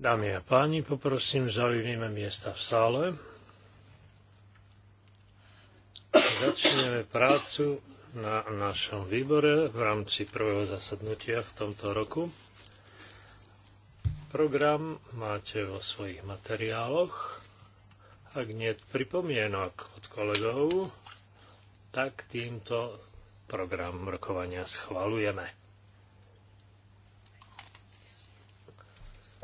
Dámy a páni, poprosím, zaujmime miesta v sále. Začneme prácu na našom výbore v rámci prvého zasadnutia v tomto roku. Program máte vo svojich materiáloch. Ak nie pripomienok od kolegov, tak týmto program rokovania schvalujeme.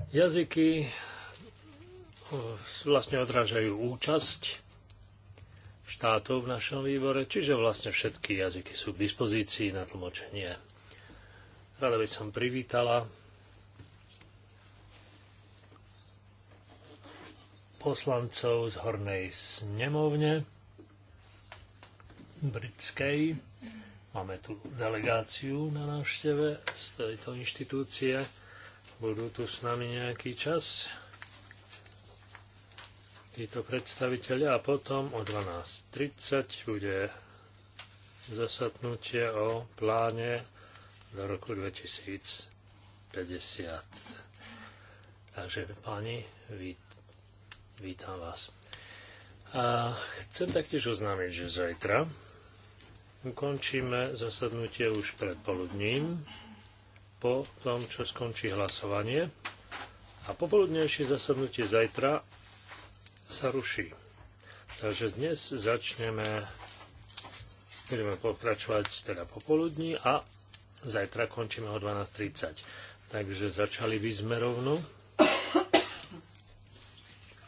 Jazyky vlastne odrážajú účasť štátov v našom výbore, čiže vlastne všetky jazyky sú k dispozícii na tlmočenie. Rada by som privítala poslancov z Hornej snemovne britskej. Máme tu delegáciu na návšteve z tejto inštitúcie budú tu s nami nejaký čas títo predstaviteľia a potom o 12.30 bude zasadnutie o pláne do roku 2050. Takže páni, vít, vítam vás. A chcem taktiež oznámiť, že zajtra ukončíme zasadnutie už pred poludním po tom, čo skončí hlasovanie. A popoludnejšie zasadnutie zajtra sa ruší. Takže dnes začneme, budeme pokračovať teda popoludní a zajtra končíme o 12.30. Takže začali by sme rovno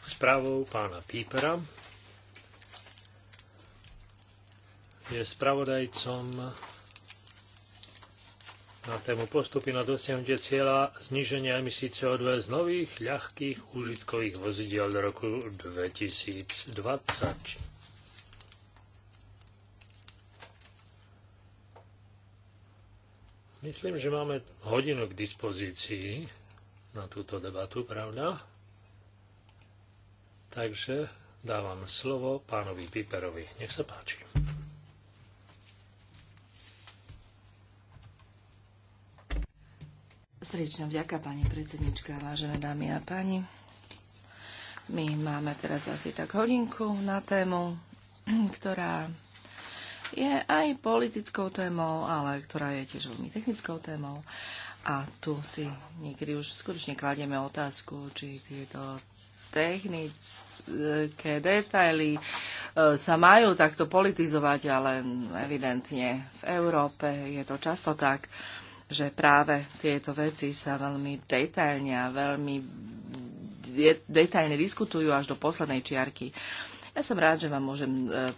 správou pána Pípera. Je spravodajcom na tému postupy na dosiahnutie cieľa zniženia emisí CO2 z nových ľahkých užitkových vozidiel do roku 2020. Myslím, že máme hodinu k dispozícii na túto debatu, pravda? Takže dávam slovo pánovi Piperovi. Nech sa páči. Srdečná vďaka, pani predsednička, vážené dámy a páni. My máme teraz asi tak hodinku na tému, ktorá je aj politickou témou, ale ktorá je tiež veľmi technickou témou. A tu si niekedy už skutočne kladieme otázku, či tieto technické detaily e, sa majú takto politizovať, ale evidentne v Európe je to často tak že práve tieto veci sa veľmi detailne a veľmi detailne diskutujú až do poslednej čiarky. Ja som rád, že vám môžem e,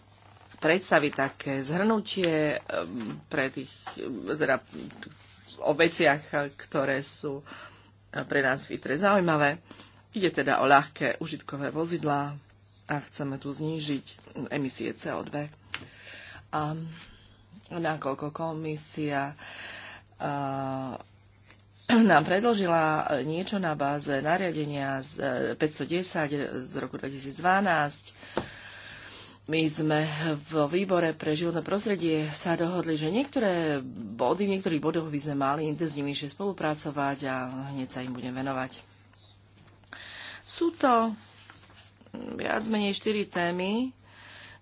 predstaviť také zhrnutie e, pre tých, e, teda o veciach, ktoré sú pre nás vytre zaujímavé. Ide teda o ľahké užitkové vozidlá a chceme tu znížiť emisie CO2. A nakoľko komisia uh, nám predložila niečo na báze nariadenia z 510 e, z roku 2012 my sme vo výbore pre životné prostredie sa dohodli, že niektoré body, v niektorých bodoch by sme mali intenzívnejšie spolupracovať a hneď sa im budem venovať. Sú to viac menej štyri témy,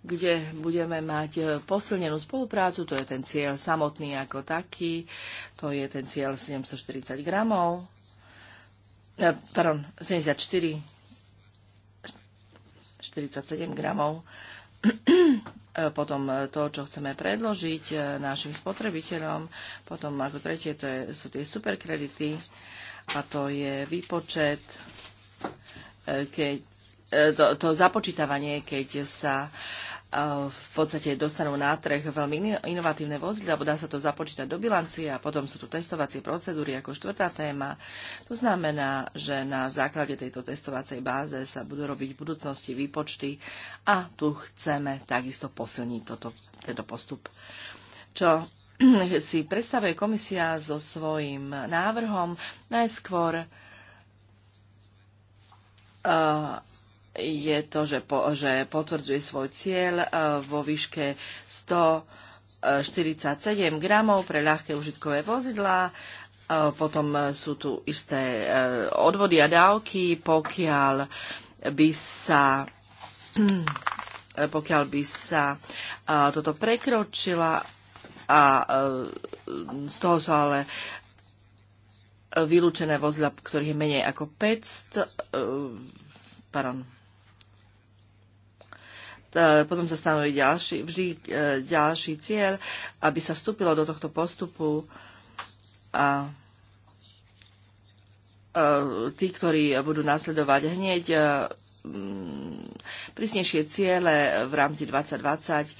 kde budeme mať e, posilnenú spoluprácu. To je ten cieľ samotný ako taký. To je ten cieľ 740 gramov. E, pardon, 74 47 gramov. E, potom to, čo chceme predložiť našim spotrebiteľom. Potom ako tretie to je, sú tie superkredity a to je výpočet, keď, to, to započítavanie, keď sa v podstate dostanú na trh veľmi inovatívne vozidla, lebo dá sa to započítať do bilancie a potom sú tu testovacie procedúry ako štvrtá téma. To znamená, že na základe tejto testovacej báze sa budú robiť v budúcnosti výpočty a tu chceme takisto posilniť toto, tento postup. Čo si predstavuje komisia so svojím návrhom najskôr uh, je to, že, po, že potvrdzuje svoj cieľ e, vo výške 147 gramov pre ľahké užitkové vozidlá. E, potom sú tu isté e, odvody a dávky, pokiaľ by sa pokiaľ by sa toto prekročila a z toho sú ale vylúčené vozidla, ktorých je menej ako 500, pardon, E, potom sa stanoví ďalší, vždy e, ďalší cieľ, aby sa vstúpilo do tohto postupu a e, tí, ktorí budú nasledovať hneď mm, prísnejšie ciele v rámci 2020,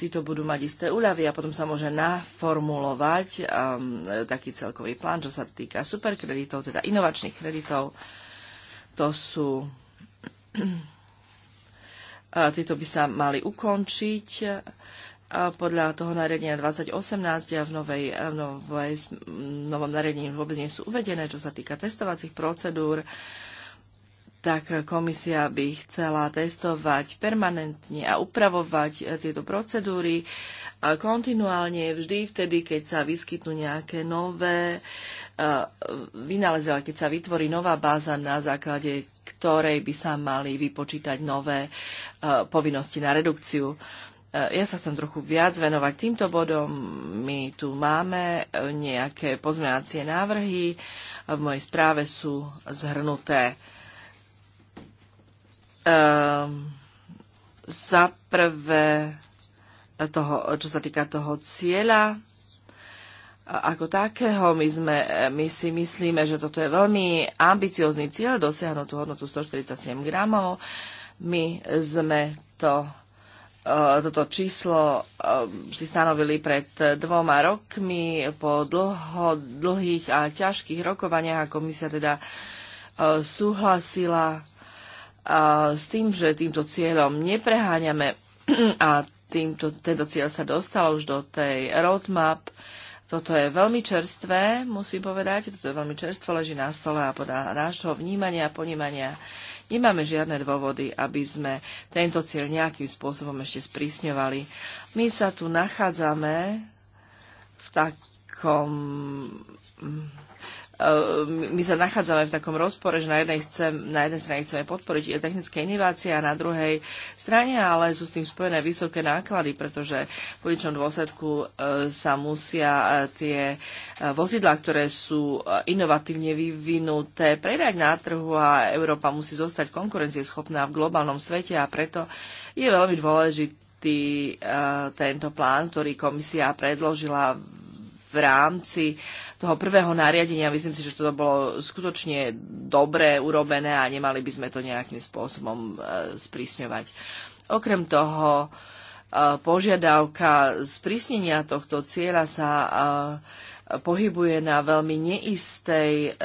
títo budú mať isté úľavy a potom sa môže naformulovať taký celkový plán, čo sa týka superkreditov, teda inovačných kreditov. To sú tieto by sa mali ukončiť podľa toho nariadenia 2018 a v, novej, v novej, novom nariadení vôbec nie sú uvedené, čo sa týka testovacích procedúr tak komisia by chcela testovať permanentne a upravovať tieto procedúry kontinuálne vždy vtedy, keď sa vyskytnú nejaké nové vynalezila, keď sa vytvorí nová báza, na základe ktorej by sa mali vypočítať nové e, povinnosti na redukciu. E, ja sa chcem trochu viac venovať týmto bodom. My tu máme e, nejaké pozmeňacie návrhy. V mojej správe sú zhrnuté. Ehm, za prvé toho, čo sa týka toho cieľa, ako takého. My, sme, my si myslíme, že toto je veľmi ambiciózny cieľ dosiahnuť tú hodnotu 147 gramov. My sme to, e, toto číslo e, si stanovili pred dvoma rokmi po dlho, dlhých a ťažkých rokovaniach a komisia teda e, súhlasila s tým, že týmto cieľom nepreháňame a týmto, tento cieľ sa dostal už do tej roadmap toto je veľmi čerstvé, musím povedať, toto je veľmi čerstvé, leží na stole a podľa nášho vnímania a ponímania nemáme žiadne dôvody, aby sme tento cieľ nejakým spôsobom ešte sprísňovali. My sa tu nachádzame v takom Ehm, my sa nachádzame v takom rozpore, že na jednej, chcem, na jednej strane chceme podporiť technické inovácie a na druhej strane ale sú s tým spojené vysoké náklady, pretože v poličnom dôsledku e, sa musia e, tie e, vozidlá, ktoré sú inovatívne vyvinuté, predať na trhu a Európa musí zostať konkurencieschopná v globálnom svete a preto je veľmi dôležitý tento plán, ktorý komisia predložila rámci toho prvého nariadenia. Myslím si, že to bolo skutočne dobre urobené a nemali by sme to nejakým spôsobom e, sprísňovať. Okrem toho, e, požiadavka sprísnenia tohto cieľa sa e, pohybuje na veľmi neistej,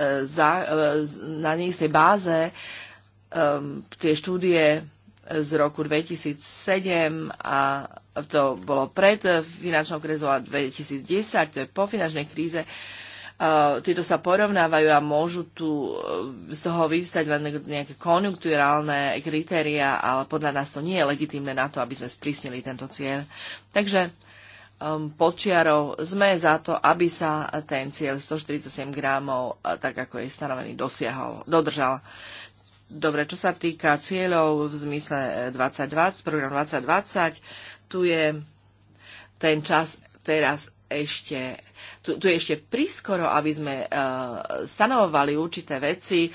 na neistej báze. Tie štúdie z roku 2007 a to bolo pred finančnou krízou a 2010, to je po finančnej kríze, e, tieto sa porovnávajú a môžu tu e, z toho vyvstať len nejaké konjunkturálne kritéria, ale podľa nás to nie je legitimné na to, aby sme sprísnili tento cieľ. Takže um, počiarov sme za to, aby sa ten cieľ 147 gramov, e, tak ako je stanovený, dosiahol, dodržal. Dobre, čo sa týka cieľov v zmysle 2020, program 2020, je ten čas teraz ešte, tu, tu je ešte priskoro, aby sme uh, stanovovali určité veci.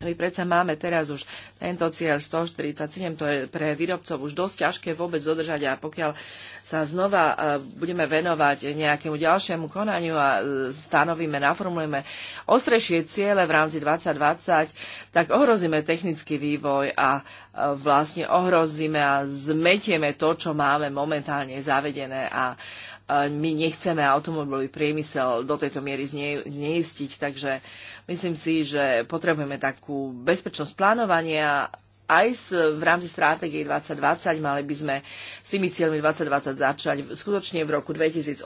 My predsa máme teraz už tento cieľ 147, to je pre výrobcov už dosť ťažké vôbec dodržať a pokiaľ sa znova e, budeme venovať nejakému ďalšiemu konaniu a e, stanovíme, naformulujeme ostrejšie ciele v rámci 2020, tak ohrozíme technický vývoj a e, vlastne ohrozíme a zmetieme to, čo máme momentálne zavedené a my nechceme automobilový priemysel do tejto miery zne, zneistiť, takže myslím si, že potrebujeme takú bezpečnosť plánovania aj s, v rámci stratégie 2020 mali by sme s tými cieľmi 2020 začať skutočne v roku 2018.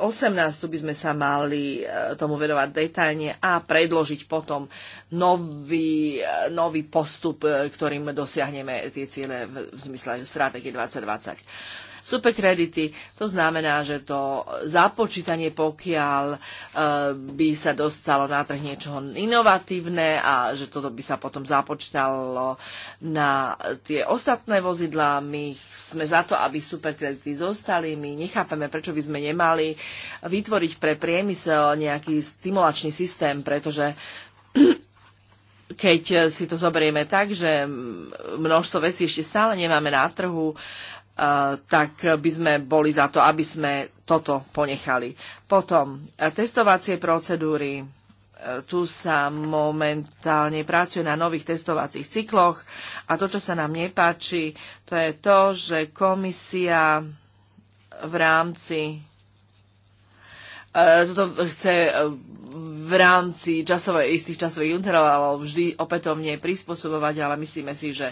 Tu by sme sa mali e, tomu venovať detailne a predložiť potom nový, e, nový postup, e, ktorým dosiahneme tie ciele v, v zmysle stratégie 2020 superkredity. To znamená, že to započítanie, pokiaľ e, by sa dostalo na trh niečo inovatívne a že toto by sa potom započítalo na tie ostatné vozidlá. My sme za to, aby superkredity zostali. My nechápeme, prečo by sme nemali vytvoriť pre priemysel nejaký stimulačný systém, pretože keď si to zoberieme tak, že množstvo vecí ešte stále nemáme na trhu Eh, tak by sme boli za to, aby sme toto ponechali. Potom eh, testovacie procedúry. Eh, tu sa momentálne pracuje na nových testovacích cykloch a to, čo sa nám nepáči, to je to, že komisia v rámci toto chce v rámci časovej, istých časových intervalov vždy opätovne prispôsobovať, ale myslíme si, že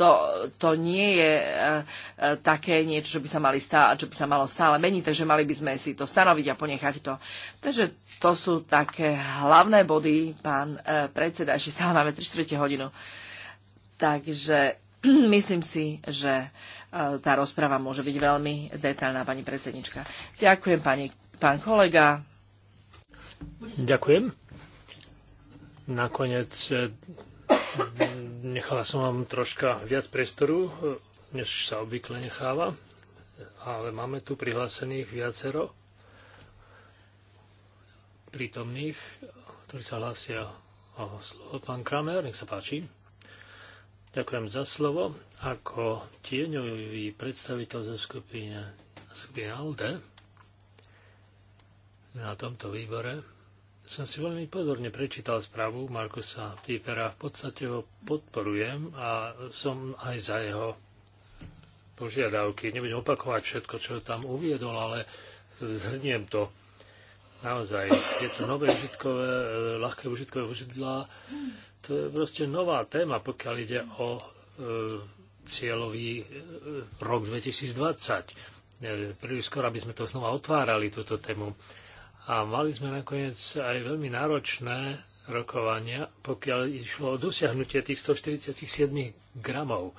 to, to nie je e, e, také niečo, čo by, sa mali stále, čo by sa malo stále meniť, takže mali by sme si to stanoviť a ponechať to. Takže to sú také hlavné body, pán e, predseda, ešte stále máme 3 4 hodinu. Takže myslím si, že tá rozpráva môže byť veľmi detailná, pani predsednička. Ďakujem, pani, pán kolega. Ďakujem. Nakoniec Nechala som vám troška viac priestoru, než sa obvykle necháva, ale máme tu prihlásených viacero prítomných, ktorí sa hlásia o slovo. Pán Kramer, nech sa páči. Ďakujem za slovo. Ako tieňový predstaviteľ zo skupiny, skupiny ALDE na tomto výbore som si veľmi pozorne prečítal správu Markusa Pípera. V podstate ho podporujem a som aj za jeho požiadavky. Nebudem opakovať všetko, čo tam uviedol, ale zhrniem to. Naozaj, Je to nové užitkové, ľahké užitkové vozidlá, to je proste nová téma, pokiaľ ide o e, cieľový e, rok 2020. E, príliš skoro, aby sme to znova otvárali, túto tému a mali sme nakoniec aj veľmi náročné rokovania, pokiaľ išlo o dosiahnutie tých 147 gramov.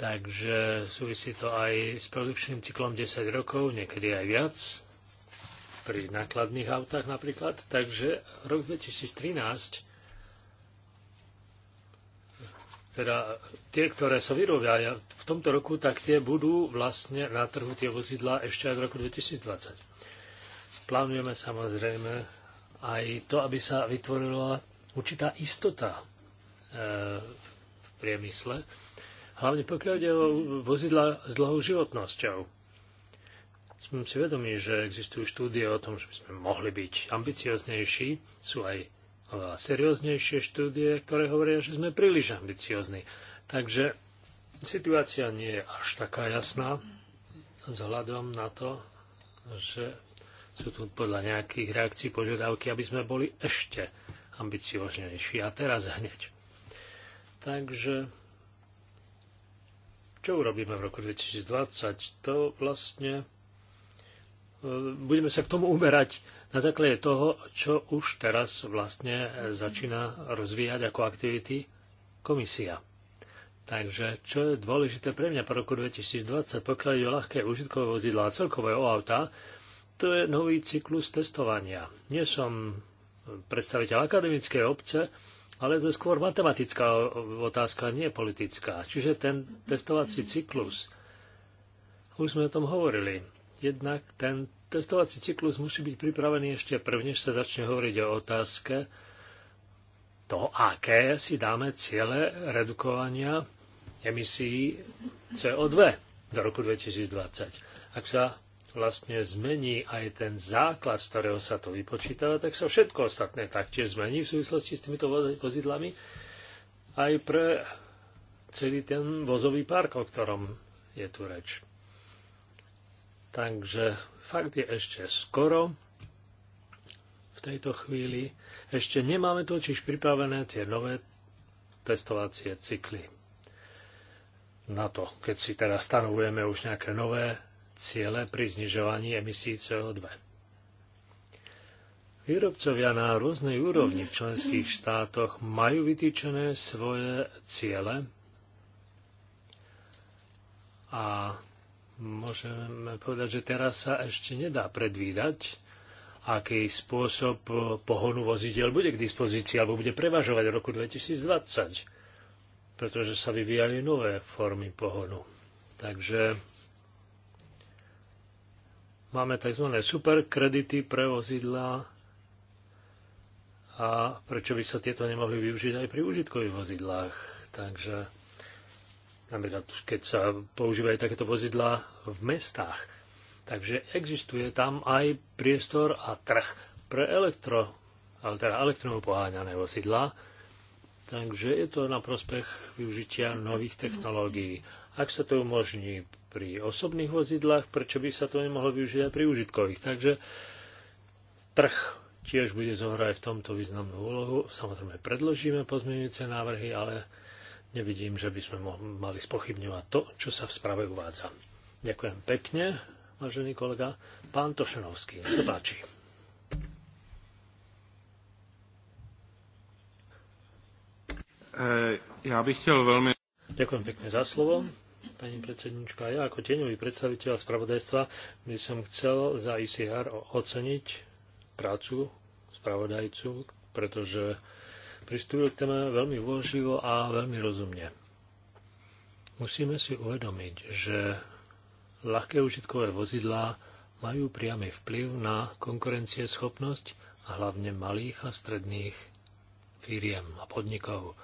Takže súvisí to aj s produkčným cyklom 10 rokov, niekedy aj viac, pri nákladných autách napríklad. Takže rok 2013 teda tie, ktoré sa vyrobia v tomto roku, tak tie budú vlastne na trhu tie vozidla ešte aj v roku 2020 plánujeme samozrejme aj to, aby sa vytvorila určitá istota e, v priemysle, hlavne pokiaľ ide o vozidla s dlhou životnosťou. Sme si vedomi, že existujú štúdie o tom, že by sme mohli byť ambicioznejší. Sú aj oveľa serióznejšie štúdie, ktoré hovoria, že sme príliš ambiciozni. Takže situácia nie je až taká jasná vzhľadom na to, že sú tu podľa nejakých reakcií požiadavky, aby sme boli ešte ambicioznejší a teraz hneď. Takže čo urobíme v roku 2020? To vlastne e, budeme sa k tomu uberať na základe toho, čo už teraz vlastne začína rozvíjať ako aktivity komisia. Takže čo je dôležité pre mňa po roku 2020, pokiaľ je o ľahké užitkové vozidla a celkové o auta, to je nový cyklus testovania. Nie som predstaviteľ akademickej obce, ale to je skôr matematická otázka, nie politická. Čiže ten testovací cyklus, už sme o tom hovorili, jednak ten testovací cyklus musí byť pripravený ešte než sa začne hovoriť o otázke toho, aké si dáme ciele redukovania emisí CO2 do roku 2020. Ak sa vlastne zmení aj ten základ, z ktorého sa to vypočítava, tak sa všetko ostatné taktiež zmení v súvislosti s týmito vozidlami aj pre celý ten vozový park, o ktorom je tu reč. Takže fakt je ešte skoro. V tejto chvíli ešte nemáme totiž pripravené tie nové testovacie cykly na to, keď si teraz stanovujeme už nejaké nové ciele pri znižovaní emisí CO2. Výrobcovia na rôznej úrovni v členských štátoch majú vytýčené svoje ciele a môžeme povedať, že teraz sa ešte nedá predvídať, aký spôsob pohonu vozidel bude k dispozícii alebo bude prevažovať v roku 2020, pretože sa vyvíjali nové formy pohonu. Takže Máme tzv. superkredity pre vozidlá a prečo by sa tieto nemohli využiť aj pri užitkových vozidlách. Takže napríklad, keď sa používajú takéto vozidlá v mestách. Takže existuje tam aj priestor a trh pre elektro, ale teda elektronou poháňané vozidlá. Takže je to na prospech využitia nových technológií. Ak sa to umožní pri osobných vozidlách, prečo by sa to nemohlo využiť aj pri užitkových. Takže trh tiež bude zohrať v tomto významnú úlohu. Samozrejme predložíme pozmeňujúce návrhy, ale nevidím, že by sme mali spochybňovať to, čo sa v správe uvádza. Ďakujem pekne, vážený kolega. Pán Tošenovský, nech sa páči. Eh, ja bych chcel veľmi... Ďakujem pekne za slovo pani predsedníčka, Ja ako tieňový predstaviteľ spravodajstva by som chcel za ICR oceniť prácu spravodajcu, pretože pristúpil k téme veľmi vôživo a veľmi rozumne. Musíme si uvedomiť, že ľahké užitkové vozidlá majú priamy vplyv na konkurencieschopnosť a hlavne malých a stredných firiem a podnikov.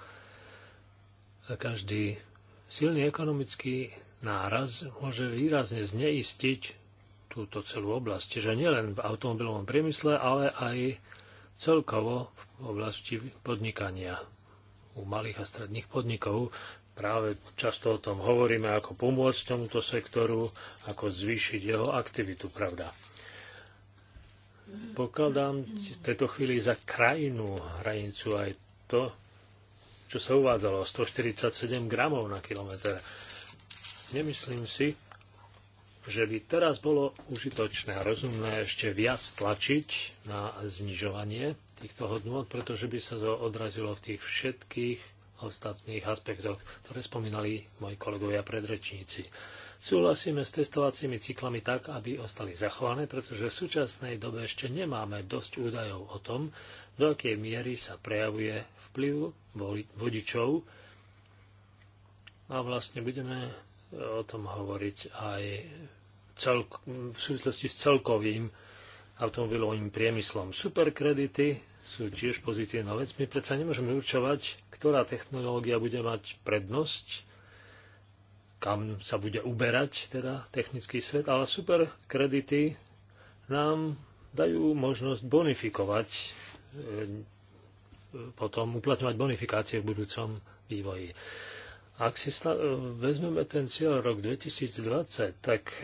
Každý Silný ekonomický náraz môže výrazne zneistiť túto celú oblasť, že nielen v automobilovom priemysle, ale aj celkovo v oblasti podnikania u malých a stredných podnikov. Práve často o tom hovoríme, ako pomôcť tomuto sektoru, ako zvýšiť jeho aktivitu, pravda. Pokladám v tejto chvíli za krajinu hranicu aj to, čo sa uvádzalo, 147 gramov na kilometr. Nemyslím si, že by teraz bolo užitočné a rozumné ešte viac tlačiť na znižovanie týchto hodnôt, pretože by sa to odrazilo v tých všetkých ostatných aspektoch, ktoré spomínali moji kolegovia predrečníci. Súhlasíme s testovacími cyklami tak, aby ostali zachované, pretože v súčasnej dobe ešte nemáme dosť údajov o tom, do akej miery sa prejavuje vplyv vodičov. A vlastne budeme e, o tom hovoriť aj celk- v súvislosti s celkovým automobilovým priemyslom. Superkredity sú tiež pozitívna vec. My predsa nemôžeme určovať, ktorá technológia bude mať prednosť, kam sa bude uberať teda technický svet, ale superkredity nám dajú možnosť bonifikovať e, potom uplatňovať bonifikácie v budúcom vývoji. Ak si vezmeme ten cieľ rok 2020, tak e,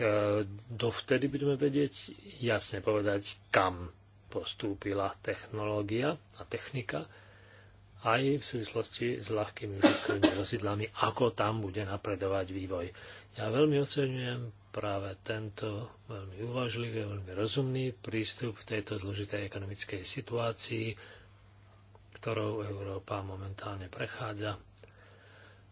dovtedy budeme vedieť jasne povedať, kam postúpila technológia a technika aj v súvislosti s ľahkými užitkovými vozidlami, ako tam bude napredovať vývoj. Ja veľmi oceňujem práve tento veľmi uvažlivý, veľmi rozumný prístup v tejto zložitej ekonomickej situácii, ktorou Európa momentálne prechádza.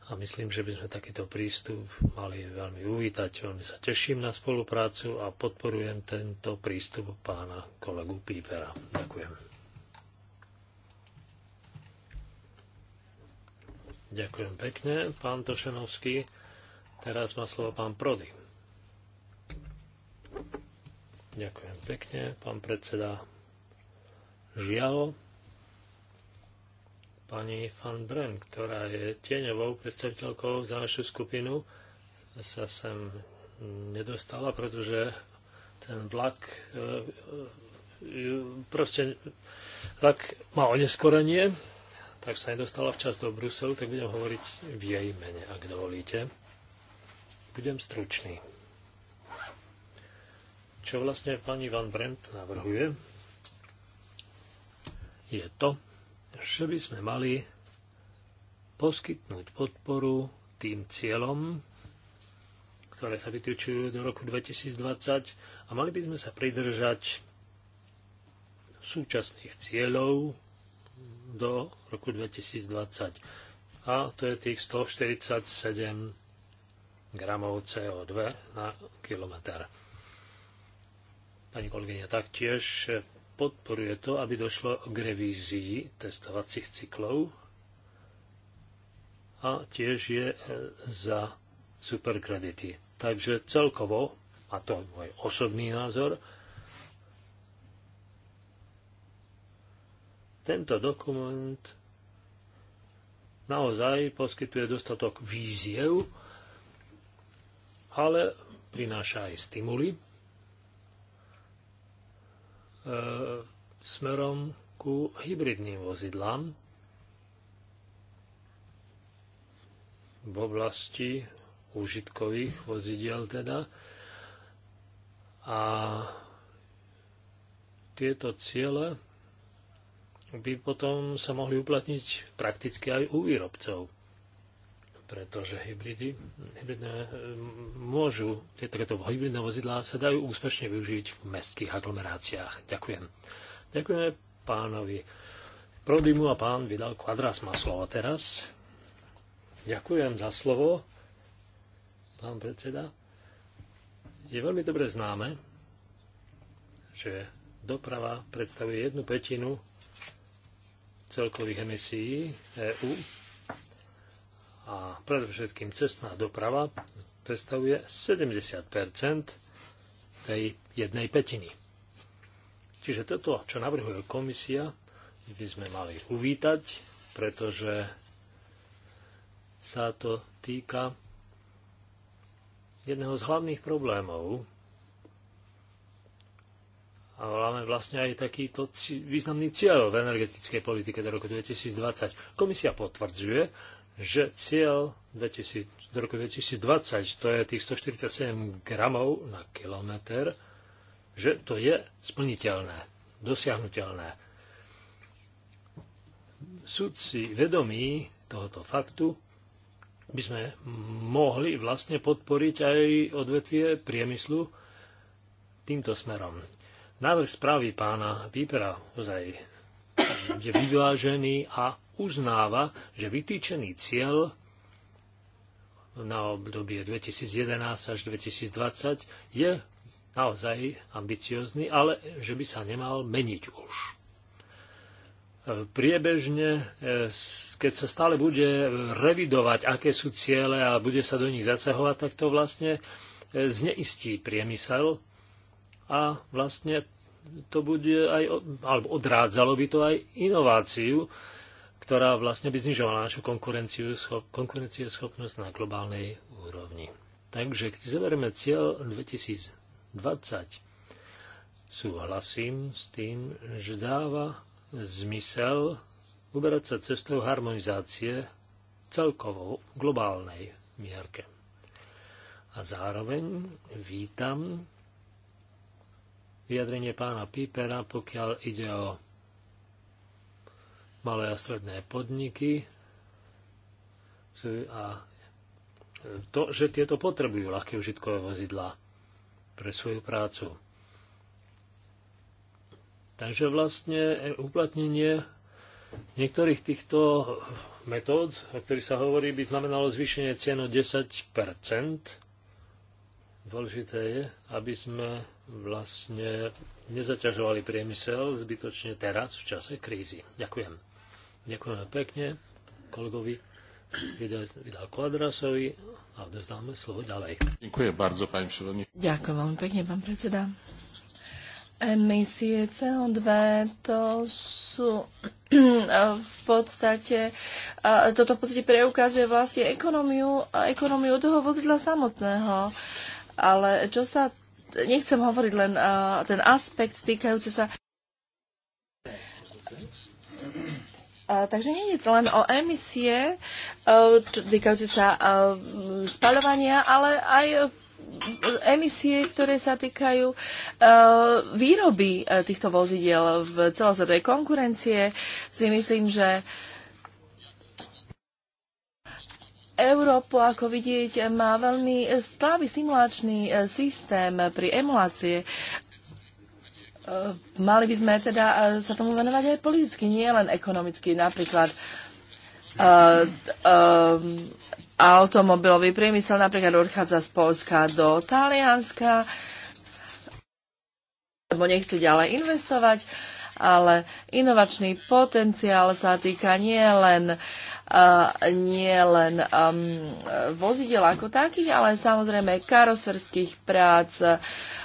A myslím, že by sme takýto prístup mali veľmi uvítať. Veľmi sa teším na spoluprácu a podporujem tento prístup pána kolegu Pípera. Ďakujem. Ďakujem pekne, pán Tošenovský. Teraz má slovo pán Prody. Ďakujem pekne, pán predseda. Žiaľ, pani Van Bren, ktorá je tieňovou predstaviteľkou za našu skupinu, sa sem nedostala, pretože ten vlak e, e, proste vlak má oneskorenie, tak sa nedostala včas do Bruselu, tak budem hovoriť v jej mene, ak dovolíte. Budem stručný. Čo vlastne pani Van Brent navrhuje, je to, že by sme mali poskytnúť podporu tým cieľom, ktoré sa vytýčujú do roku 2020 a mali by sme sa pridržať súčasných cieľov do roku 2020. A to je tých 147 gramov CO2 na kilometr. Pani kolegyňa taktiež podporuje to, aby došlo k revízii testovacích cyklov a tiež je e, za superkredity. Takže celkovo, a to je môj osobný názor, tento dokument naozaj poskytuje dostatok víziev, ale prináša aj stimuly E, smerom ku hybridným vozidlám v oblasti užitkových vozidiel teda. A tieto ciele by potom sa mohli uplatniť prakticky aj u výrobcov pretože hybridy, hybridné, e, môžu, tieto hybridné vozidlá sa dajú úspešne využiť v mestských aglomeráciách. Ďakujem. Ďakujeme pánovi Prodimu a pán Vidal kvadras má slovo teraz. Ďakujem za slovo, pán predseda. Je veľmi dobre známe, že doprava predstavuje jednu petinu celkových emisí EÚ a predovšetkým cestná doprava predstavuje 70 tej jednej petiny. Čiže toto, čo navrhuje komisia, by sme mali uvítať, pretože sa to týka jedného z hlavných problémov a máme vlastne aj takýto významný cieľ v energetickej politike do roku 2020. Komisia potvrdzuje, že cieľ 2000, do roku 2020, to je tých 147 gramov na kilometr, že to je splniteľné, dosiahnutelné. si vedomí tohoto faktu by sme mohli vlastne podporiť aj odvetvie priemyslu týmto smerom. Návrh správy pána výpera je vyvážený a uznáva, že vytýčený cieľ na obdobie 2011 až 2020 je naozaj ambiciózny, ale že by sa nemal meniť už. E, priebežne, e, keď sa stále bude revidovať, aké sú ciele a bude sa do nich zasahovať, tak to vlastne e, zneistí priemysel a vlastne to bude aj, alebo odrádzalo by to aj inováciu, ktorá vlastne by znižovala našu konkurencieschopnosť na globálnej úrovni. Takže keď si zoberieme cieľ 2020, súhlasím s tým, že dáva zmysel uberať sa cestou harmonizácie celkovo globálnej mierke. A zároveň vítam vyjadrenie pána Pípera, pokiaľ ide o malé a stredné podniky a to, že tieto potrebujú ľahké užitkové vozidla pre svoju prácu. Takže vlastne e, uplatnenie niektorých týchto metód, o ktorých sa hovorí, by znamenalo zvýšenie cien o 10 Dôležité je, aby sme vlastne nezaťažovali priemysel zbytočne teraz v čase krízy. Ďakujem. Ďakujem pekne kolegovi Vidal Kvadrasovi a odovzdáme slovo ďalej. Ďakujem bardzo, pani przewodniczący. Ďakujem veľmi pekne, pán predseda. Emisie CO2 to sú v podstate, toto v podstate preukazuje vlastne ekonómiu, ekonómiu toho vozidla samotného. Ale čo sa, nechcem hovoriť len ten aspekt týkajúci sa Takže nie je to len o emisie e, týkajúce sa e, spaľovania, ale aj e, emisie, ktoré sa týkajú výroby týchto vozidiel v celosvetovej konkurencie. Si myslím, že Európu, ako vidieť, má veľmi slabý simulačný systém pri emulácie Eh, mali by sme teda eh, sa tomu venovať aj politicky, nie len ekonomicky. Napríklad uh, um, automobilový priemysel napríklad odchádza z Polska do Talianska, lebo nechce ďalej investovať, ale inovačný potenciál sa týka nie len, uh, nie len um, vozidel ako takých, ale samozrejme karoserských prác, uh,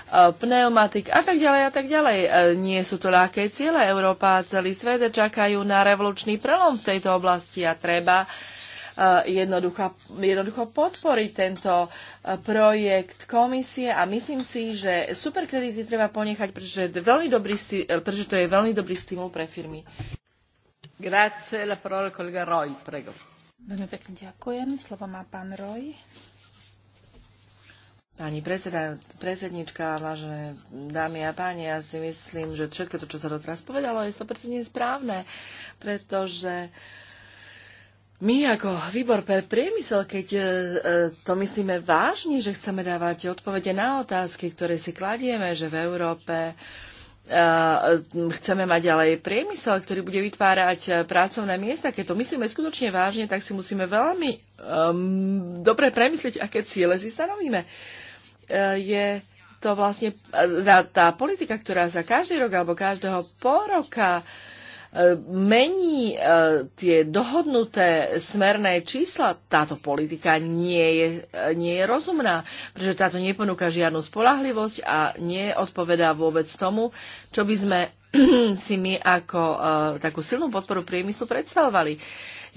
E, pneumatik a tak ďalej a tak ďalej. E, nie sú to ľahké ciele. Európa a celý svet čakajú na revolučný prelom v tejto oblasti a treba e, jednoducho, jednoducho podporiť tento projekt komisie a myslím si, že superkredity treba ponechať, pretože, veľmi dobrý, pretože to je veľmi dobrý stimul pre firmy. Grazie, la parola kolega Roy, prego. Veľmi pekne ďakujem. Slovo má pán Roy. Pani predseda, predsednička, vážené dámy a páni, ja si myslím, že všetko to, čo sa doteraz povedalo, je 100% správne, pretože my ako výbor pre priemysel, keď e, to myslíme vážne, že chceme dávať odpovede na otázky, ktoré si kladieme, že v Európe e, chceme mať ďalej priemysel, ktorý bude vytvárať e, pracovné miesta, keď to myslíme skutočne vážne, tak si musíme veľmi um, dobre premyslieť, aké ciele si stanovíme. Eh, je to vlastne eh, tá politika, ktorá za každý rok alebo každého poroka eh, mení tie dohodnuté smerné čísla, táto politika nie je, nie je rozumná, pretože táto neponúka žiadnu spolahlivosť a neodpovedá vôbec tomu, čo by sme si my ako takú silnú podporu priemyslu predstavovali.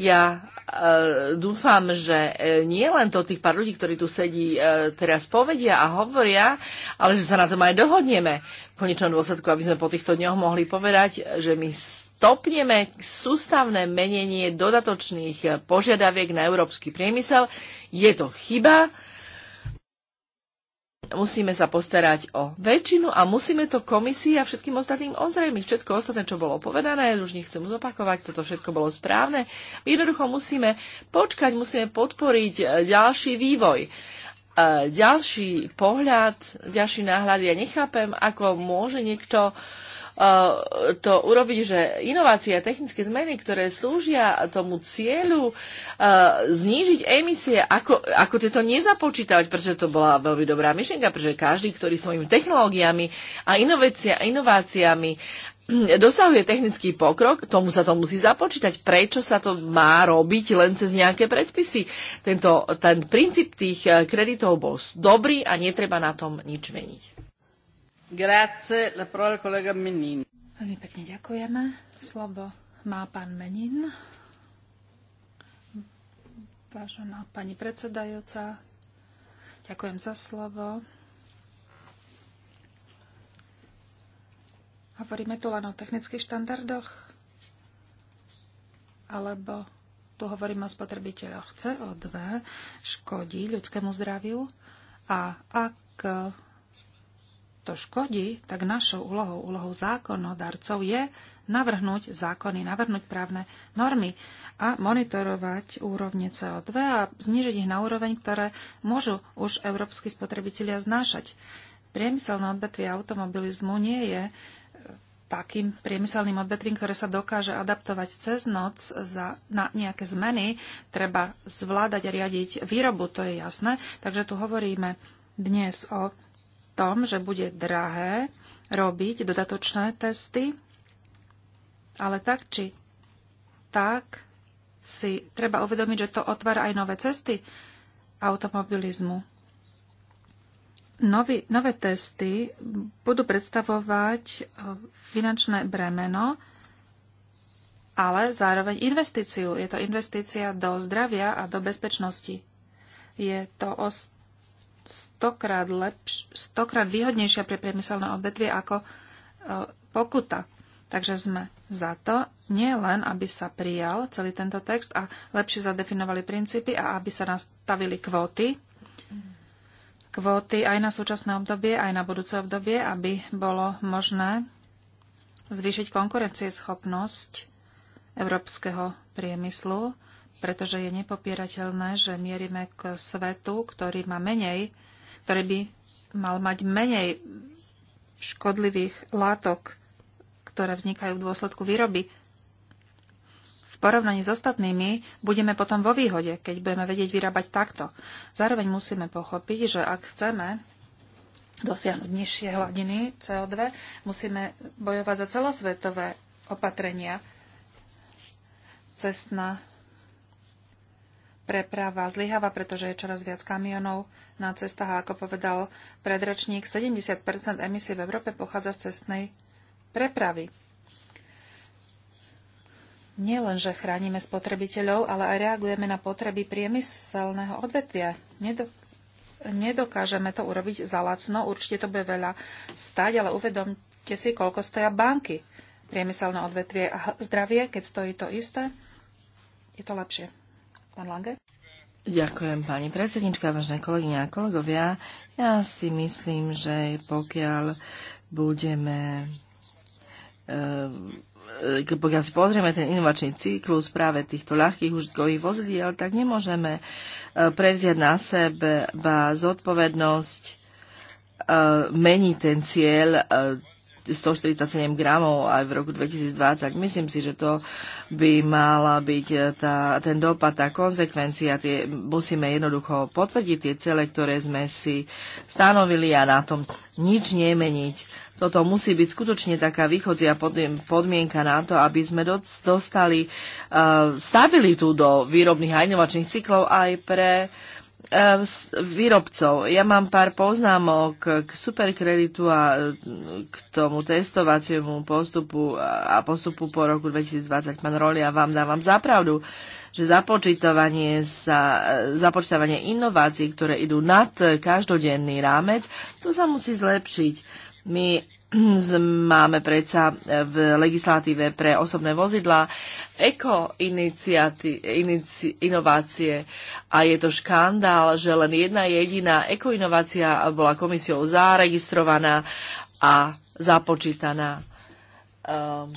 Ja E, dúfam, že e, nie len to tých pár ľudí, ktorí tu sedí, e, teraz povedia a hovoria, ale že sa na tom aj dohodneme v konečnom dôsledku, aby sme po týchto dňoch mohli povedať, že my stopneme sústavné menenie dodatočných požiadaviek na európsky priemysel. Je to chyba, musíme sa postarať o väčšinu a musíme to komisii a všetkým ostatným ozrejmiť. Všetko ostatné, čo bolo povedané, už nechcem zopakovať, toto všetko bolo správne. My jednoducho musíme počkať, musíme podporiť e, ďalší vývoj. E, ďalší pohľad, ďalší náhľad, ja nechápem, ako môže niekto uh, E, to urobiť, že inovácie a technické zmeny, ktoré slúžia tomu cieľu e, znížiť emisie, ako, ako tieto nezapočítavať, pretože to bola veľmi dobrá myšlienka, pretože každý, ktorý svojimi technológiami a inovácia, inováciami dosahuje technický pokrok, tomu sa to musí započítať. Prečo sa to má robiť len cez nejaké predpisy? Tento, ten princíp tých kreditov bol dobrý a netreba na tom nič meniť. Grazie, la parola Menin. Veľmi pekne ďakujeme. Slovo má pán Menin. Vážená pani predsedajúca, ďakujem za slovo. Hovoríme tu len o technických štandardoch? Alebo tu hovoríme o spotrebiteľoch CO2, škodí ľudskému zdraviu? A ak to škodí, tak našou úlohou, úlohou zákonodarcov je navrhnúť zákony, navrhnúť právne normy a monitorovať úrovne CO2 a znižiť ich na úroveň, ktoré môžu už európsky spotrebitelia znášať. Priemyselné odvetvie automobilizmu nie je e, takým priemyselným odvetvím, ktoré sa dokáže adaptovať cez noc za, na nejaké zmeny. Treba zvládať a riadiť výrobu, to je jasné. Takže tu hovoríme dnes o tom, že bude drahé robiť dodatočné testy, ale tak či tak si treba uvedomiť, že to otvára aj nové cesty automobilizmu. Nový, nové testy budú predstavovať e, finančné bremeno, ale zároveň investíciu. Je to investícia do zdravia a do bezpečnosti. Je to os- stokrát, lepš- stokrát výhodnejšia pre priemyselné odvetvie ako e, pokuta. Takže sme za to, nie len, aby sa prijal celý tento text a lepšie zadefinovali princípy a aby sa nastavili kvóty, kvóty aj na súčasné obdobie, aj na budúce obdobie, aby bolo možné zvýšiť konkurencieschopnosť európskeho priemyslu pretože je nepopierateľné, že mierime k svetu, ktorý má menej, ktorý by mal mať menej škodlivých látok, ktoré vznikajú v dôsledku výroby. V porovnaní s ostatnými budeme potom vo výhode, keď budeme vedieť vyrábať takto. Zároveň musíme pochopiť, že ak chceme dosiahnuť nižšie hladiny CO2, musíme bojovať za celosvetové opatrenia. Cestná preprava zlyháva, pretože je čoraz viac kamionov na cestách a ako povedal predročník, 70 emisí v Európe pochádza z cestnej prepravy. Nielen, že chránime spotrebiteľov, ale aj reagujeme na potreby priemyselného odvetvia. Nedok- nedokážeme to urobiť za lacno, určite to bude veľa stať, ale uvedomte si, koľko stoja banky priemyselné odvetvie a zdravie, keď stojí to isté, je to lepšie. Pán Lange? Ďakujem, pani predsednička, vážne kolegyne a kolegovia. Ja si myslím, že pokiaľ budeme eh, eh, pokiaľ si pozrieme ten inovačný cyklus práve týchto ľahkých užitkových vozidiel, tak nemôžeme eh, prevziať na seba zodpovednosť meniť ten cieľ 147 gramov aj v roku 2020. Myslím si, že to by mala byť eh, tá, ten dopad, tá konsekvencia. Tie, musíme jednoducho potvrdiť tie cele, ktoré sme si stanovili a na tom nič nemeniť. Toto musí byť skutočne taká východzia podmienka na to, aby sme dostali eh, stabilitu do výrobných a inovačných cyklov aj pre Eh, výrobcov. Ja mám pár poznámok k superkreditu a eh, k tomu testovaciemu postupu a postupu po roku 2020. Pán Roli, ja vám dávam zapravdu, že započítavanie sa, eh, započítavanie inovácií, ktoré idú nad každodenný rámec, to sa musí zlepšiť. My máme predsa e, v legislatíve pre osobné vozidlá eko inici, inovácie a je to škandál, že len jedna jediná ekoinovácia bola komisiou zaregistrovaná a započítaná. Um,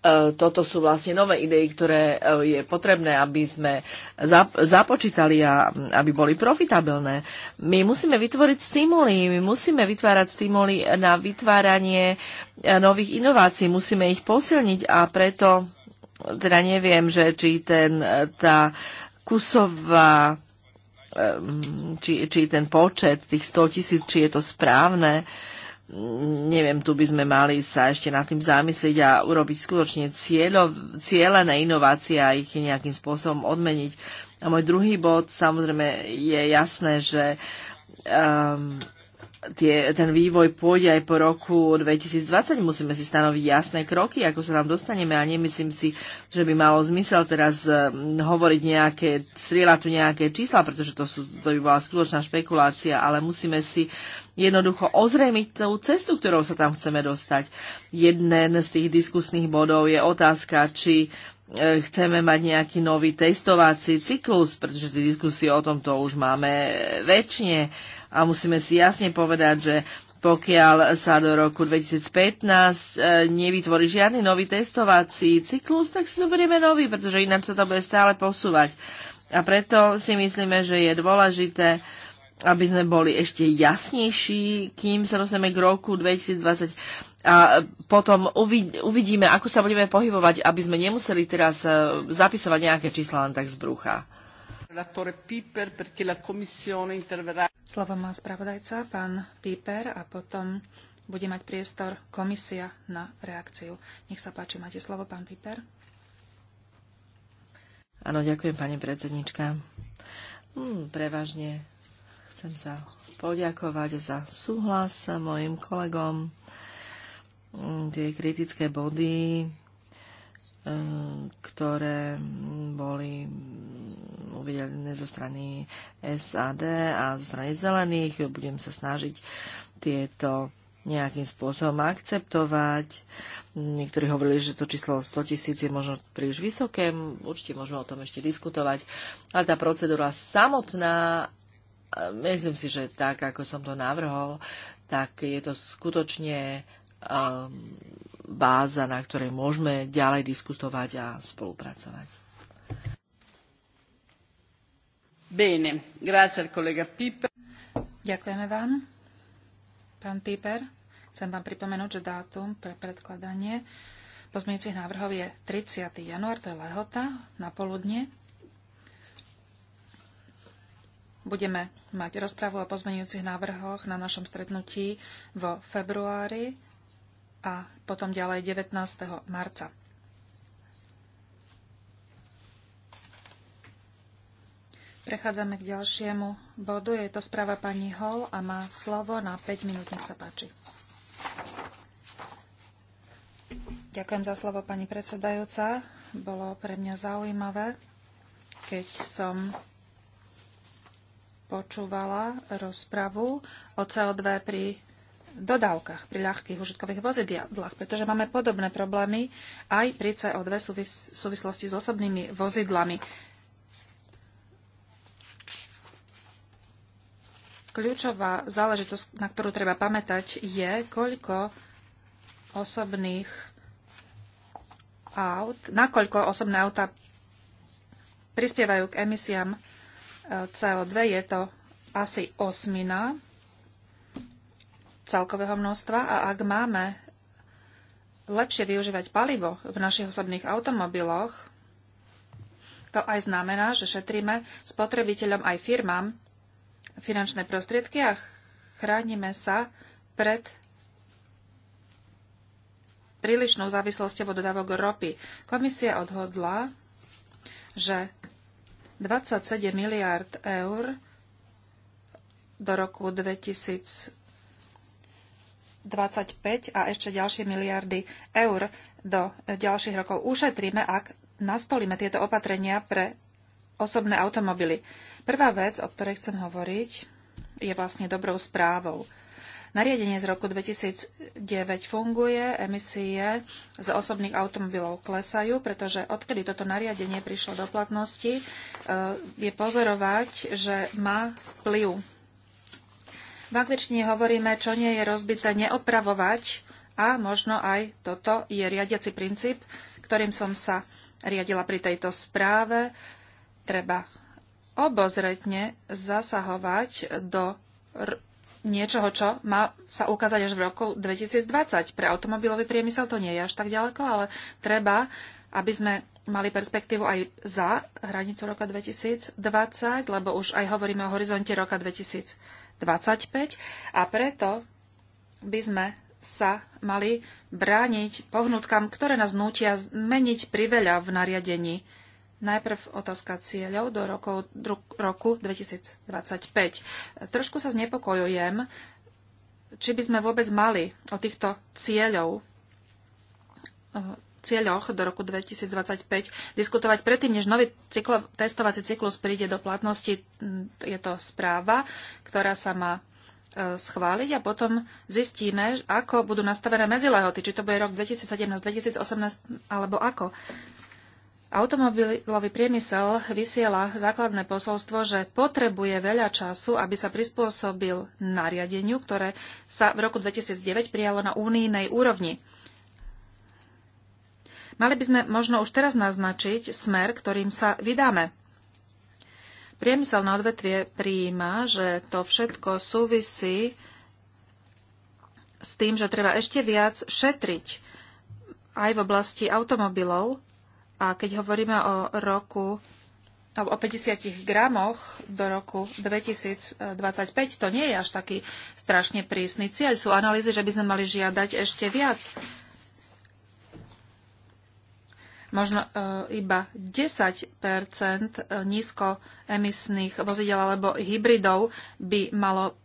E, toto sú vlastne nové idei, ktoré e, je potrebné, aby sme započítali a aby boli profitabilné. My musíme vytvoriť stimuly, my musíme vytvárať stimuly na vytváranie e, nových inovácií, musíme ich posilniť a preto teda neviem, že či ten, tá kusová či, či ten počet tých 100 tisíc, či je to správne. Uh, neviem, tu by sme mali sa ešte nad tým zamyslieť a urobiť skutočne cieľo, cieľené inovácie a ich nejakým spôsobom odmeniť. A môj druhý bod, samozrejme, je jasné, že um, tie, ten vývoj pôjde aj po roku 2020. Musíme si stanoviť jasné kroky, ako sa tam dostaneme a nemyslím si, že by malo zmysel teraz ehm, hovoriť nejaké, strieľať tu nejaké čísla, pretože to, sú, to by bola skutočná špekulácia, ale musíme si jednoducho ozrejmiť tú cestu, ktorou sa tam chceme dostať. Jeden z tých diskusných bodov je otázka, či e, chceme mať nejaký nový testovací cyklus, pretože tie diskusie o tomto už máme väčšine a musíme si jasne povedať, že pokiaľ sa do roku 2015 e, nevytvorí žiadny nový testovací cyklus, tak si zoberieme nový, pretože ináč sa to bude stále posúvať. A preto si myslíme, že je dôležité uh, aby sme boli ešte jasnejší, kým sa dostaneme k roku 2020 a potom uvidíme, ako sa budeme pohybovať, aby sme nemuseli teraz e, zapisovať nejaké čísla len tak z brucha. Slovo má spravodajca, pán Piper, a potom bude mať priestor komisia na reakciu. Nech sa páči, máte slovo, pán Piper. Áno, ďakujem, pani predsednička. Hmm, prevažne Chcem sa poďakovať za súhlas mojim kolegom. Mm, tie kritické body, mm, ktoré boli mm, uvedené zo strany SAD a zo strany zelených. Budem sa snažiť tieto nejakým spôsobom akceptovať. Niektorí hovorili, že to číslo 100 tisíc je možno príliš vysoké, určite môžeme o tom ešte diskutovať, ale tá procedúra samotná Myslím si, že tak, ako som to navrhol, tak je to skutočne um, báza, na ktorej môžeme ďalej diskutovať a spolupracovať. Bene, grazie kolega Piper. Ďakujeme vám, pán Piper. Chcem vám pripomenúť, že dátum pre predkladanie pozmeňujúcich návrhov je 30. január, to je lehota na poludne. Budeme mať rozpravu o pozmenujúcich návrhoch na našom stretnutí vo februári a potom ďalej 19. marca. Prechádzame k ďalšiemu bodu. Je to správa pani Hol a má slovo na 5 minút. Nech sa páči. Ďakujem za slovo, pani predsedajúca. Bolo pre mňa zaujímavé, keď som počúvala rozpravu o CO2 pri dodávkach, pri ľahkých užitkových vozidlách, pretože máme podobné problémy aj pri CO2 v súvislosti s osobnými vozidlami. Kľúčová záležitosť, na ktorú treba pamätať, je, koľko osobných aut, nakoľko osobné auta prispievajú k emisiám CO2 je to asi osmina celkového množstva a ak máme lepšie využívať palivo v našich osobných automobiloch, to aj znamená, že šetríme spotrebiteľom aj firmám finančné prostriedky a chránime sa pred prílišnou závislosťou od dodávok ropy. Komisia odhodla, že 27 miliárd eur do roku 2025 a ešte ďalšie miliardy eur do ďalších rokov ušetríme, ak nastolíme tieto opatrenia pre osobné automobily. Prvá vec, o ktorej chcem hovoriť, je vlastne dobrou správou. Nariadenie z roku 2009 funguje, emisie z osobných automobilov klesajú, pretože odkedy toto nariadenie prišlo do platnosti, e, je pozorovať, že má vplyv. V angličtine hovoríme, čo nie je rozbité, neopravovať a možno aj toto je riadiaci princíp, ktorým som sa riadila pri tejto správe. Treba obozretne zasahovať do niečoho, čo má sa ukázať až v roku 2020. Pre automobilový priemysel to nie je až tak ďaleko, ale treba, aby sme mali perspektívu aj za hranicu roka 2020, lebo už aj hovoríme o horizonte roka 2025 a preto by sme sa mali brániť pohnutkám, ktoré nás nútia zmeniť priveľa v nariadení Najprv otázka cieľov do roku 2025. Trošku sa znepokojujem, či by sme vôbec mali o týchto cieľov, eh, cieľoch do roku 2025 diskutovať predtým, než nový cyklo, testovací cyklus príde do platnosti. Je to správa, ktorá sa má eh, schváliť a potom zistíme, ako budú nastavené medzilehoty, či to bude rok 2017, 2018 alebo ako. Automobilový priemysel vysiela základné posolstvo, že potrebuje veľa času, aby sa prispôsobil nariadeniu, ktoré sa v roku 2009 prijalo na únijnej úrovni. Mali by sme možno už teraz naznačiť smer, ktorým sa vydáme. Priemyselné odvetvie prijíma, že to všetko súvisí s tým, že treba ešte viac šetriť aj v oblasti automobilov, a keď hovoríme o roku, o 50 gramoch do roku 2025, to nie je až taký strašne prísny cieľ. Sú analýzy, že by sme mali žiadať ešte viac. Možno e, iba 10 e, nízkoemisných vozidel alebo hybridov by malo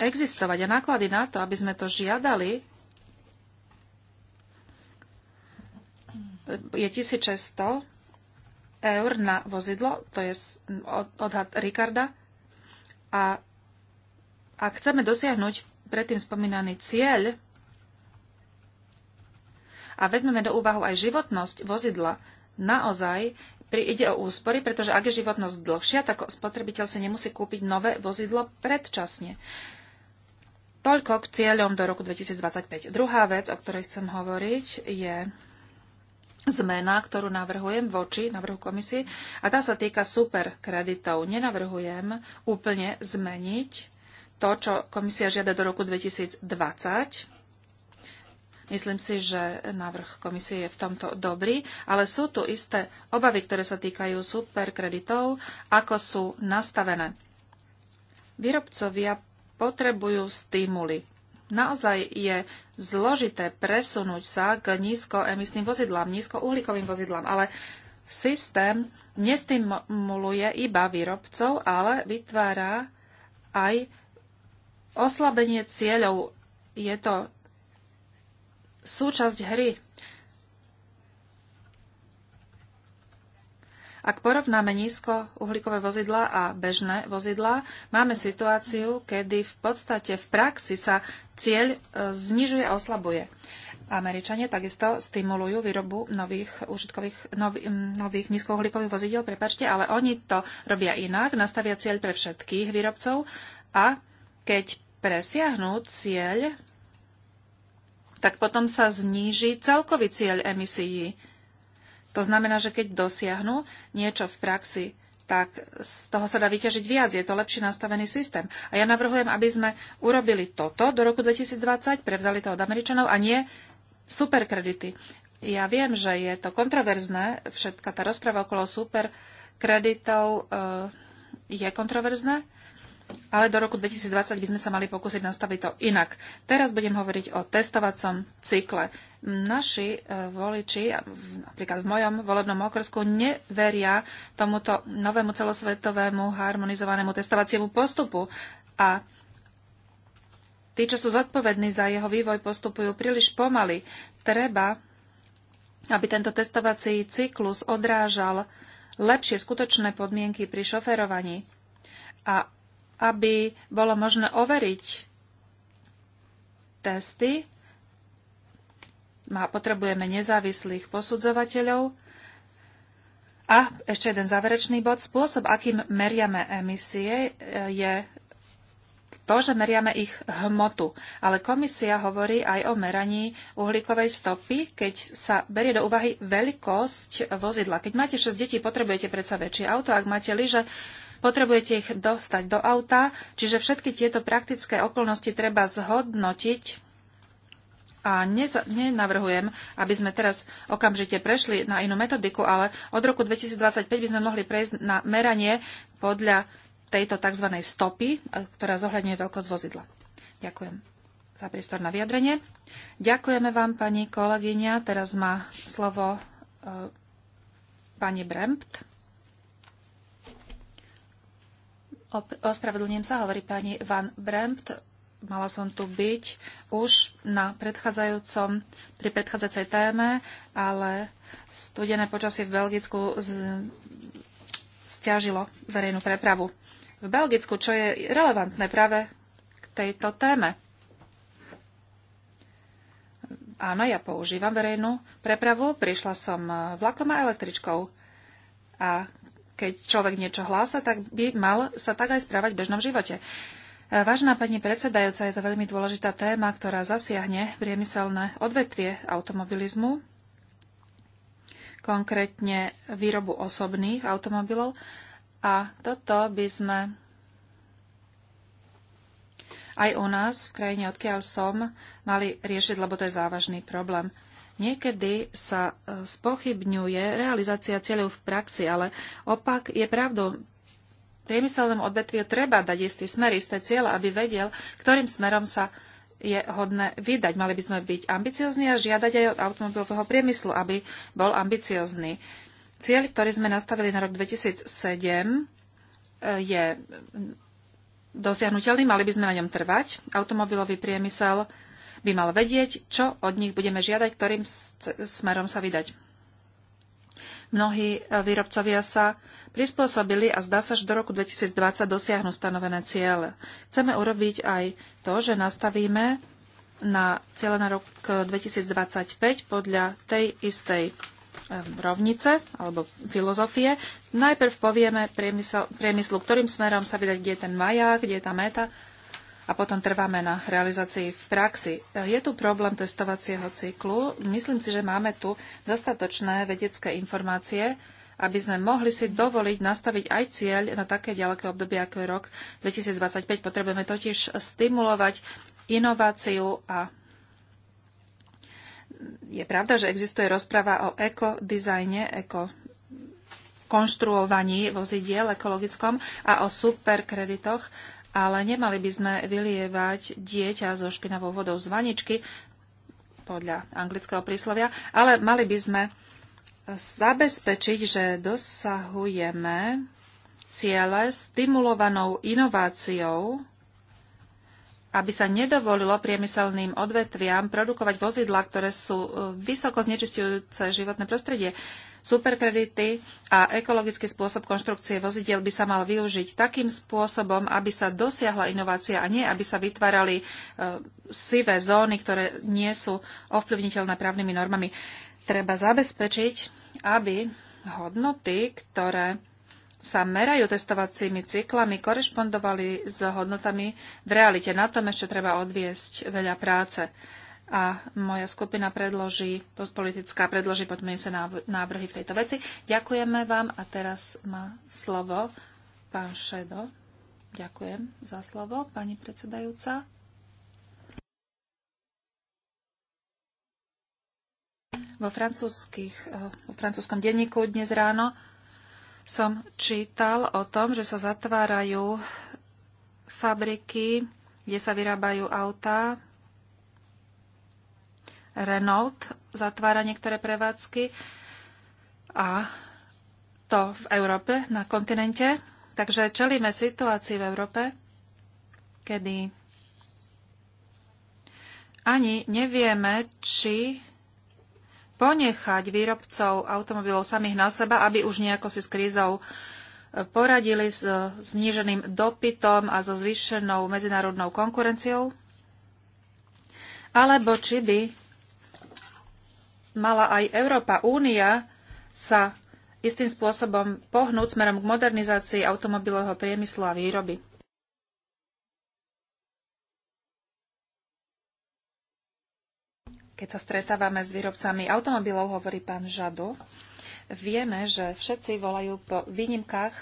existovať. A náklady na to, aby sme to žiadali, je 1600 eur na vozidlo, to je odhad Ricarda. A ak chceme dosiahnuť predtým spomínaný cieľ a vezmeme do úvahu aj životnosť vozidla, naozaj ide o úspory, pretože ak je životnosť dlhšia, tak spotrebiteľ si nemusí kúpiť nové vozidlo predčasne. Toľko k cieľom do roku 2025. Druhá vec, o ktorej chcem hovoriť, je zmena, ktorú navrhujem voči navrhu komisie a tá sa týka superkreditov. Nenavrhujem úplne zmeniť to, čo komisia žiada do roku 2020. Myslím si, že návrh komisie je v tomto dobrý, ale sú tu isté obavy, ktoré sa týkajú superkreditov, ako sú nastavené. Výrobcovia potrebujú stimuly. Naozaj je zložité presunúť sa k nízkoemisným vozidlám, nízkouhlíkovým vozidlám, ale systém nestimuluje iba výrobcov, ale vytvára aj oslabenie cieľov. Je to súčasť hry. Ak porovnáme nízko uhlíkové vozidla a bežné vozidla, máme situáciu, kedy v podstate v praxi sa cieľ e, znižuje a oslabuje. Američania takisto stimulujú výrobu nových, užitkových, nov, nových nízkouhlíkových vozidel, prepačte, ale oni to robia inak, nastavia cieľ pre všetkých výrobcov a keď presiahnú cieľ, tak potom sa zníži celkový cieľ emisií. To znamená, že keď dosiahnu niečo v praxi tak z toho sa dá vyťažiť viac. Je to lepšie nastavený systém. A ja navrhujem, aby sme urobili toto do roku 2020, prevzali to od Američanov a nie superkredity. Ja viem, že je to kontroverzné, všetka tá rozpráva okolo superkreditov e, je kontroverzná, ale do roku 2020 by sme sa mali pokúsiť nastaviť to inak. Teraz budem hovoriť o testovacom cykle. Naši e, voliči, napríklad v mojom volebnom okrsku, neveria tomuto novému celosvetovému harmonizovanému testovaciemu postupu a tí, čo sú zodpovední za jeho vývoj, postupujú príliš pomaly. Treba, aby tento testovací cyklus odrážal lepšie skutočné podmienky pri šoferovaní a aby bolo možné overiť testy. Potrebujeme nezávislých posudzovateľov. A ešte jeden záverečný bod. Spôsob, akým meriame emisie, e, je to, že meriame ich hmotu. Ale komisia hovorí aj o meraní uhlíkovej stopy, keď sa berie do úvahy veľkosť vozidla. Keď máte 6 detí, potrebujete predsa väčšie auto. Ak máte lyže, potrebujete ich dostať do auta, čiže všetky tieto praktické okolnosti treba zhodnotiť a nenavrhujem, aby sme teraz okamžite prešli na inú metodiku, ale od roku 2025 by sme mohli prejsť na meranie podľa tejto tzv. stopy, e, ktorá zohľadňuje veľkosť vozidla. Ďakujem za priestor na vyjadrenie. Ďakujeme vám, pani kolegyňa. Teraz má slovo e, pani Brempt. Ospravedlňujem sa, hovorí pani Van Brempt. Mala som tu byť už na predchádzajúcom, pri predchádzajúcej téme, ale studené počasie v Belgicku z, stiažilo verejnú prepravu. V Belgicku, čo je relevantné práve k tejto téme. Áno, ja používam verejnú prepravu. Prišla som vlakom a električkou. A keď človek niečo hlása, tak by mal sa tak aj správať v bežnom živote. E, vážená pani predsedajúca, je to veľmi dôležitá téma, ktorá zasiahne priemyselné odvetvie automobilizmu, konkrétne výrobu osobných automobilov. A toto by sme aj u nás, v krajine, odkiaľ som, mali riešiť, lebo to je závažný problém. Niekedy sa e, spochybňuje realizácia cieľov v praxi, ale opak je pravdou. Priemyselnému odvetviu treba dať istý smer, isté cieľa, aby vedel, ktorým smerom sa je hodné vydať. Mali by sme byť ambiciozni a žiadať aj od automobilového priemyslu, aby bol ambiciozný. Cieľ, ktorý sme nastavili na rok 2007, e, je dosiahnutelný, mali by sme na ňom trvať. Automobilový priemysel by mal vedieť, čo od nich budeme žiadať, ktorým smerom sa vydať. Mnohí e, výrobcovia sa prispôsobili a zdá sa, že do roku 2020 dosiahnu stanovené ciele. Chceme urobiť aj to, že nastavíme na cieľe na rok 2025 e, podľa tej istej e, rovnice alebo filozofie. Najprv povieme priemyslu, priemyslu, ktorým smerom sa vydať, kde je ten maják, kde je tá meta a potom trváme na realizácii v praxi. Je tu problém testovacieho cyklu. Myslím si, že máme tu dostatočné vedecké informácie, aby sme mohli si dovoliť nastaviť aj cieľ na také ďaleké obdobie, ako je rok 2025. Potrebujeme totiž stimulovať inováciu a je pravda, že existuje rozpráva o ekodizajne, eko konštruovaní vozidiel ekologickom a o superkreditoch, ale nemali by sme vylievať dieťa so špinavou vodou z vaničky, podľa anglického príslovia, ale mali by sme zabezpečiť, že dosahujeme ciele stimulovanou inováciou aby sa nedovolilo priemyselným odvetviam produkovať vozidla, ktoré sú e, vysoko znečistujúce životné prostredie. Superkredity a ekologický spôsob konštrukcie vozidiel by sa mal využiť takým spôsobom, aby sa dosiahla inovácia a nie, aby sa vytvárali e, sivé zóny, ktoré nie sú ovplyvniteľné právnymi normami. Treba zabezpečiť, aby hodnoty, ktoré sa merajú testovacími cyklami, korešpondovali s hodnotami v realite. Na tom ešte treba odviesť veľa práce. A moja skupina predloží, postpolitická predloží sa návrhy v tejto veci. Ďakujeme vám a teraz má slovo pán Šedo. Ďakujem za slovo, pani predsedajúca. Vo francúzských, eh, francúzskom denníku dnes ráno som čítal o tom, že sa zatvárajú fabriky, kde sa vyrábajú autá. Renault zatvára niektoré prevádzky a to v Európe, na kontinente. Takže čelíme situácii v Európe, kedy ani nevieme, či ponechať výrobcov automobilov samých na seba, aby už nejako si s krízou e, poradili s e, zníženým dopytom a so zvýšenou medzinárodnou konkurenciou? Alebo či by mala aj Európa únia sa istým spôsobom pohnúť smerom k modernizácii automobilového priemyslu a výroby? keď sa stretávame s výrobcami automobilov, hovorí pán Žado, vieme, že všetci volajú po výnimkách.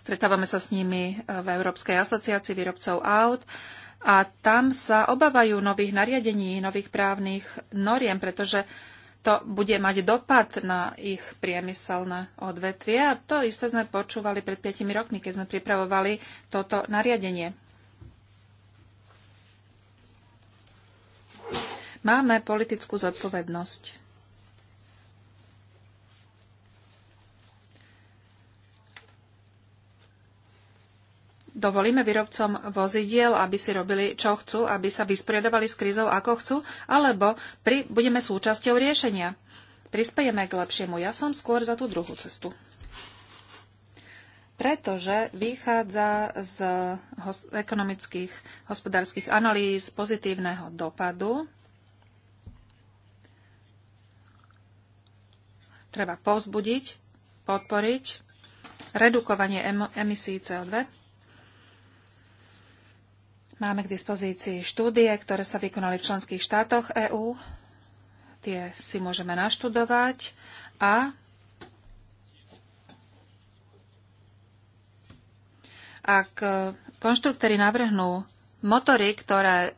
Stretávame sa s nimi e, v Európskej asociácii výrobcov aut a tam sa obávajú nových nariadení, nových právnych noriem, pretože to bude mať dopad na ich priemyselné odvetvie. A to isté sme počúvali pred 5 rokmi, keď sme pripravovali toto nariadenie. Máme politickú zodpovednosť. Dovolíme výrobcom vozidiel, aby si robili, čo chcú, aby sa vysporiadovali s krízou, ako chcú, alebo pri, budeme súčasťou riešenia. Prispejeme k lepšiemu. Ja som skôr za tú druhú cestu pretože vychádza z ekonomických, hospodárskych analýz pozitívneho dopadu treba povzbudiť, podporiť redukovanie emisí CO2. Máme k dispozícii štúdie, ktoré sa vykonali v členských štátoch EÚ. Tie si môžeme naštudovať a ak konštruktory navrhnú motory, ktoré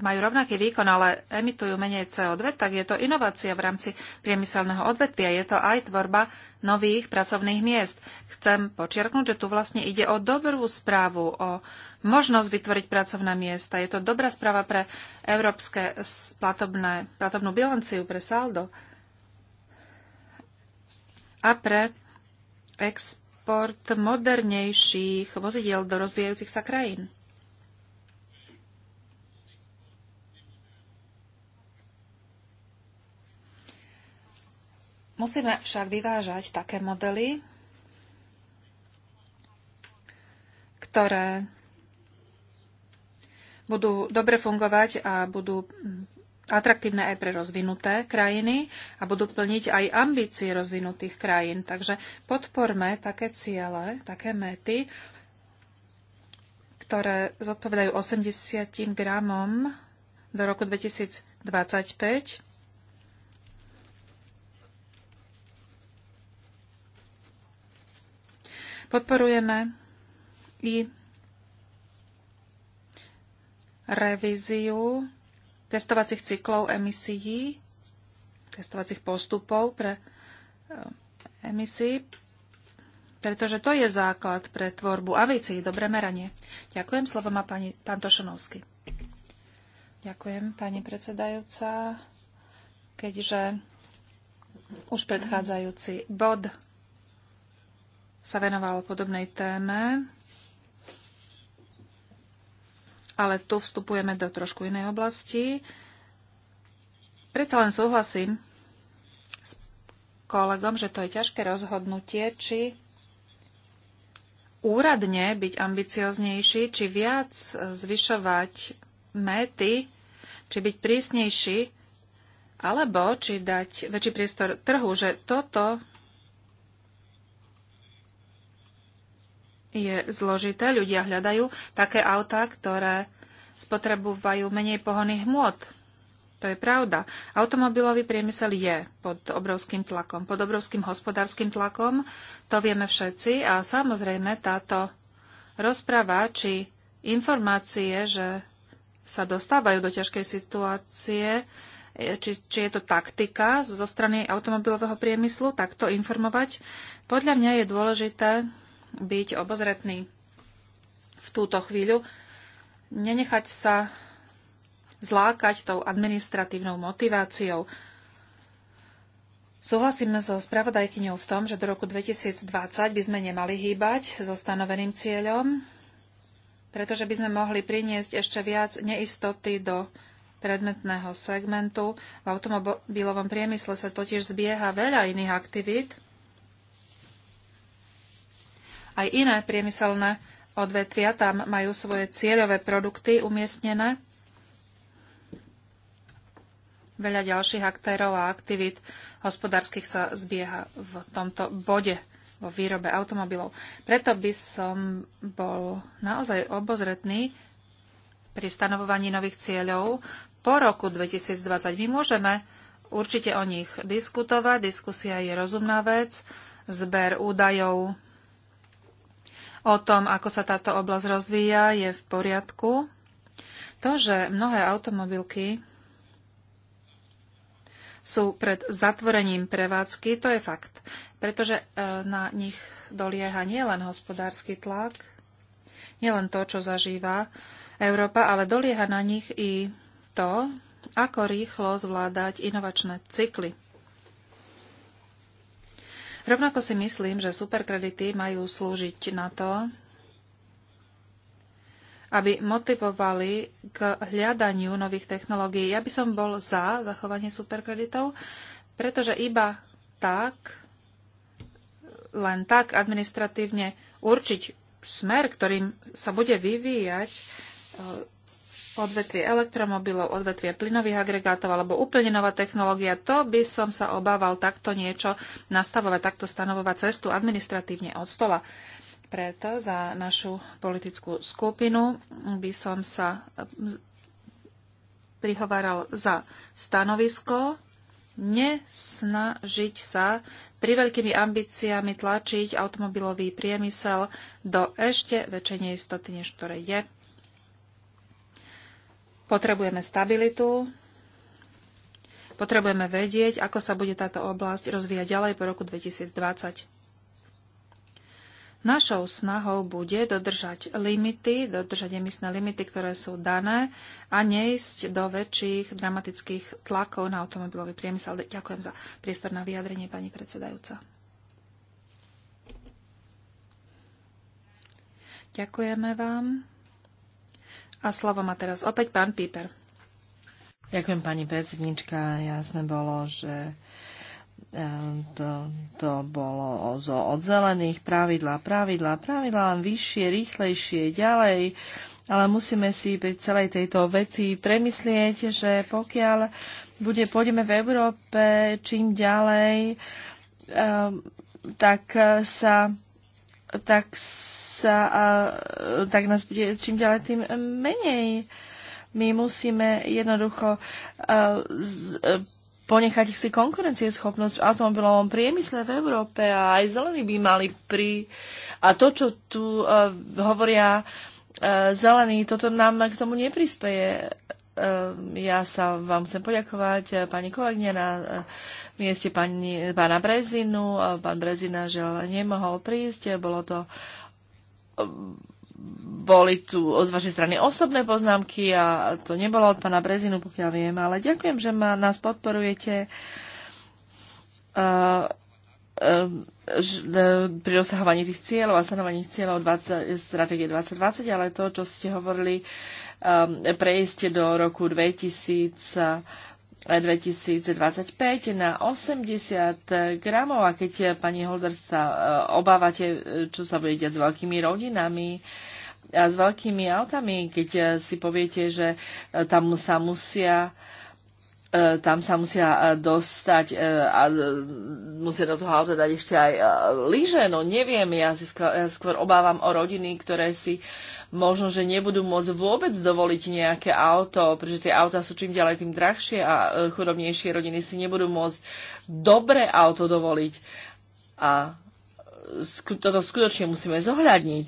majú rovnaký výkon, ale emitujú menej CO2, tak je to inovácia v rámci priemyselného odvetvia. Je to aj tvorba nových pracovných miest. Chcem počiarknúť, že tu vlastne ide o dobrú správu, o možnosť vytvoriť pracovné miesta. Je to dobrá správa pre európske platobné, platobnú bilanciu, pre saldo a pre export modernejších vozidiel do rozvíjajúcich sa krajín. Musíme však vyvážať také modely, ktoré budú dobre fungovať a budú atraktívne aj pre rozvinuté krajiny a budú plniť aj ambície rozvinutých krajín. Takže podporme také ciele, také mety, ktoré zodpovedajú 80 gramom do roku 2025 Podporujeme i revíziu testovacích cyklov emisií, testovacích postupov pre eh, emisií. pretože to je základ pre tvorbu ambícií, dobre meranie. Ďakujem, slovo má pani, pán Tošenovský. Ďakujem, pani predsedajúca. Keďže už predchádzajúci bod sa venoval podobnej téme, ale tu vstupujeme do trošku inej oblasti. Predsa len súhlasím s kolegom, že to je ťažké rozhodnutie, či úradne byť ambicioznejší, či viac zvyšovať méty, či byť prísnejší, alebo či dať väčší priestor trhu, že toto je zložité. Ľudia hľadajú také autá, ktoré spotrebujú menej pohonných hmôt. To je pravda. Automobilový priemysel je pod obrovským tlakom, pod obrovským hospodárskym tlakom, to vieme všetci a samozrejme táto rozprava či informácie, že sa dostávajú do ťažkej situácie, či, či je to taktika zo strany automobilového priemyslu takto informovať. Podľa mňa je dôležité byť obozretný v túto chvíľu, nenechať sa zlákať tou administratívnou motiváciou. Súhlasíme so spravodajkyňou v tom, že do roku 2020 by sme nemali hýbať so stanoveným cieľom, pretože by sme mohli priniesť ešte viac neistoty do predmetného segmentu. V automobilovom priemysle sa totiž zbieha veľa iných aktivít, aj iné priemyselné odvetvia tam majú svoje cieľové produkty umiestnené. Veľa ďalších aktérov a aktivít hospodárskych sa zbieha v tomto bode vo výrobe automobilov. Preto by som bol naozaj obozretný pri stanovovaní nových cieľov po roku 2020. My môžeme určite o nich diskutovať, diskusia je rozumná vec, zber údajov o tom, ako sa táto oblasť rozvíja, je v poriadku. To, že mnohé automobilky sú pred zatvorením prevádzky, to je fakt, pretože e, na nich dolieha nielen hospodársky tlak, nielen to, čo zažíva Európa, ale dolieha na nich i to, ako rýchlo zvládať inovačné cykly. Rovnako si myslím, že superkredity majú slúžiť na to, aby motivovali k hľadaniu nových technológií. Ja by som bol za zachovanie superkreditov, pretože iba tak, len tak administratívne určiť smer, ktorým sa bude vyvíjať odvetvie elektromobilov, odvetvie plynových agregátov alebo úplne nová technológia, to by som sa obával takto niečo nastavovať, takto stanovovať cestu administratívne od stola. Preto za našu politickú skupinu by som sa prihováral za stanovisko, nesnažiť sa pri veľkými ambíciami tlačiť automobilový priemysel do ešte väčšej neistoty, než ktoré je Potrebujeme stabilitu, potrebujeme vedieť, ako sa bude táto oblasť rozvíjať ďalej po roku 2020. Našou snahou bude dodržať limity, dodržať emisné limity, ktoré sú dané a neísť do väčších dramatických tlakov na automobilový priemysel. Ďakujem za priestor na vyjadrenie, pani predsedajúca. Ďakujeme vám. A slovo má teraz opäť pán Píper. Ďakujem, pani predsednička. Jasné bolo, že eh, to, to bolo zo od zelených pravidla, pravidla, pravidlá, len vyššie, rýchlejšie, ďalej. Ale musíme si pri celej tejto veci premyslieť, že pokiaľ bude, pôjdeme v Európe čím ďalej, eh, tak sa tak sa, a, e, tak nás bude čím ďalej tým menej. My musíme jednoducho a, e, z, a, e, ponechať si konkurencieschopnosť v automobilovom priemysle v Európe a aj zelení by mali pri... A to, čo tu uh, hovoria uh, zelení, toto nám k tomu neprispeje. ja sa vám chcem poďakovať, pani kolegyne na mieste pani, pána Brezinu. pán Brezina žiaľ nemohol prísť, bolo to uh, boli tu z vašej strany osobné poznámky a to nebolo od pána Brezinu, pokiaľ viem, ale ďakujem, že ma, nás podporujete uh, uh, pri dosahovaní tých cieľov a stanovaní cieľov 20, stratégie 2020, ale to, čo ste hovorili, um, prejsť do roku 2000 2025 na 80 gramov. A keď eh, pani Holder sa eh, obávate, eh, čo sa bude diať s veľkými rodinami a s veľkými autami, keď si poviete, že tam sa musia E, tam sa musia e, dostať e, a musia do toho auta dať ešte aj lyže. No neviem, ja si skôr, ja skôr obávam o rodiny, ktoré si možno, že nebudú môcť vôbec dovoliť nejaké auto, pretože tie auta sú čím ďalej tým drahšie a chudobnejšie rodiny si nebudú môcť dobré auto dovoliť. A toto skutočne musíme zohľadniť.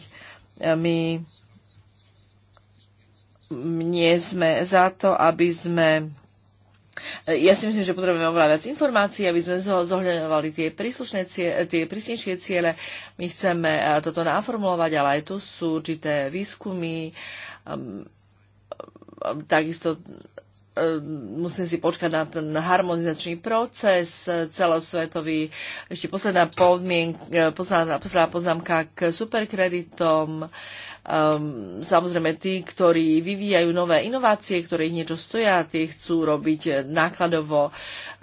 My nie sme za to, aby sme ja si myslím, že potrebujeme oveľa viac informácií, aby sme zohľadňovali tie, príslušné cie, tie prísnejšie ciele. My chceme eh, toto naformulovať, ale aj tu sú určité výskumy. Ehm, ehm, takisto ehm, musím si počkať na ten harmonizačný proces eh, celosvetový. Ešte posledná, podmien, eh, posledná, posledná poznámka k superkreditom. Uh, um, samozrejme tí, ktorí vyvíjajú nové inovácie, ktoré ich niečo stoja, tie chcú robiť nákladovo,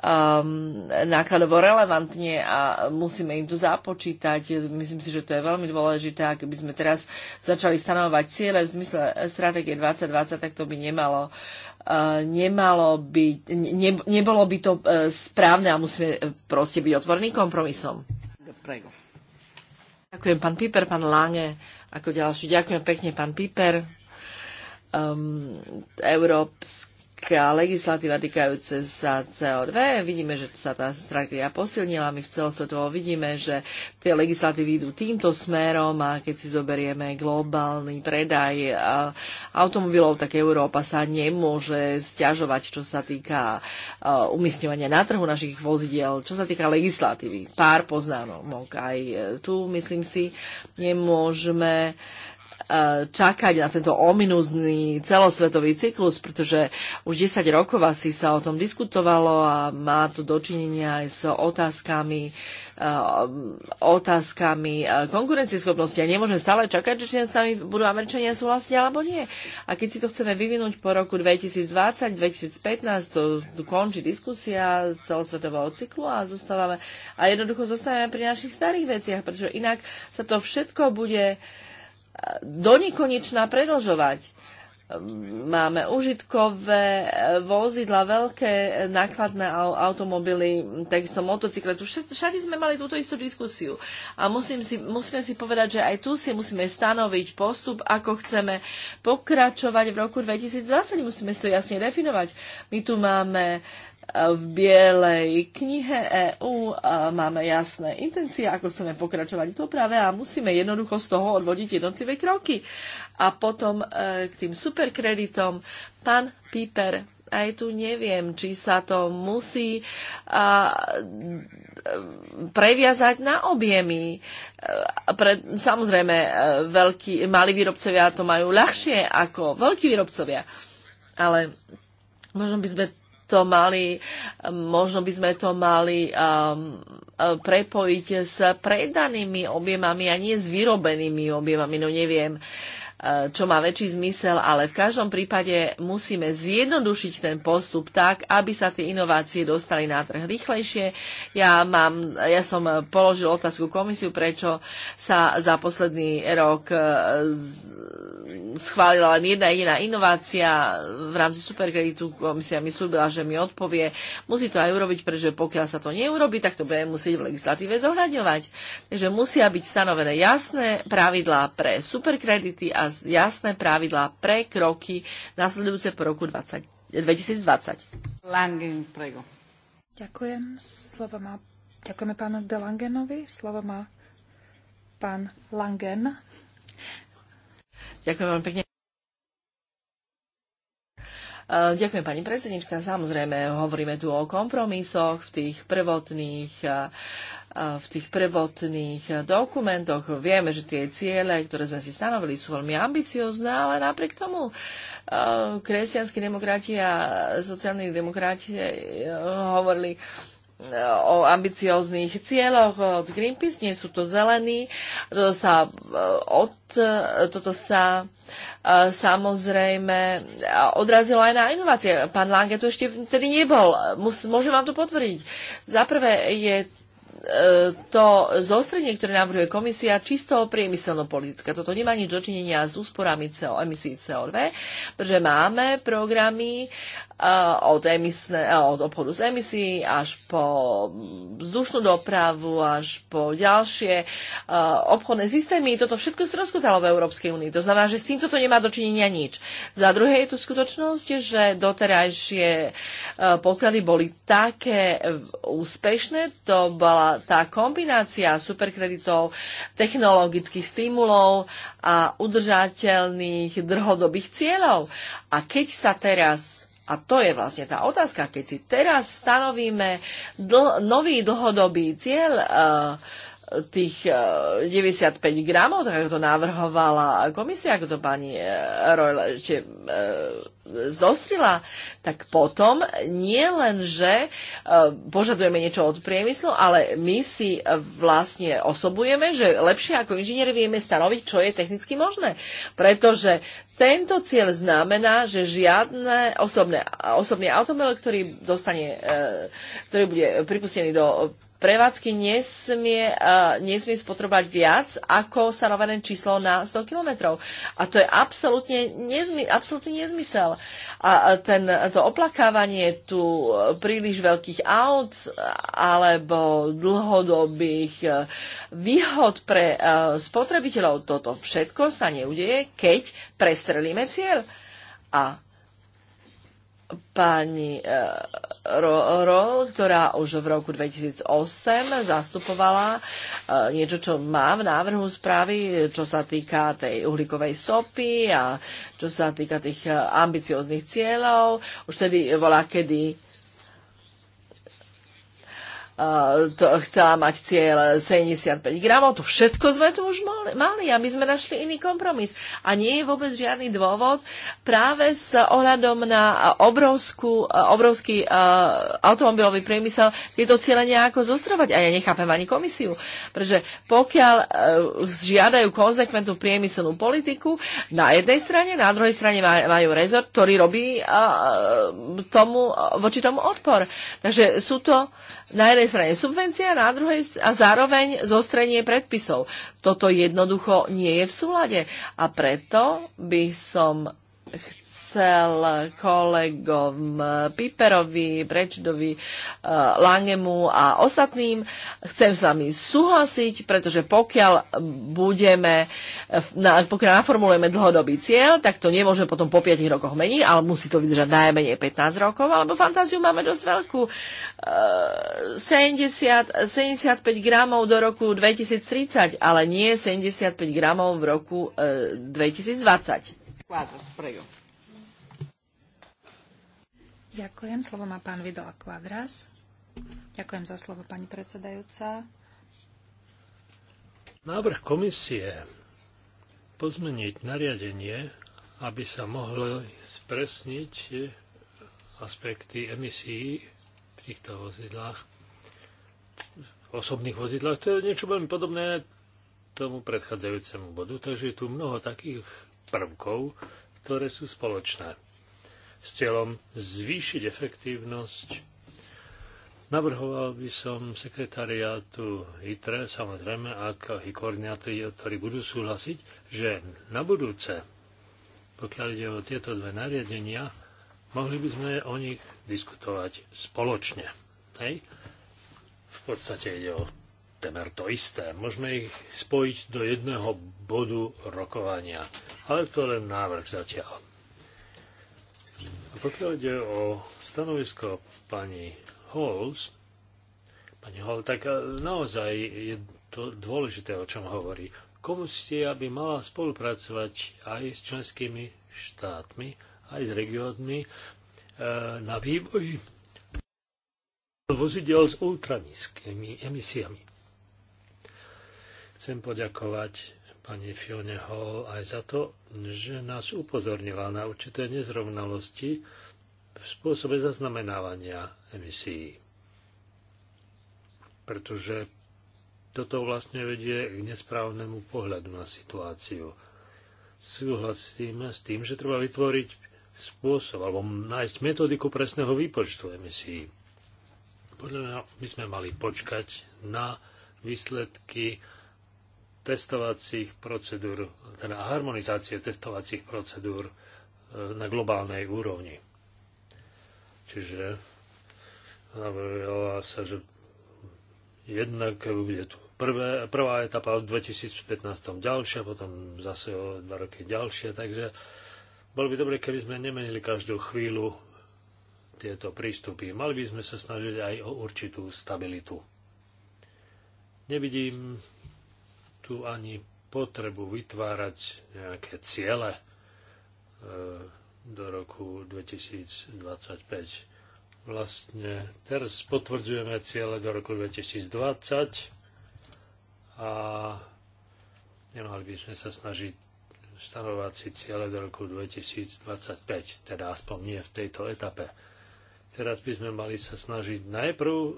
um, nákladovo relevantne a musíme im to započítať. Myslím si, že to je veľmi dôležité. Ak by sme teraz začali stanovať ciele v zmysle stratégie 2020, tak to by nemalo e, nemalo by, ne, nebolo by to e, správne a musíme proste byť otvorení kompromisom. Prego. Ďakujem pán Piper, pán Láne, ako ďalší. Ďakujem pekne pán Piper. Um, Európsky týka legislatíva týkajúce sa CO2. Vidíme, že sa tá stratégia posilnila. My v celosvetovo vidíme, že tie legislatívy idú týmto smerom a keď si zoberieme globálny predaj automobilov, tak Európa sa nemôže stiažovať, čo sa týka uh, umiestňovania na trhu našich vozidiel, čo sa týka legislatívy. Pár poznámok aj tu, myslím si, nemôžeme čakať na tento ominúzný celosvetový cyklus, pretože už 10 rokov asi sa o tom diskutovalo a má to dočinenia aj s otázkami, eh, otázkami eh, konkurencieschopnosti. A nemôžeme stále čakať, že s nami budú Američania súhlasiť alebo nie. A keď si to chceme vyvinúť po roku 2020-2015, to končí diskusia z celosvetového cyklu a zostávame a jednoducho zostávame pri našich starých veciach, pretože inak sa to všetko bude uh, do nekonečná predlžovať. Máme užitkové e, vozidla, veľké e, nákladné automobily, takisto motocykle. Tu všade sme mali túto istú diskusiu. A musím si, musíme si povedať, že aj tu si musíme stanoviť postup, ako chceme pokračovať v roku 2020. Musíme si to jasne definovať. My tu máme uh, v Bielej knihe EU e, máme jasné intencie, ako chceme pokračovať v doprave a musíme jednoducho z toho odvodiť jednotlivé kroky. A potom e, k tým superkreditom. Pán Piper, aj tu neviem, či sa to musí a, previazať na objemy. E, pre, samozrejme, veľký, malí výrobcovia to majú ľahšie ako veľkí výrobcovia. Ale možno by sme to mali, možno by sme to mali um, prepojiť s predanými objemami a nie s vyrobenými objemami, no neviem uh, čo má väčší zmysel, ale v každom prípade musíme zjednodušiť ten postup tak, aby sa tie inovácie dostali na trh rýchlejšie. Ja, mám, ja som položil otázku komisiu, prečo sa za posledný rok uh, schválila len jedna jediná inovácia v rámci superkreditu, komisia mi slúbila, že mi odpovie. Musí to aj urobiť, pretože pokiaľ sa to neurobi, tak to bude musieť v legislatíve zohľadňovať. Takže musia byť stanovené jasné pravidlá pre superkredity a jasné pravidlá pre kroky nasledujúce po roku 20, 2020. Langen, prego. Ďakujem. Slovo má, ďakujeme pánu Delangenovi. Slovo má pán Langen. Ďakujem veľmi pekne. E, ďakujem pani predsednička. Samozrejme, hovoríme tu o kompromisoch v tých prvotných e, e, v tých prvotných dokumentoch. Vieme, že tie ciele, ktoré sme si stanovili, sú veľmi ambiciozne, ale napriek tomu kresťanskí demokrati a sociálni demokrati hovorili, o ambicióznych cieľoch od Greenpeace, nie sú to zelení. Eh, eh, toto sa, od, toto sa samozrejme eh, odrazilo aj na inovácie. Pán Lange tu ešte vtedy nebol. môžem vám to potvrdiť. Za prvé je to zostrenie, ktoré navrhuje komisia, čisto priemyselno-politické. Toto nemá nič dočinenia s úsporami CO, emisí CO2, pretože máme programy Eh, od, emisne, eh, od obchodu s emisí až po vzdušnú dopravu, až po ďalšie eh, obchodné systémy. Toto všetko zrozkutalo v Európskej únii. To znamená, že s týmto to nemá dočinenia nič. Za druhé je tu skutočnosť, že doterajšie podklady boli také úspešné. To bola tá kombinácia superkreditov, technologických stimulov a udržateľných drhodobých cieľov. A keď sa teraz a to je vlastne tá otázka, keď si teraz stanovíme dl- nový dlhodobý cieľ uh, tých 95 eh, gramov, tak ako to navrhovala komisia, ako to pani eh, Roy ešte eh, zostrila, tak potom nie len, že požadujeme niečo od priemyslu, ale my si vlastne osobujeme, že lepšie ako inžinieri vieme stanoviť, čo je technicky možné. Pretože tento cieľ znamená, že žiadne osobné, osobný automobil, ktorý, dostane, ktorý bude pripustený do prevádzky nesmie, uh, nesmie spotrebovať viac ako stanovené číslo na 100 kilometrov. A to je absolútne nezmy, absolútny nezmysel. A ten, to oplakávanie tu e, príliš veľkých aut e, alebo dlhodobých e, výhod pre uh, spotrebiteľov, toto všetko sa neudeje, keď prestrelíme cieľ. A pani e, Roll, ktorá už v roku 2008 zastupovala e, niečo, čo má v návrhu správy, čo sa týka tej uhlíkovej stopy a čo sa týka tých e, ambicióznych cieľov. Už tedy volá, kedy Eh, to chcela mať cieľ 75 gramov, to všetko sme tu už mali a my sme našli iný kompromis. A nie je vôbec žiadny dôvod práve s ohľadom na obrovskú, eh, obrovský uh, automobilový priemysel tieto cieľe nejako zostrovať. A ja nechápem ani komisiu, pretože pokiaľ uh, žiadajú konzekventnú priemyselnú politiku, na jednej strane, na druhej strane majú rezort, ktorý robí uh, tomu, voči tomu odpor. Takže sú to na jednej strane subvencia na druhej, a zároveň zostrenie predpisov. Toto jednoducho nie je v súlade a preto by som chcel chcel kolegom Piperovi, Brečdovi, eh, Langemu a ostatným. Chcem s vami súhlasiť, pretože pokiaľ budeme, eh, pokiaľ naformulujeme dlhodobý cieľ, tak to nemôžeme potom po 5 rokoch meniť, ale musí to vydržať najmenej 15 rokov, alebo fantáziu máme dosť veľkú. 70, eh, 75 gramov do roku 2030, ale nie 75 gramov v roku 2020. Ďakujem. Slovo má pán Vidal Quadras. Ďakujem za slovo, pani predsedajúca. Návrh komisie pozmeniť nariadenie, aby sa mohli spresniť aspekty emisí v týchto vozidlách, v osobných vozidlách, to je niečo veľmi podobné tomu predchádzajúcemu bodu, takže je tu mnoho takých prvkov, ktoré sú spoločné s cieľom zvýšiť efektívnosť. Navrhoval by som sekretariátu ITRE, samozrejme, ak i koordinátori, ktorí budú súhlasiť, že na budúce, pokiaľ ide o tieto dve nariadenia, mohli by sme o nich diskutovať spoločne. Hej? V podstate ide o temer to isté. Môžeme ich spojiť do jedného bodu rokovania. Ale to len návrh zatiaľ. Pokiaľ ide o stanovisko pani Halls, pani Hall, tak e, naozaj je to dôležité, o čom hovorí. ste, by mala spolupracovať aj s členskými štátmi, aj s regiónmi e, na vývoji vozidel s ultranízkými emisiami. Chcem poďakovať pani Fione Hall aj za to, že nás upozornila na určité nezrovnalosti v spôsobe zaznamenávania emisí. Pretože toto vlastne vedie k nesprávnemu pohľadu na situáciu. Súhlasíme s tým, že treba vytvoriť spôsob alebo nájsť metodiku presného výpočtu emisí. Podľa mňa by sme mali počkať na výsledky testovacích procedúr, teda harmonizácie testovacích procedúr e, na globálnej úrovni. Čiže navrhovalo sa, že jednak bude tu prvé, prvá etapa v 2015, ďalšia, potom zase o dva roky ďalšia, takže bolo by dobre, keby sme nemenili každú chvíľu tieto prístupy. Mali by sme sa snažiť aj o určitú stabilitu. Nevidím tu ani potrebu vytvárať nejaké ciele e, do roku 2025. Vlastne teraz potvrdzujeme ciele do roku 2020 a nemali by sme sa snažiť stanovať si ciele do roku 2025, teda aspoň nie v tejto etape. Teraz by sme mali sa snažiť najprv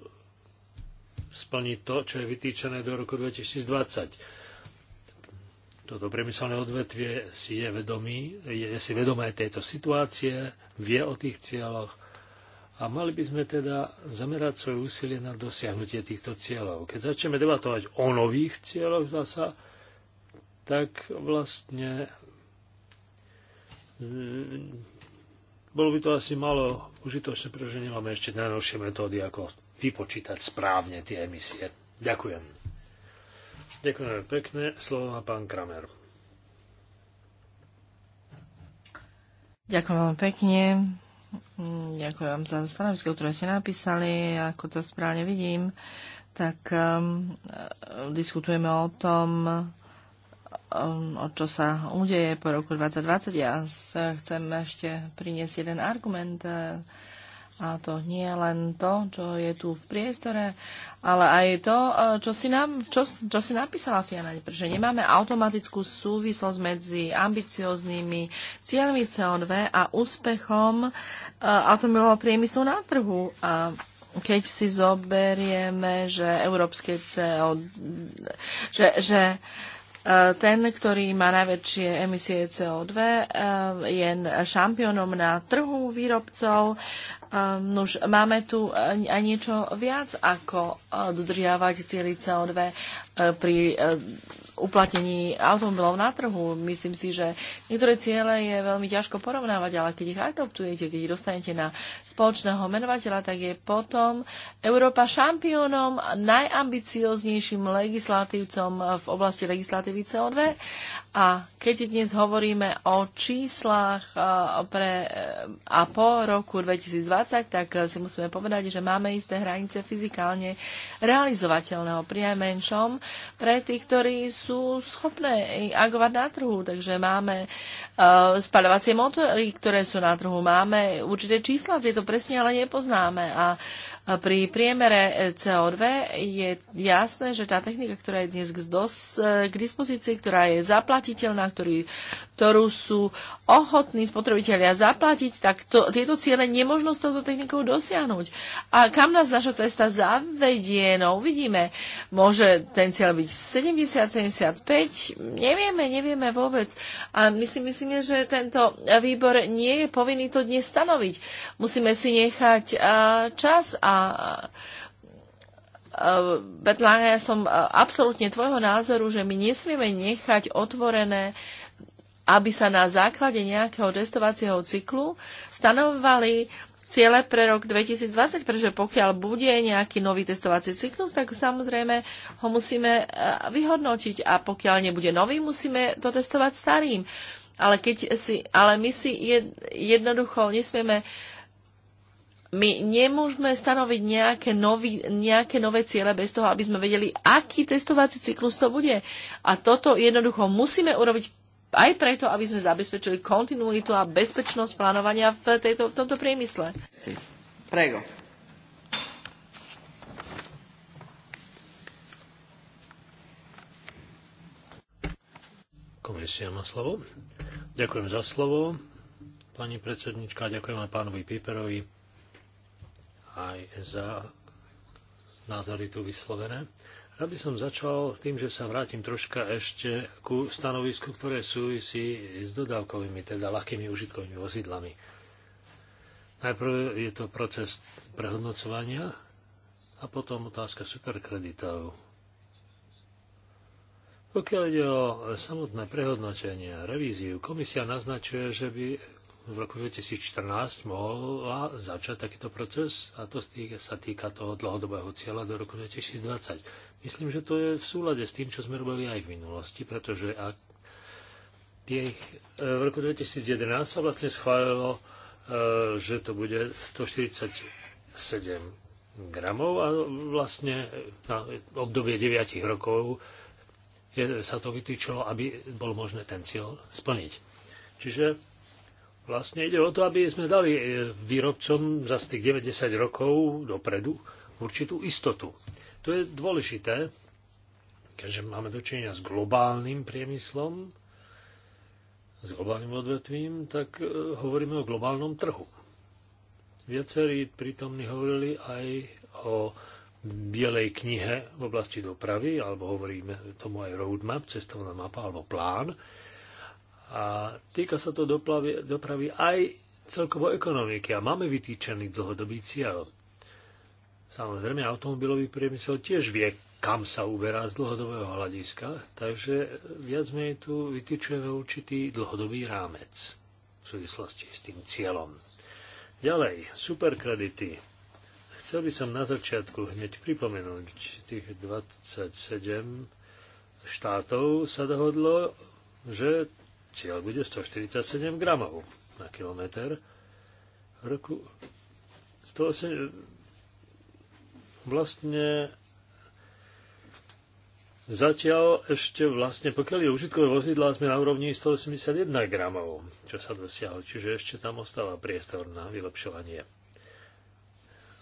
splniť to, čo je vytýčené do roku 2020 toto priemyselné odvetvie si je, vedomý, je si vedomé tejto situácie, vie o tých cieľoch a mali by sme teda zamerať svoje úsilie na dosiahnutie týchto cieľov. Keď začneme debatovať o nových cieľoch zasa, tak vlastne mm, bolo by to asi malo užitočné, pretože nemáme ešte najnovšie metódy, ako vypočítať správne tie emisie. Ďakujem. Ďakujeme pekne. Slovo má pán Kramer. Ďakujem vám pekne. Ďakujem vám za stanovisko, ktoré ste napísali. Ako to správne vidím, tak um, diskutujeme o tom, um, o čo sa udeje po roku 2020. Ja chcem ešte priniesť jeden argument. Uh, a to nie len to, čo je tu v priestore, ale aj to, e, čo si, nám, čo, čo si napísala Fiana, pretože nemáme automatickú súvislosť medzi ambicióznymi cieľmi CO2 a úspechom e, atomového priemyslu na trhu. A keď si zoberieme, že európske CO, že, že e, ten, ktorý má najväčšie emisie CO2, je šampiónom na trhu výrobcov, Ehm, Nož, máme tu eh, aj niečo viac ako eh, dodržiavať cieľy CO2 eh, pri uplatnení automobilov na trhu. Myslím si, že niektoré ciele je veľmi ťažko porovnávať, ale keď ich adoptujete, keď ich dostanete na spoločného menovateľa, tak je potom Európa šampiónom, najambicioznejším legislatívcom v oblasti legislatívy CO2. A keď dnes hovoríme o číslach pre a po roku 2020, tak si musíme povedať, že máme isté hranice fyzikálne realizovateľného pri menšom pre tých, ktorí sú sú schopné agovať na trhu. Takže máme uh, spaľovacie motory, ktoré sú na trhu. Máme určité čísla, tieto presne ale nepoznáme. A uh, pri priemere CO2 je jasné, že tá technika, ktorá je dnes k, dos, k dispozícii, ktorá je zaplatiteľná, ktorý, ktorú sú ochotní spotrebitelia zaplatiť, tak to, tieto ciele nemožno s touto technikou dosiahnuť. A kam nás naša cesta zavedie, no uvidíme. Môže ten cieľ byť 70, 75, nevieme, nevieme vôbec. A my si myslíme, že tento výbor nie je povinný to dnes stanoviť. Musíme si nechať čas a a Betláne, ja som absolútne tvojho názoru, že my nesmieme nechať otvorené, aby sa na základe nejakého testovacieho cyklu stanovali ciele pre rok 2020, pretože pokiaľ bude nejaký nový testovací cyklus, tak samozrejme ho musíme e, vyhodnotiť a pokiaľ nebude nový, musíme to testovať starým. Ale, keď si, ale my si jednoducho nesmieme uh, my nemôžeme stanoviť nejaké, nový, nejaké nové ciele bez toho, aby sme vedeli, aký testovací cyklus to bude. A toto jednoducho musíme urobiť aj preto, aby sme zabezpečili kontinuitu a bezpečnosť plánovania v, tejto, v tomto priemysle. Prego. Komisia má slovo. Ďakujem za slovo, pani predsednička, ďakujem aj pánovi Piperovi aj za názory tu vyslovené. Rád by som začal tým, že sa vrátim troška ešte ku stanovisku, ktoré súvisí s dodávkovými, teda ľahkými užitkovými vozidlami. Najprv je to proces prehodnocovania a potom otázka superkreditov. Pokiaľ ide o samotné prehodnotenie a revíziu, komisia naznačuje, že by v roku 2014 mohla začať takýto proces a to sa týka toho dlhodobého cieľa do roku 2020. Myslím, že to je v súlade s tým, čo sme robili aj v minulosti, pretože ak tých, e, v roku 2011 sa vlastne schválilo, e, že to bude 147 gramov a vlastne na obdobie 9 rokov sa to vytýčilo, aby bol možné ten cieľ splniť. Čiže Vlastne ide o to, aby sme dali e, výrobcom za tých 90 rokov dopredu určitú istotu. To je dôležité, keďže máme dočinenia s globálnym priemyslom, s globálnym odvetvím, tak e, hovoríme o globálnom trhu. Viacerí prítomní hovorili aj o bielej knihe v oblasti dopravy, alebo hovoríme tomu aj roadmap, cestovná mapa alebo plán, a týka sa to doplavy, dopravy aj celkovo ekonomiky. A máme vytýčený dlhodobý cieľ. Samozrejme, automobilový priemysel tiež vie, kam sa uberá z dlhodobého hľadiska, takže viac menej tu vytýčujeme určitý dlhodobý rámec v súvislosti s tým cieľom. Ďalej, superkredity. Chcel by som na začiatku hneď pripomenúť, tých 27 štátov sa dohodlo, že Cieľ bude 147 gramov na kilometr. V roku 180... vlastne Zatiaľ ešte vlastne, pokiaľ je užitkové vozidla, sme na úrovni 181 gramov, čo sa dosiahlo, čiže ešte tam ostáva priestor na vylepšovanie.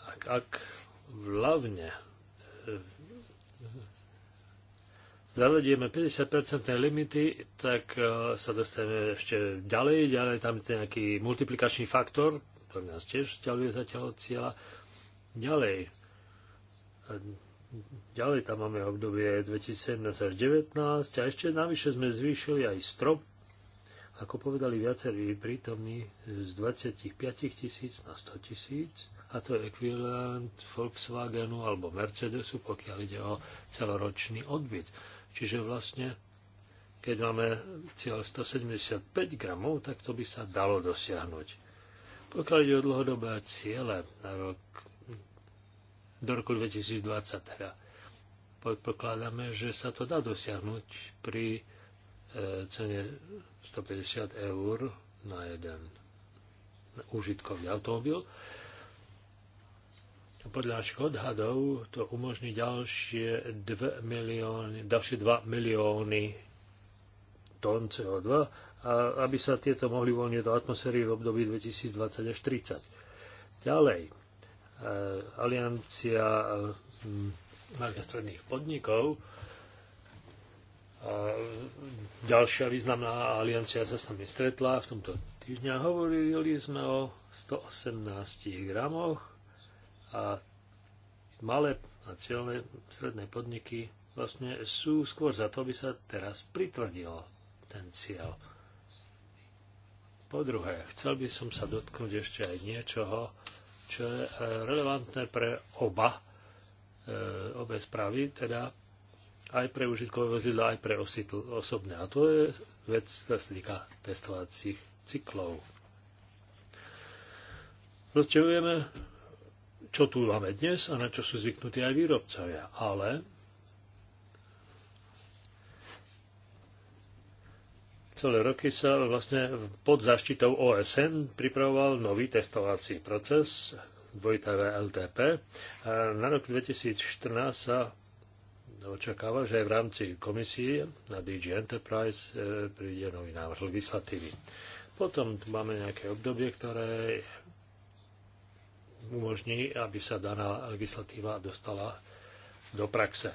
Ak, ak hlavne zavedieme 50-percentné limity, tak e, sa dostaneme ešte ďalej, ďalej tam je nejaký multiplikačný faktor, ktorý nás tiež vzťahuje zatiaľ od cieľa. Ďalej. Ďalej tam máme obdobie 2017 až 2019 a ešte navyše sme zvýšili aj strop, ako povedali viacerí prítomní, z 25 tisíc na 100 tisíc a to je ekvivalent Volkswagenu alebo Mercedesu, pokiaľ ide o celoročný odbyt. Čiže vlastne, keď máme cieľ 175 gramov, tak to by sa dalo dosiahnuť. Pokiaľ ide o dlhodobé ciele na rok, do roku 2020, teda, predpokladáme, že sa to dá dosiahnuť pri e, cene 150 eur na jeden užitkový automobil. Podľa odhadov to umožní ďalšie 2 milióny, ďalšie 2 milióny tón CO2, a aby sa tieto mohli voľniť do atmosféry v období 2020 až 30. Ďalej, e, aliancia mm, malých a stredných podnikov, a ďalšia významná aliancia sa s nami stretla v tomto týždňa. Hovorili sme o 118 gramoch a malé a celé stredné podniky vlastne sú skôr za to, aby sa teraz pritvrdilo ten cieľ. Po druhé, chcel by som sa dotknúť ešte aj niečoho, čo je e, relevantné pre oba, e, obe správy, teda aj pre užitkové vozidla, aj pre ositl, osobné. A to je vec, ktorá sa týka testovacích cyklov. Rozčelujeme čo tu máme dnes a na čo sú zvyknutí aj výrobcovia. Ale celé roky sa vlastne pod zaštitou OSN pripravoval nový testovací proces dvojité LTP. A na rok 2014 sa očakáva, že aj v rámci komisie na DG Enterprise e, príde nový návrh legislatívy. Potom máme nejaké obdobie, ktoré umožní, aby sa daná legislatíva dostala do praxe.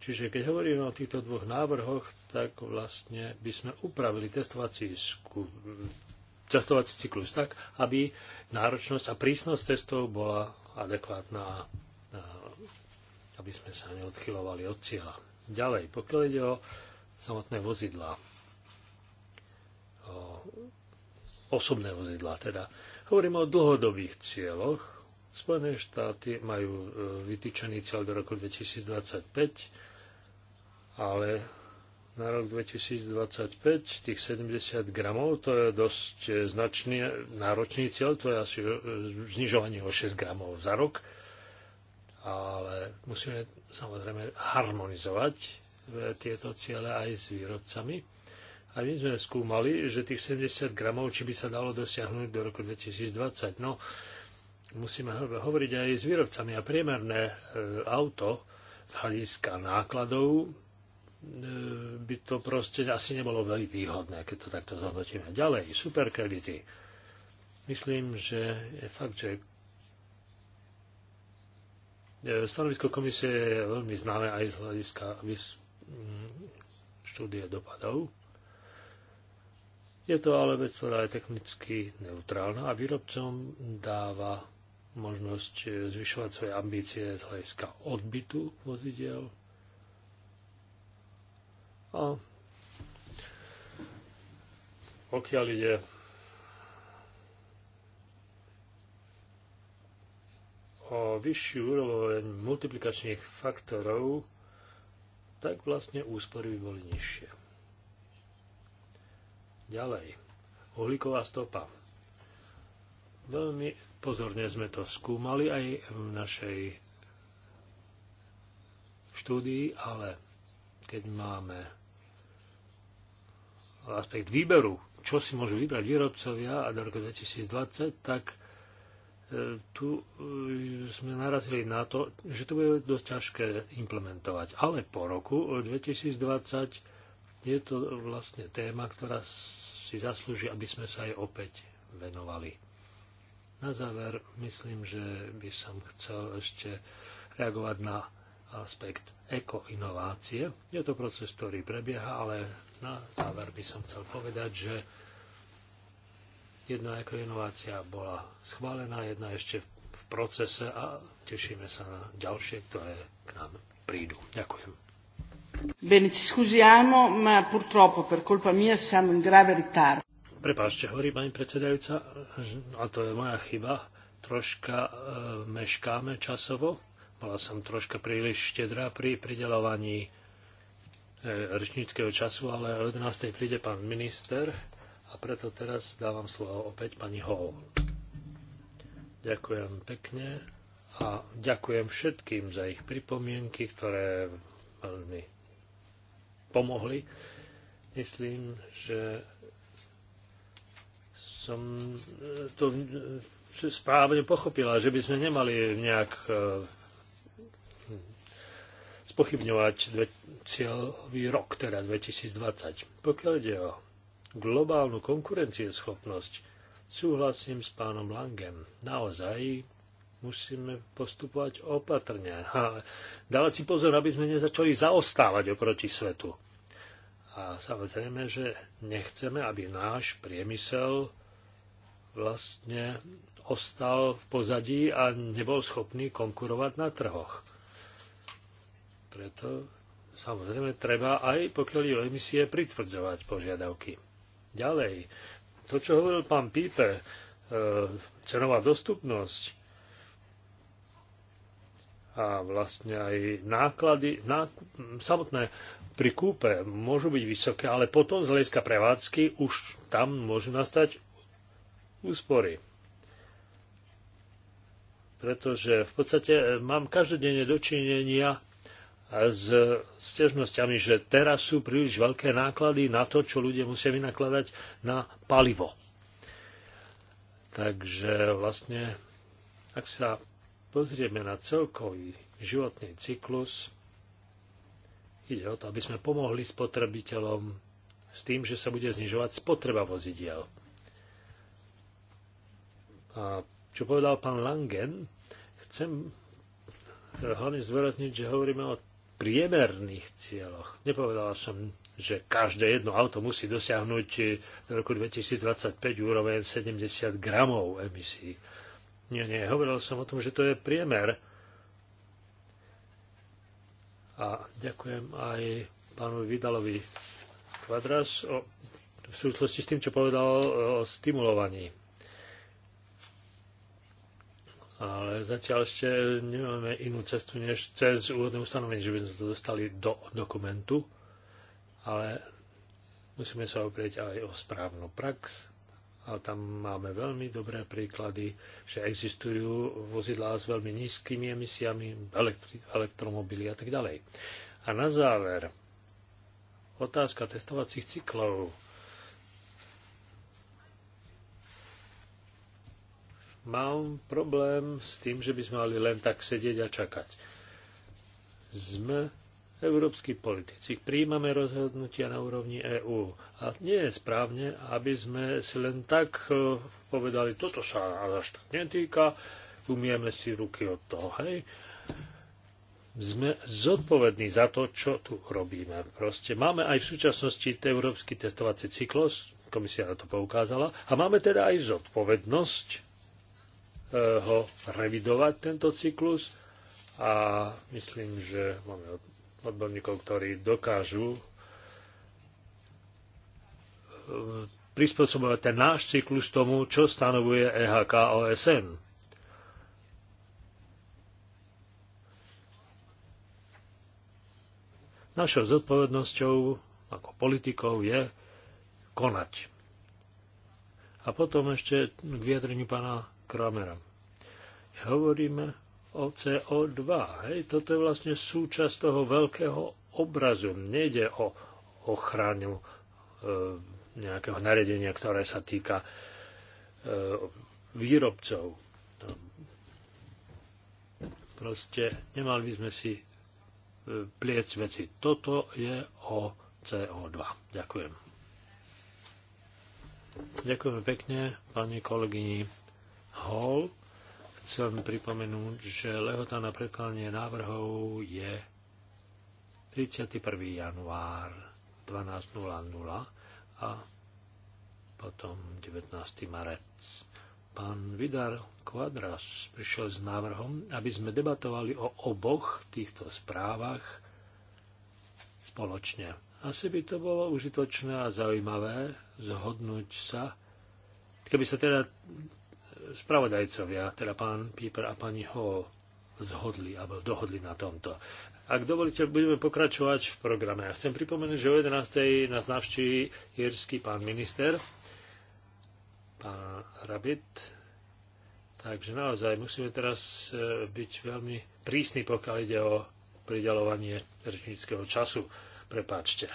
Čiže keď hovoríme o týchto dvoch návrhoch, tak vlastne by sme upravili testovací, sku... testovací cyklus tak, aby náročnosť a prísnosť testov bola adekvátna, aby sme sa neodchylovali od cieľa. Ďalej, pokiaľ ide o samotné vozidla. o osobné vozidla teda, Hovorím o dlhodobých cieľoch. Spojené štáty majú e, vytýčený cieľ do roku 2025, ale na rok 2025 tých 70 gramov, to je dosť e, značný, náročný cieľ, to je asi e, znižovanie o 6 gramov za rok, ale musíme samozrejme harmonizovať tieto ciele aj s výrobcami. A my sme skúmali, že tých 70 gramov, či by sa dalo dosiahnuť do roku 2020. No, musíme hovoriť aj s výrobcami. A priemerné e, auto z hľadiska nákladov e, by to proste asi nebolo veľmi výhodné, keď to takto zhodnotíme. Ďalej, superkredity. Myslím, že je fakt, že e, stanovisko komisie je veľmi známe aj z hľadiska štúdie dopadov. Je to ale vec, ktorá je technicky neutrálna a výrobcom dáva možnosť eh, zvyšovať svoje ambície z hľadiska odbytu vozidiel. A pokiaľ ide o vyššiu úroveň multiplikačných faktorov, tak vlastne úspory by boli nižšie. Ďalej, uhlíková stopa. Veľmi pozorne sme to skúmali aj v našej štúdii, ale keď máme aspekt výberu, čo si môžu vybrať výrobcovia a do roku 2020, tak e, tu e, sme narazili na to, že to bude dosť ťažké implementovať. Ale po roku 2020 je to vlastne téma, ktorá si zaslúži, aby sme sa aj opäť venovali. Na záver myslím, že by som chcel ešte reagovať na aspekt ekoinovácie. Je to proces, ktorý prebieha, ale na záver by som chcel povedať, že jedna ekoinovácia bola schválená, jedna ešte v procese a tešíme sa na ďalšie, ktoré k nám prídu. Ďakujem. Bene, ci scusiamo, ma purtroppo per colpa mia siamo in grave ritardo. hovorí pani predsedajúca, a to je moja chyba. Troška e, meškáme časovo. Bola som troška príliš štedrá pri pridelovaní e, rečníckého času, ale o 11. príde pán minister a preto teraz dávam slovo opäť pani Hall. Ďakujem pekne a ďakujem všetkým za ich pripomienky, ktoré veľmi pomohli. Myslím, že som e, to e, správne pochopila, že by sme nemali nejak e, spochybňovať cieľový rok, teda 2020. Pokiaľ ide o globálnu konkurencieschopnosť, súhlasím s pánom Langem. Naozaj musíme postupovať opatrne a dávať si pozor, aby sme nezačali zaostávať oproti svetu. A samozrejme, že nechceme, aby náš priemysel vlastne ostal v pozadí a nebol schopný konkurovať na trhoch. Preto samozrejme treba aj pokiaľ je o emisie pritvrdzovať požiadavky. Ďalej, to, čo hovoril pán Píper, e, cenová dostupnosť, a vlastne aj náklady ná, samotné pri kúpe môžu byť vysoké, ale potom z hľadiska prevádzky už tam môžu nastať úspory. Pretože v podstate e, mám každodenne dočinenia e, s stiažnosťami, že teraz sú príliš veľké náklady na to, čo ľudia musia vynakladať na palivo. Takže vlastne, ak sa pozrieme na celkový životný cyklus, ide o to, aby sme pomohli spotrebiteľom s tým, že sa bude znižovať spotreba vozidiel. A čo povedal pán Langen, chcem hlavne zvorazniť, že hovoríme o priemerných cieľoch. Nepovedal som, že každé jedno auto musí dosiahnuť do roku 2025 úroveň 70 gramov emisí. Nie, nie, hovoril som o tom, že to je priemer. A ďakujem aj pánovi Vidalovi Kvadras o, v súvislosti s tým, čo povedal o stimulovaní. Ale zatiaľ ešte nemáme inú cestu, než cez úvodné ustanovenie, že by sme to dostali do dokumentu. Ale musíme sa oprieť aj o správnu prax, a tam máme veľmi dobré príklady, že existujú vozidlá s veľmi nízkymi emisiami, elektri- elektromobily a tak ďalej. A na záver, otázka testovacích cyklov. Mám problém s tým, že by sme mali len tak sedieť a čakať. Sme Európsky politici príjmame rozhodnutia na úrovni EÚ a nie je správne, aby sme si len tak e, povedali, toto sa nás až tak netýka, umieme si ruky od toho, hej. Sme zodpovední za to, čo tu robíme. Proste máme aj v súčasnosti európsky testovací cyklus, komisia na to poukázala, a máme teda aj zodpovednosť e, ho revidovať, tento cyklus, a myslím, že máme od odborníkov, ktorí dokážu e, prispôsobovať ten náš cyklus tomu, čo stanovuje EHK OSN. Našou zodpovednosťou ako politikov je konať. A potom ešte k vyjadreniu pána Kramera. Hovoríme o CO2. Hej. Toto je vlastne súčasť toho veľkého obrazu. Nejde o ochranu e, nejakého naredenia, ktoré sa týka e, výrobcov. Proste nemali by sme si e, pliec veci. Toto je o CO2. Ďakujem. Ďakujem pekne pani kolegyni Hall chcem pripomenúť, že lehota na predkladanie návrhov je 31. január 12.00 a potom 19. marec. Pán Vidar Quadras prišiel s návrhom, aby sme debatovali o oboch týchto správach spoločne. Asi by to bolo užitočné a zaujímavé zhodnúť sa, keby sa teda spravodajcovia, teda pán Píper a pani Ho, zhodli alebo dohodli na tomto. Ak dovolíte, budeme pokračovať v programe. Ja chcem pripomenúť, že o 11. nás navštíví írsky pán minister, pán Rabit. Takže naozaj musíme teraz e, byť veľmi prísni, pokiaľ ide o pridelovanie rečníckého času. Prepáčte.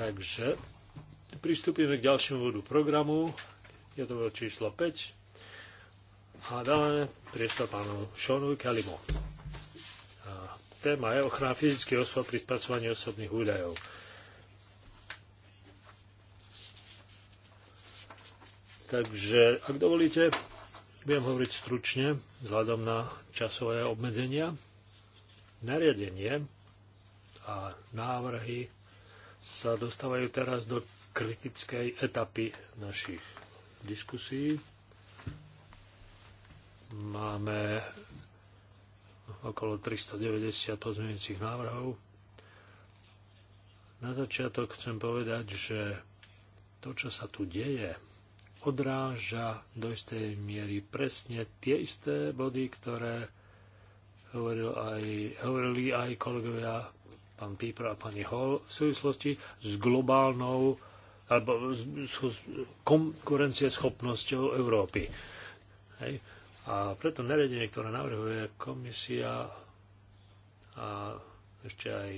Takže pristúpime k ďalšiemu vodu programu. Je to bolo číslo 5. A dáme priestor pánu Šonu Kalimu. A téma je ochrana fyzických osôb pri spracovaní osobných údajov. Takže, ak dovolíte, budem hovoriť stručne, vzhľadom na časové obmedzenia. Nariadenie a návrhy sa dostávajú teraz do kritickej etapy našich diskusii. Máme okolo 390 pozmeňujúcich návrhov. Na začiatok chcem povedať, že to, čo sa tu deje, odráža do istej miery presne tie isté body, ktoré hovoril aj, hovorili aj kolegovia pán Píper a pani Hall v súvislosti s globálnou alebo konkurencieschopnosťou Európy. Hej. A preto naredenie, ktoré navrhuje komisia a ešte aj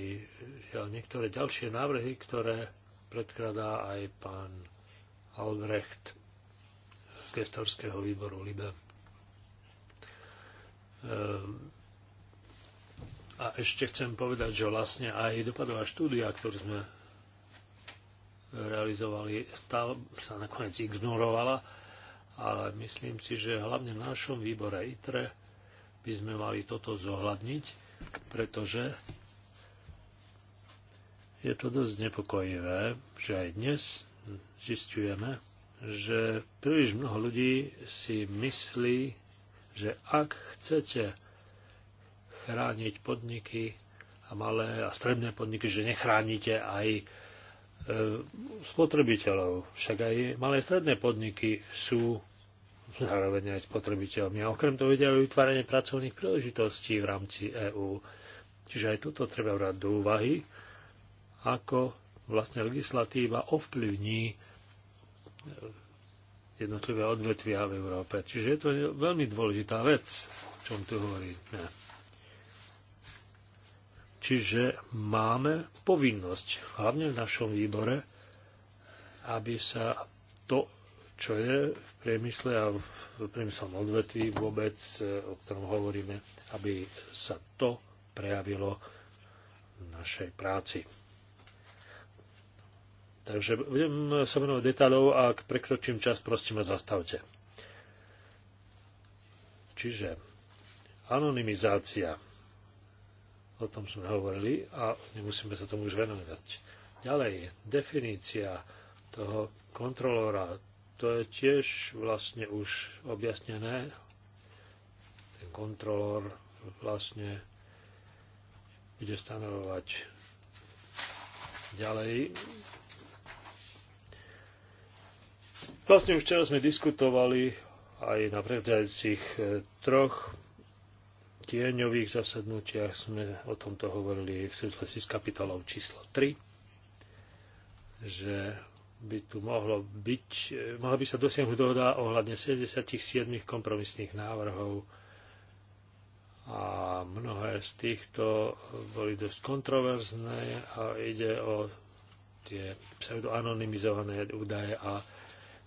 niektoré ďalšie návrhy, ktoré predkladá aj pán Albrecht z gestorského výboru LIBE. Ehm, a ešte chcem povedať, že vlastne aj dopadová štúdia, ktorú sme realizovali, tá sa nakoniec ignorovala, ale myslím si, že hlavne v našom výbore ITRE by sme mali toto zohľadniť, pretože je to dosť nepokojivé, že aj dnes zistujeme, že príliš mnoho ľudí si myslí, že ak chcete chrániť podniky a malé a stredné podniky, že nechránite aj E, spotrebiteľov. Však aj malé stredné podniky sú zároveň aj spotrebiteľmi. A okrem toho ide aj vytváranie pracovných príležitostí v rámci EÚ. Čiže aj toto treba brať do úvahy, ako vlastne legislatíva ovplyvní e, jednotlivé odvetvia v Európe. Čiže je to veľmi dôležitá vec, o čom tu hovoríme. Čiže máme povinnosť, hlavne v našom výbore, aby sa to, čo je v priemysle a v priemyslom odvetví vôbec, o ktorom hovoríme, aby sa to prejavilo v našej práci. Takže budem sa venovať detailov a ak prekročím čas, prosím ma zastavte. Čiže anonymizácia o tom sme hovorili a nemusíme sa tomu už venovať. Ďalej, definícia toho kontrolóra, to je tiež vlastne už objasnené. Ten kontrolór vlastne bude stanovovať ďalej. Vlastne už včera sme diskutovali aj na predchádzajúcich eh, troch tieňových zasadnutiach sme o tomto hovorili v súvislosti s kapitolou číslo 3, že by tu mohlo byť, mohla by sa dosiahnuť dohoda ohľadne 77 kompromisných návrhov a mnohé z týchto boli dosť kontroverzné a ide o tie pseudoanonymizované údaje a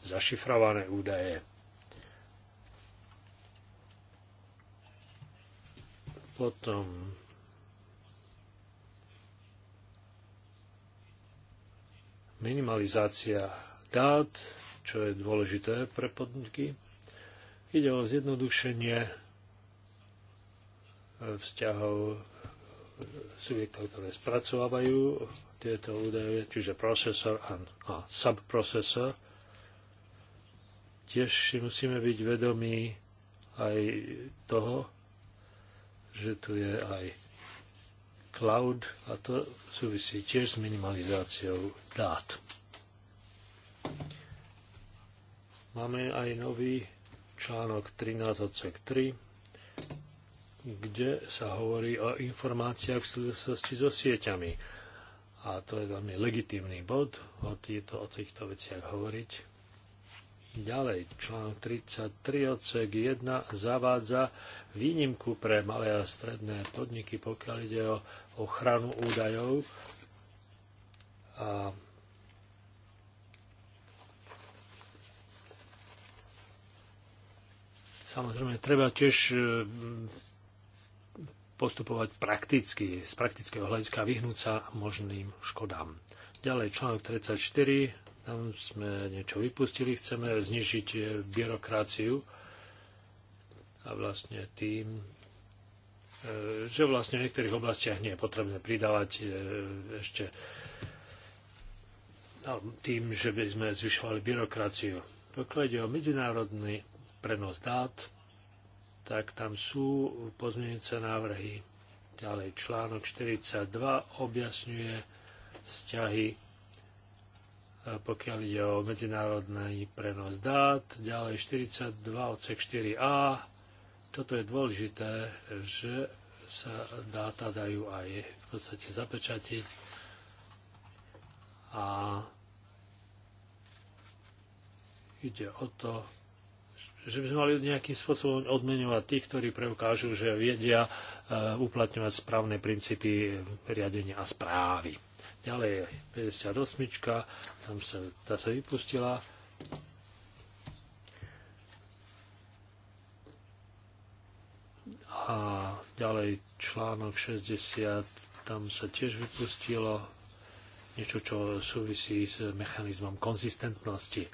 zašifrované údaje. Potom minimalizácia dát, čo je dôležité pre podniky. Ide o zjednodušenie e, vzťahov subjektov, ktoré spracovávajú tieto údaje, čiže procesor a, a subprocesor. Tiež si musíme byť vedomí aj toho, že tu je aj cloud a to súvisí tiež s minimalizáciou dát. Máme aj nový článok 13 odsek 3, kde sa hovorí o informáciách v súvislosti so sieťami. A to je veľmi legitímny bod o, týto, o týchto veciach hovoriť. Ďalej, článok 33 odsek 1 zavádza výnimku pre malé a stredné podniky, pokiaľ ide o ochranu údajov. A Samozrejme, treba tiež e, postupovať prakticky, z praktického hľadiska vyhnúť sa možným škodám. Ďalej článok 34 tam sme niečo vypustili, chceme znižiť eh, byrokraciu a vlastne tým, eh, že vlastne v niektorých oblastiach nie je potrebné pridávať eh, ešte no, tým, že by sme zvyšovali byrokraciu. Pokiaľ ide o medzinárodný prenos dát, tak tam sú pozmienice návrhy. Ďalej článok 42 objasňuje vzťahy pokiaľ ide o medzinárodný prenos dát, ďalej 42 odsek 4a. Toto je dôležité, že sa dáta dajú aj v podstate zapečatiť a ide o to, že by sme mali nejakým spôsobom odmenovať tých, ktorí preukážu, že vedia e, uplatňovať správne princípy riadenia a správy. Ďalej 58, tam sa, tá sa vypustila. A ďalej článok 60, tam sa tiež vypustilo niečo, čo súvisí s mechanizmom konzistentnosti.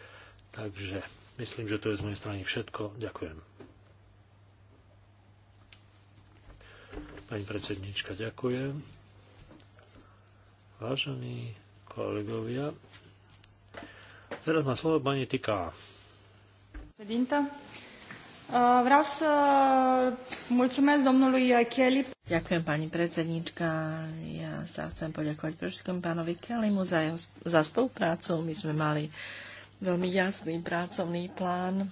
Takže myslím, že to je z mojej strany všetko. Ďakujem. Pani predsednička, ďakujem. Vážení kolegovia, teraz má slovo pani Tica. Vreau să mulțumesc domnului Kelly. Ďakujem pani predsednička. Ja sa chcem poďakovať pre pánovi Kellymu za, jeho, za spoluprácu. My sme mali veľmi jasný pracovný plán e,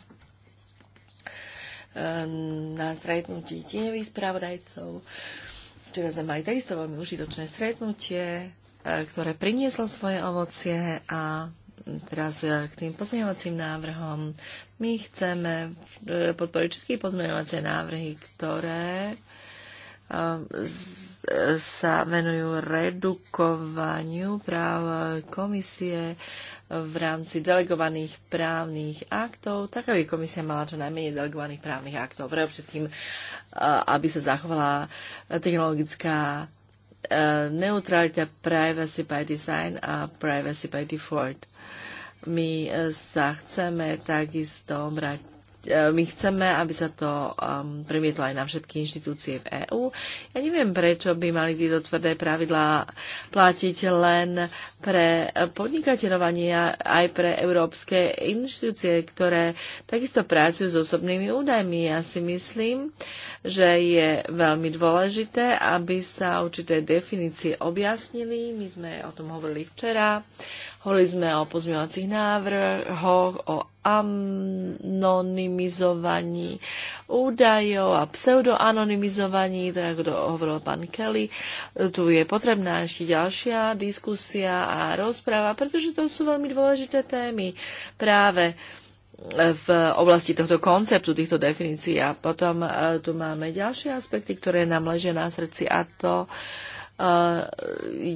na stretnutí tieňových spravodajcov. Včera sme mali takisto veľmi užitočné stretnutie ktoré prinieslo svoje ovocie a teraz e, k tým pozmeňovacím návrhom. My chceme e, podporiť všetky pozmeňovacie návrhy, ktoré e, sa venujú redukovaniu práv komisie v rámci delegovaných právnych aktov, tak aby komisia mala čo najmenej delegovaných právnych aktov. Pre všetkým, aby sa zachovala technologická Uh, neutralita privacy by design a privacy by default. My uh, sa chceme takisto brať E, my chceme, aby sa to um, premietlo aj na všetky inštitúcie v EÚ. Ja neviem, prečo by mali tieto tvrdé pravidlá platiť len pre podnikateľovanie aj pre európske inštitúcie, ktoré takisto pracujú s osobnými údajmi. Ja si myslím, že je veľmi dôležité, aby sa určité definície objasnili. My sme o tom hovorili včera. Hovorili sme o pozmeňovacích návrhoch, o anonymizovaní údajov a pseudoanonymizovaní, tak teda ako to hovoril pán Kelly. Tu je potrebná ešte ďalšia diskusia a rozpráva, pretože to sú veľmi dôležité témy práve v oblasti tohto konceptu, týchto definícií. A potom e, tu máme ďalšie aspekty, ktoré nám ležia na srdci a to Eh,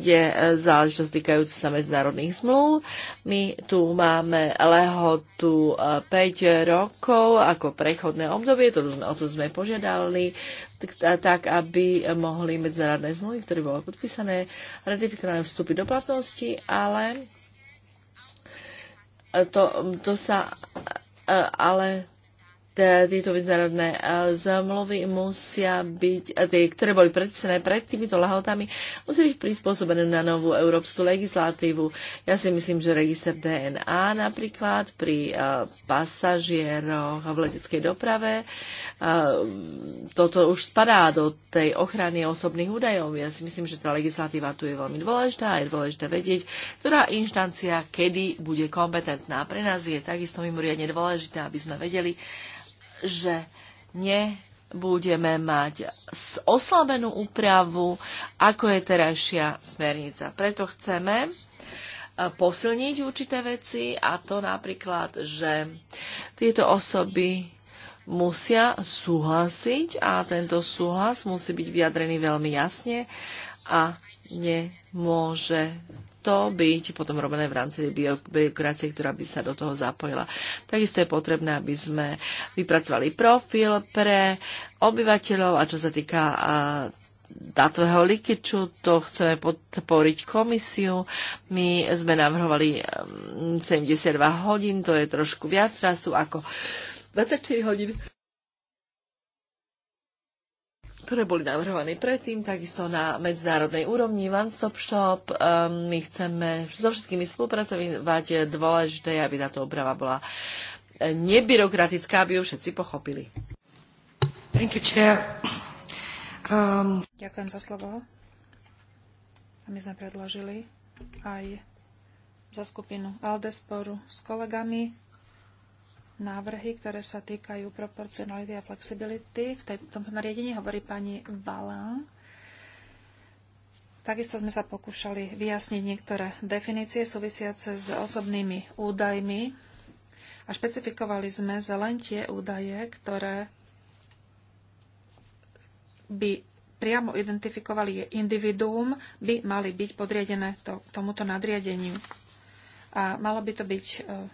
je záležitosť týkajúca sa medzinárodných zmluv. My tu máme lehotu 5 eh, rokov ako prechodné obdobie, toto sme, o to sme požiadali, tak aby mohli medzinárodné zmluvy, ktoré boli podpísané, ratifikované vstupy do platnosti, ale to, to sa eh, ale tieto medzinárodné e, zmluvy musia byť, e, tie, ktoré boli predpísané pred týmito lahotami, musia byť prispôsobené na novú európsku legislatívu. Ja si myslím, že register DNA napríklad pri e, pasažieroch v leteckej doprave, toto už spadá do tej ochrany osobných údajov. Ja si myslím, že tá legislatíva tu je veľmi dôležitá a je dôležité vedieť, ktorá inštancia kedy bude kompetentná. Pre nás je takisto mimoriadne dôležité, aby sme vedeli, že nebudeme mať oslabenú úpravu, ako je terajšia smernica. Preto chceme e, posilniť určité veci a to napríklad, že tieto osoby musia súhlasiť a tento súhlas musí byť vyjadrený veľmi jasne a nemôže to byť potom robené v rámci byrokracie, ktorá by sa do toho zapojila. Takisto je potrebné, aby sme vypracovali profil pre obyvateľov a čo sa týka dátového likiču, to chceme podporiť komisiu. My sme navrhovali 72 um, hodín, to je trošku viac času ako 24 hodín ktoré boli navrhované predtým, takisto na medzinárodnej úrovni One Stop Shop. Ehm, my chceme so všetkými spolupracovať. Dôležité aby táto oprava bola e, nebyrokratická, aby ju všetci pochopili. Thank you, chair. Um... Ďakujem za slovo. A my sme predložili aj za skupinu Aldesporu s kolegami návrhy, ktoré sa týkajú proporcionality a flexibility. V tom nariadení hovorí pani Balán. Takisto sme sa pokúšali vyjasniť niektoré definície súvisiace s osobnými údajmi a špecifikovali sme len tie údaje, ktoré by priamo identifikovali individuum, by mali byť podriadené to, tomuto nadriadeniu. A malo by to byť e,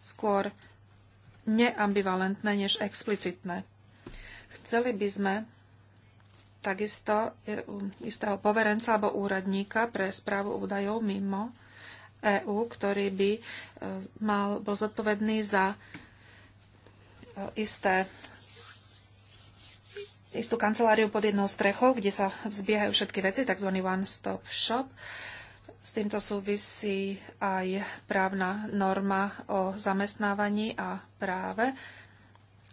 skôr neambivalentné než explicitné. Chceli by sme takisto e, istého poverenca alebo úradníka pre správu údajov mimo EÚ, ktorý by e, mal, bol zodpovedný za e, isté, istú kanceláriu pod jednou strechou, kde sa zbiehajú všetky veci, tzv. one-stop shop. S týmto súvisí aj právna norma o zamestnávaní a práve.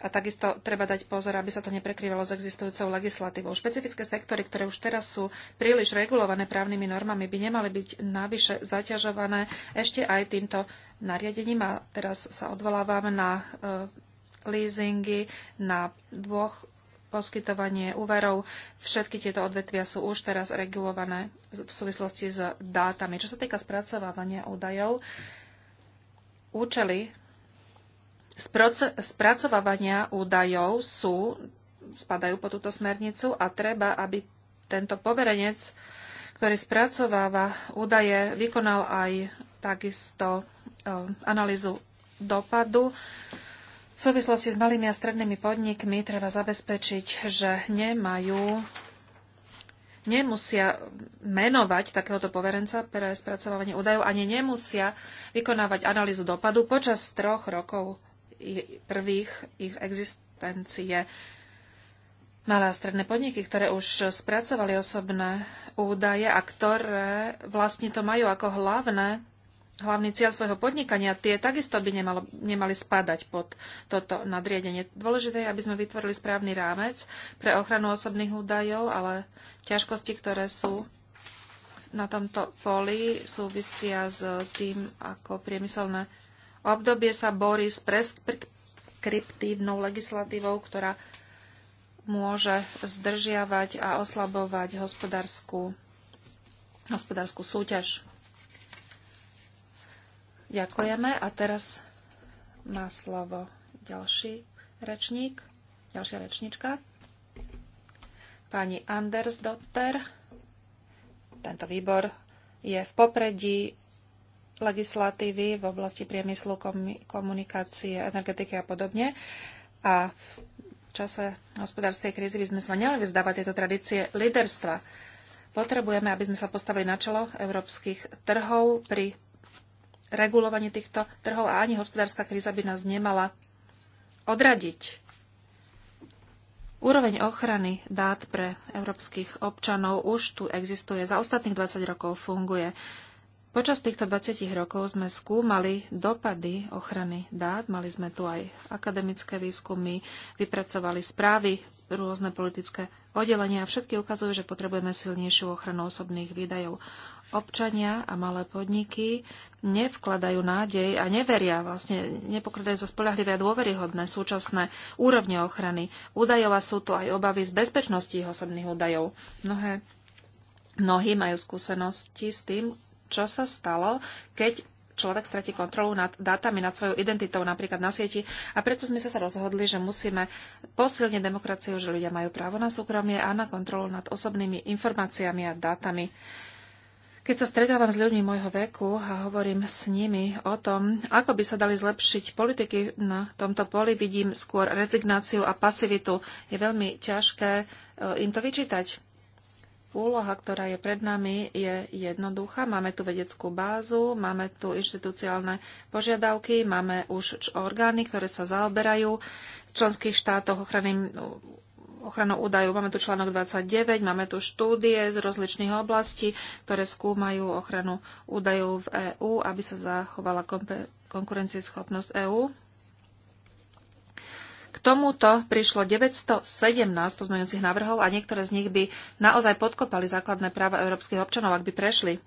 A takisto treba dať pozor, aby sa to neprekrývalo s existujúcou legislatívou. Špecifické sektory, ktoré už teraz sú príliš regulované právnymi normami, by nemali byť navyše zaťažované ešte aj týmto nariadením. A teraz sa odvolávam na e, leasingy, na dvoch poskytovanie úverov. Všetky tieto odvetvia sú už teraz regulované v súvislosti s dátami. Čo sa týka spracovávania údajov, účely spracovávania údajov sú, spadajú po túto smernicu a treba, aby tento poverenec, ktorý spracováva údaje, vykonal aj takisto eh, analýzu dopadu v súvislosti s malými a strednými podnikmi treba zabezpečiť, že nemajú nemusia menovať takéhoto poverenca pre spracovanie údajov, ani nemusia vykonávať analýzu dopadu počas troch rokov prvých ich existencie. Malé a stredné podniky, ktoré už spracovali osobné údaje a ktoré vlastne to majú ako hlavné hlavný cieľ svojho podnikania, tie takisto by nemalo, nemali spadať pod toto nadriadenie. Dôležité je, aby sme vytvorili správny rámec pre ochranu osobných údajov, ale ťažkosti, ktoré sú na tomto poli, súvisia s tým, ako priemyselné obdobie sa borí s preskriptívnou legislatívou, ktorá môže zdržiavať a oslabovať hospodárskú, hospodárskú súťaž. Ďakujeme a teraz má slovo ďalší rečník, ďalšia rečníčka, pani Anders Dotter. Tento výbor je v popredí legislatívy v oblasti priemyslu, komunikácie, energetiky a podobne. A v čase hospodárskej krízy by sme sa nemali vzdávať tieto tradície líderstva. Potrebujeme, aby sme sa postavili na čelo európskych trhov pri regulovanie týchto trhov a ani hospodárska kríza by nás nemala odradiť. Úroveň ochrany dát pre európskych občanov už tu existuje. Za ostatných 20 rokov funguje. Počas týchto 20 rokov sme skúmali dopady ochrany dát. Mali sme tu aj akademické výskumy, vypracovali správy, rôzne politické oddelenia a všetky ukazujú, že potrebujeme silnejšiu ochranu osobných výdajov občania a malé podniky nevkladajú nádej a neveria, vlastne nepokladajú za spolahlivé a dôveryhodné súčasné úrovne ochrany údajov a sú tu aj obavy z bezpečnosti ich osobných údajov. Mnohé, mnohí majú skúsenosti s tým, čo sa stalo, keď človek stratí kontrolu nad dátami, nad svojou identitou, napríklad na sieti. A preto sme sa rozhodli, že musíme posilniť demokraciu, že ľudia majú právo na súkromie a na kontrolu nad osobnými informáciami a dátami. Keď sa stretávam s ľuďmi môjho veku a hovorím s nimi o tom, ako by sa dali zlepšiť politiky na tomto poli, vidím skôr rezignáciu a pasivitu. Je veľmi ťažké e, im to vyčítať. Úloha, ktorá je pred nami, je jednoduchá. Máme tu vedeckú bázu, máme tu inštitúciálne požiadavky, máme už orgány, ktoré sa zaoberajú v členských štátoch ochranným ochranou údajov. Máme tu článok 29, máme tu štúdie z rozličných oblastí, ktoré skúmajú ochranu údajov v EÚ, aby sa zachovala konkurencieschopnosť EÚ. K tomuto prišlo 917 pozmeňujúcich návrhov a niektoré z nich by naozaj podkopali základné práva európskych občanov, ak by prešli.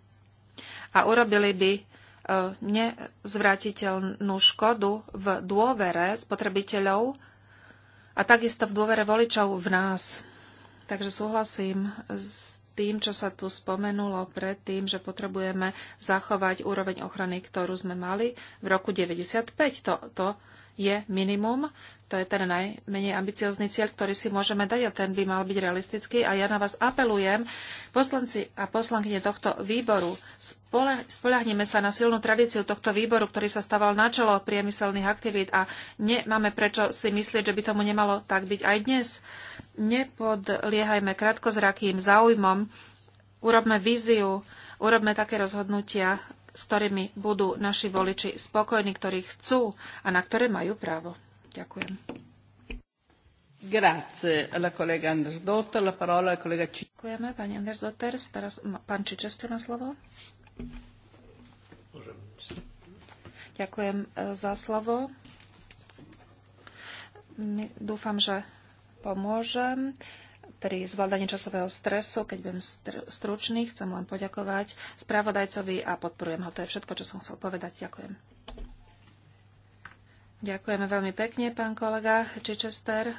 A urobili by e, nezvratiteľnú škodu v dôvere spotrebiteľov a takisto v dôvere voličov v nás. Takže súhlasím s tým, čo sa tu spomenulo predtým, že potrebujeme zachovať úroveň ochrany, ktorú sme mali v roku 95. To, to je minimum. To je ten najmenej ambiciozný cieľ, ktorý si môžeme dať a ten by mal byť realistický. A ja na vás apelujem, poslanci a poslankyne tohto výboru, Spolahnime sa na silnú tradíciu tohto výboru, ktorý sa stával na čelo priemyselných aktivít a nemáme prečo si myslieť, že by tomu nemalo tak byť aj dnes. Nepodliehajme krátkozrakým záujmom, urobme víziu, urobme také rozhodnutia, s ktorými budú naši voliči spokojní, ktorí chcú a na ktoré majú právo. Ďakujem. Grazie alla collega Andersdotter. La parola al collega C. Ďakujeme, pani Andersdotter. Teraz pán Čičester má slovo. Ďakujem e, za slovo. Dúfam, že pomôžem. Uh, pri zvládaní časového stresu, keď budem stručný, chcem len poďakovať správodajcovi a podporujem ho. To je všetko, čo som chcel povedať. Ďakujem. Ďakujeme veľmi pekne, pán kolega Chichester,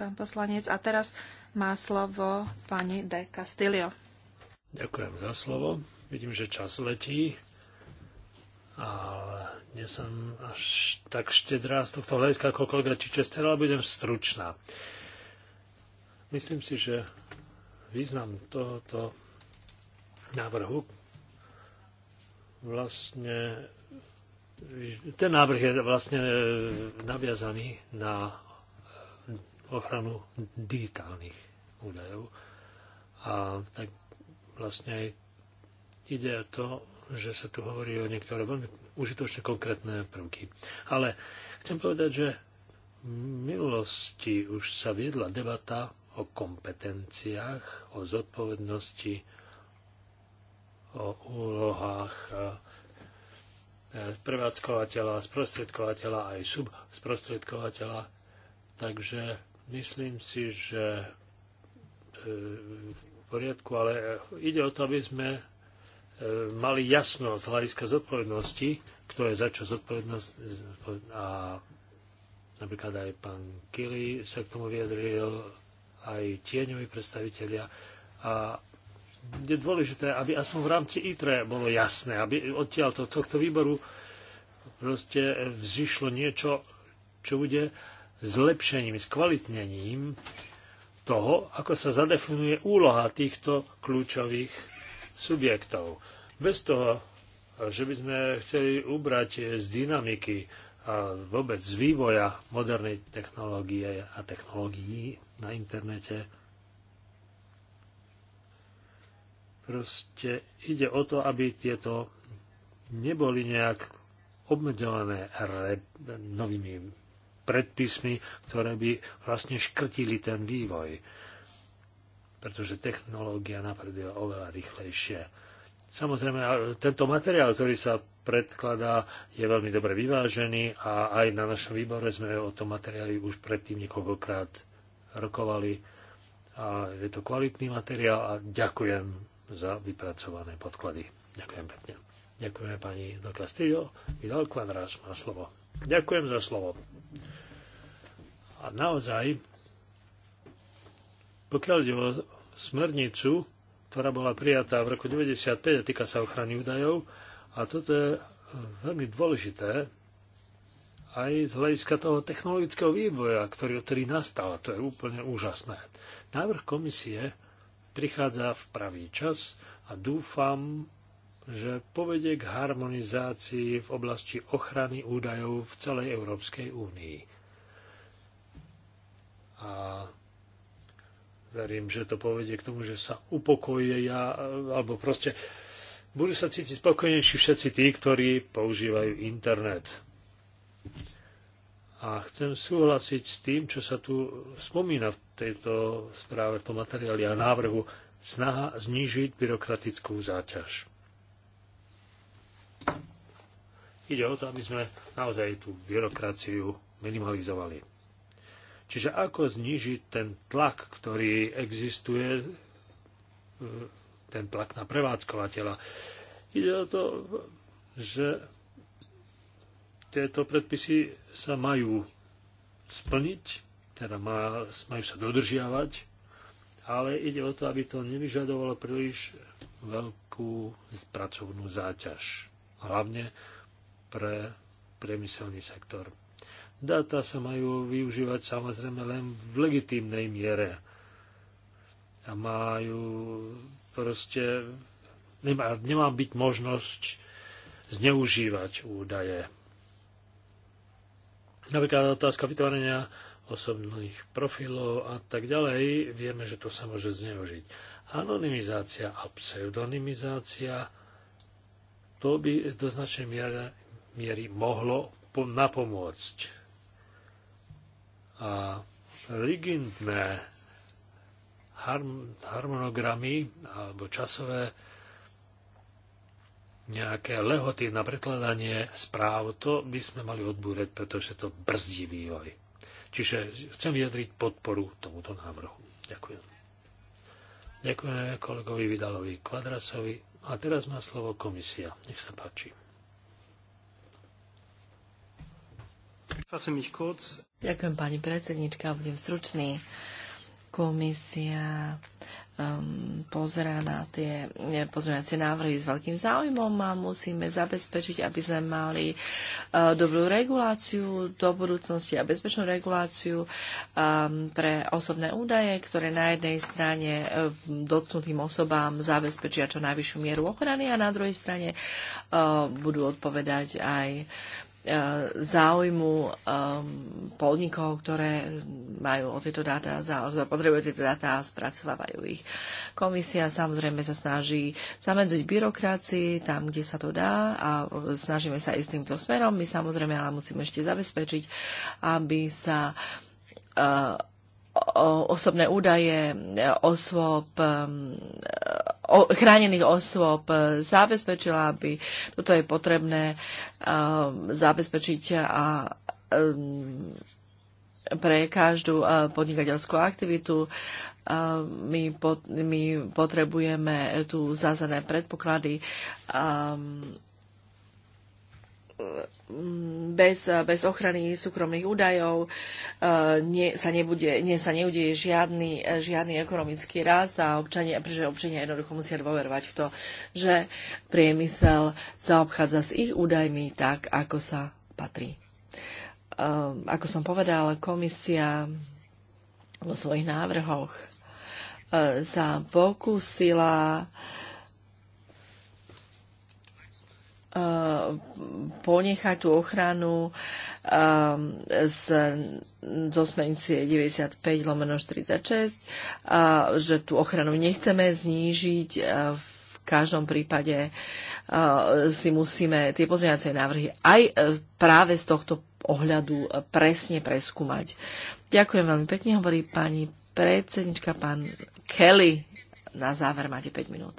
pán poslanec. A teraz má slovo pani De Castillo. Ďakujem za slovo. Vidím, že čas letí, ale nie som až tak štedrá z tohto hľadiska ako kolega Chichester, ale budem stručná. Myslím si, že význam tohoto návrhu vlastne ten návrh je vlastne naviazaný na ochranu digitálnych údajov. A tak vlastne aj ide o to, že sa tu hovorí o niektoré veľmi užitočné konkrétne prvky. Ale chcem povedať, že v minulosti už sa viedla debata o kompetenciách, o zodpovednosti, o úlohách e, prevádzkovateľa, sprostredkovateľa aj subsprostredkovateľa. Takže myslím si, že e, v poriadku, ale ide o to, aby sme e, mali jasno z hľadiska zodpovednosti, kto je za čo zodpovednosť a napríklad aj pán Kili sa k tomu vyjadril, aj tieňoví predstavitelia. A je dôležité, aby aspoň v rámci ITRE bolo jasné, aby odtiaľ to, tohto výboru proste vzýšlo niečo, čo bude zlepšením, skvalitnením toho, ako sa zadefinuje úloha týchto kľúčových subjektov. Bez toho, že by sme chceli ubrať z dynamiky a vôbec z vývoja modernej technológie a technológií na internete. Proste ide o to, aby tieto neboli nejak obmedzované novými predpismi, ktoré by vlastne škrtili ten vývoj. Pretože technológia napreduje oveľa rýchlejšie. Samozrejme, tento materiál, ktorý sa predkladá, je veľmi dobre vyvážený a aj na našom výbore sme o tom materiáli už predtým niekoľkokrát rokovali. A je to kvalitný materiál a ďakujem za vypracované podklady. Ďakujem pekne. Ďakujeme pani do Castillo. Vidal Kvadrás má slovo. Ďakujem za slovo. A naozaj, pokiaľ ide o smernicu, ktorá bola prijatá v roku 1995 a týka sa ochrany údajov, a toto je veľmi dôležité aj z hľadiska toho technologického vývoja, ktorý odtedy nastal. to je úplne úžasné. Návrh komisie prichádza v pravý čas a dúfam, že povedie k harmonizácii v oblasti ochrany údajov v celej Európskej únii. A verím, že to povedie k tomu, že sa upokojí ja, alebo proste budú sa cítiť spokojnejší všetci tí, ktorí používajú internet. A chcem súhlasiť s tým, čo sa tu spomína v tejto správe, v tom materiáli a návrhu, snaha znižiť byrokratickú záťaž. Ide o to, aby sme naozaj tú byrokraciu minimalizovali. Čiže ako znižiť ten tlak, ktorý existuje e, ten tlak na prevádzkovateľa. Ide o to, že tieto predpisy sa majú splniť, teda majú sa dodržiavať, ale ide o to, aby to nevyžadovalo príliš veľkú pracovnú záťaž. Hlavne pre priemyselný sektor. Dáta sa majú využívať samozrejme len v legitímnej miere a majú proste nemá, nemá byť možnosť zneužívať údaje. Napríklad otázka vytvárania osobných profilov a tak ďalej, vieme, že to sa môže zneužiť. Anonymizácia a pseudonymizácia to by do značnej miery, miery mohlo napomôcť. A rigidné harmonogramy alebo časové nejaké lehoty na prekladanie správ, to by sme mali odbúrať, pretože to brzdí vývoj. Čiže chcem vyjadriť podporu tomuto návrhu. Ďakujem. Ďakujeme kolegovi Vidalovi Kvadrasovi. A teraz má slovo komisia. Nech sa páči. Ďakujem pani predsednička, budem stručný. Komisia um, pozerá na tie pozmeňovacie návrhy s veľkým záujmom a musíme zabezpečiť, aby sme mali uh, dobrú reguláciu do budúcnosti a bezpečnú reguláciu um, pre osobné údaje, ktoré na jednej strane um, dotknutým osobám zabezpečia čo najvyššiu mieru ochrany a na druhej strane uh, budú odpovedať aj záujmu um, podnikov, ktoré majú o tieto dáta, ktoré potrebujú tieto dáta a spracovávajú ich. Komisia samozrejme sa snaží zamedziť byrokracii tam, kde sa to dá a snažíme sa ísť týmto smerom. My samozrejme ale musíme ešte zabezpečiť, aby sa uh, osobné údaje osôb um, chránených osôb e, zabezpečila, aby toto je potrebné e, zabezpečiť a e, pre každú podnikateľskú aktivitu. my, pot, my potrebujeme tu zázané predpoklady um, bez, bez ochrany súkromných údajov e, nie, sa, nebude, nie, sa neudeje žiadny, žiadny ekonomický rast a občania, pretože občania jednoducho musia dôverovať v to, že priemysel obchádza s ich údajmi tak, ako sa patrí. E, ako som povedal, komisia vo svojich návrhoch e, sa pokúsila uh, Eh, ponechať tú ochranu eh, z, zo smernice 95 lomeno 46, že tú ochranu nechceme znížiť eh, v každom prípade si musíme tie pozmeňovacie návrhy aj práve z tohto ohľadu presne preskúmať. Ďakujem veľmi pekne, hovorí pani predsednička, pán Kelly. Na záver máte 5 minút.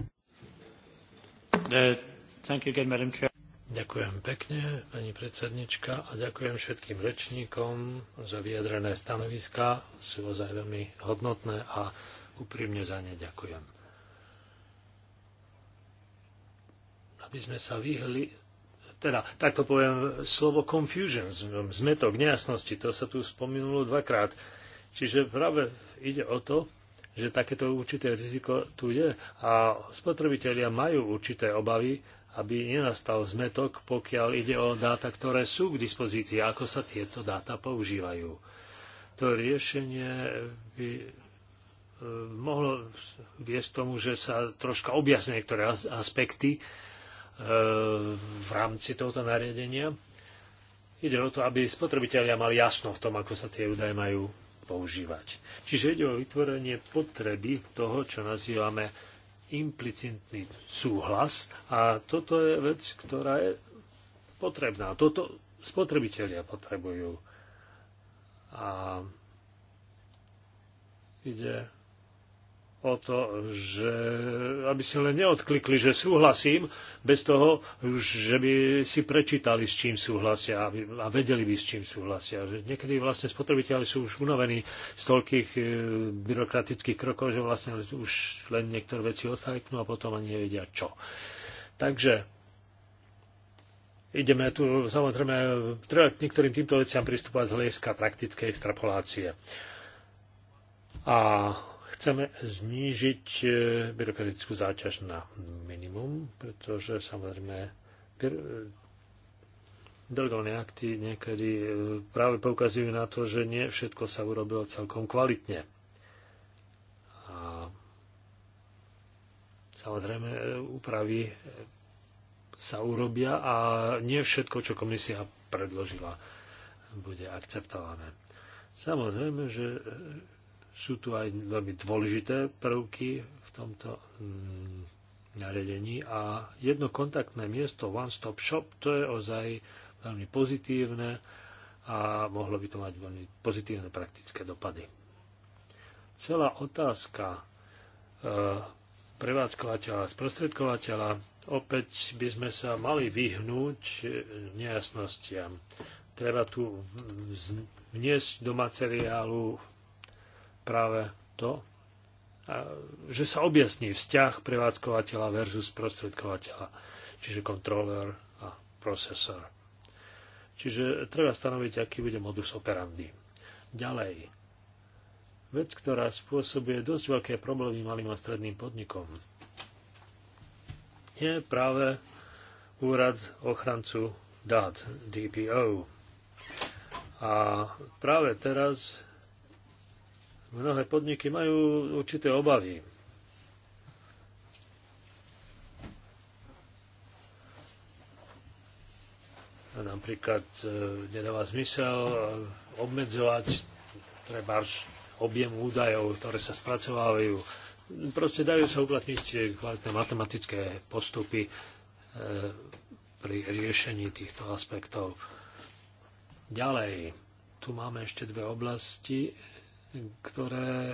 E Again, ďakujem pekne, pani predsednička, a ďakujem všetkým rečníkom za vyjadrené stanoviska Sú ozaj veľmi hodnotné a úprimne za ne ďakujem. Aby sme sa vyhli, teda takto poviem slovo confusion, zmetok, nejasnosti, to sa tu spomenulo dvakrát. Čiže práve ide o to, že takéto určité riziko tu je a spotrebitelia majú určité obavy aby nenastal zmetok, pokiaľ ide o dáta, ktoré sú k dispozícii, ako sa tieto dáta používajú. To riešenie by e, mohlo viesť tomu, že sa troška objasne niektoré aspekty e, v rámci tohoto nariadenia. Ide o to, aby spotrebitelia mali jasno v tom, ako sa tie údaje majú používať. Čiže ide o vytvorenie potreby toho, čo nazývame implicitný súhlas a toto je vec, ktorá je potrebná. Toto spotrebitelia potrebujú. A ide o to, že aby si len neodklikli, že súhlasím, bez toho, že by si prečítali, s čím súhlasia a vedeli by, s čím súhlasia. Že niekedy vlastne spotrebiteľi sú už unavení z toľkých e, byrokratických krokov, že vlastne už len niektoré veci odfajknú a potom ani nevedia čo. Takže ideme tu, samozrejme, treba k niektorým týmto veciam pristúpať z hľadiska praktickej extrapolácie. A chceme znížiť e, byrokratickú záťaž na minimum, pretože samozrejme e, delegálne akty niekedy e, práve poukazujú na to, že nie všetko sa urobilo celkom kvalitne. A samozrejme úpravy sa urobia a nie všetko, čo komisia predložila, bude akceptované. Samozrejme, že sú tu aj veľmi dôležité prvky v tomto mm, nariadení a jedno kontaktné miesto One Stop Shop to je ozaj veľmi pozitívne a mohlo by to mať veľmi pozitívne praktické dopady. Celá otázka e, prevádzkovateľa a sprostredkovateľa opäť by sme sa mali vyhnúť e, nejasnostiam. Treba tu vniesť do materiálu práve to, že sa objasní vzťah prevádzkovateľa versus prostredkovateľa, čiže kontroler a procesor. Čiže treba stanoviť, aký bude modus operandi. Ďalej. Vec, ktorá spôsobuje dosť veľké problémy malým a stredným podnikom, je práve úrad ochrancu dát, DPO. A práve teraz mnohé podniky majú určité obavy. A napríklad e, nedáva zmysel e, obmedzovať treba objem údajov, ktoré sa spracovávajú. Proste dajú sa uplatniť kvalitné matematické postupy e, pri riešení týchto aspektov. Ďalej, tu máme ešte dve oblasti, ktoré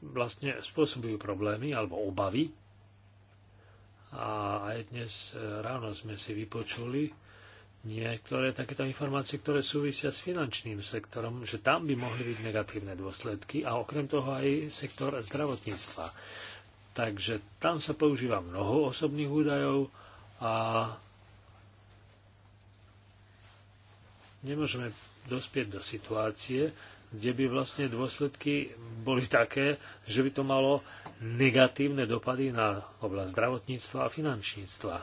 vlastne spôsobujú problémy alebo obavy. A aj dnes e, ráno sme si vypočuli niektoré takéto informácie, ktoré súvisia s finančným sektorom, že tam by mohli byť negatívne dôsledky a okrem toho aj sektor zdravotníctva. Takže tam sa používa mnoho osobných údajov a nemôžeme dospieť do situácie, kde by vlastne dôsledky boli také, že by to malo negatívne dopady na oblasť zdravotníctva a finančníctva.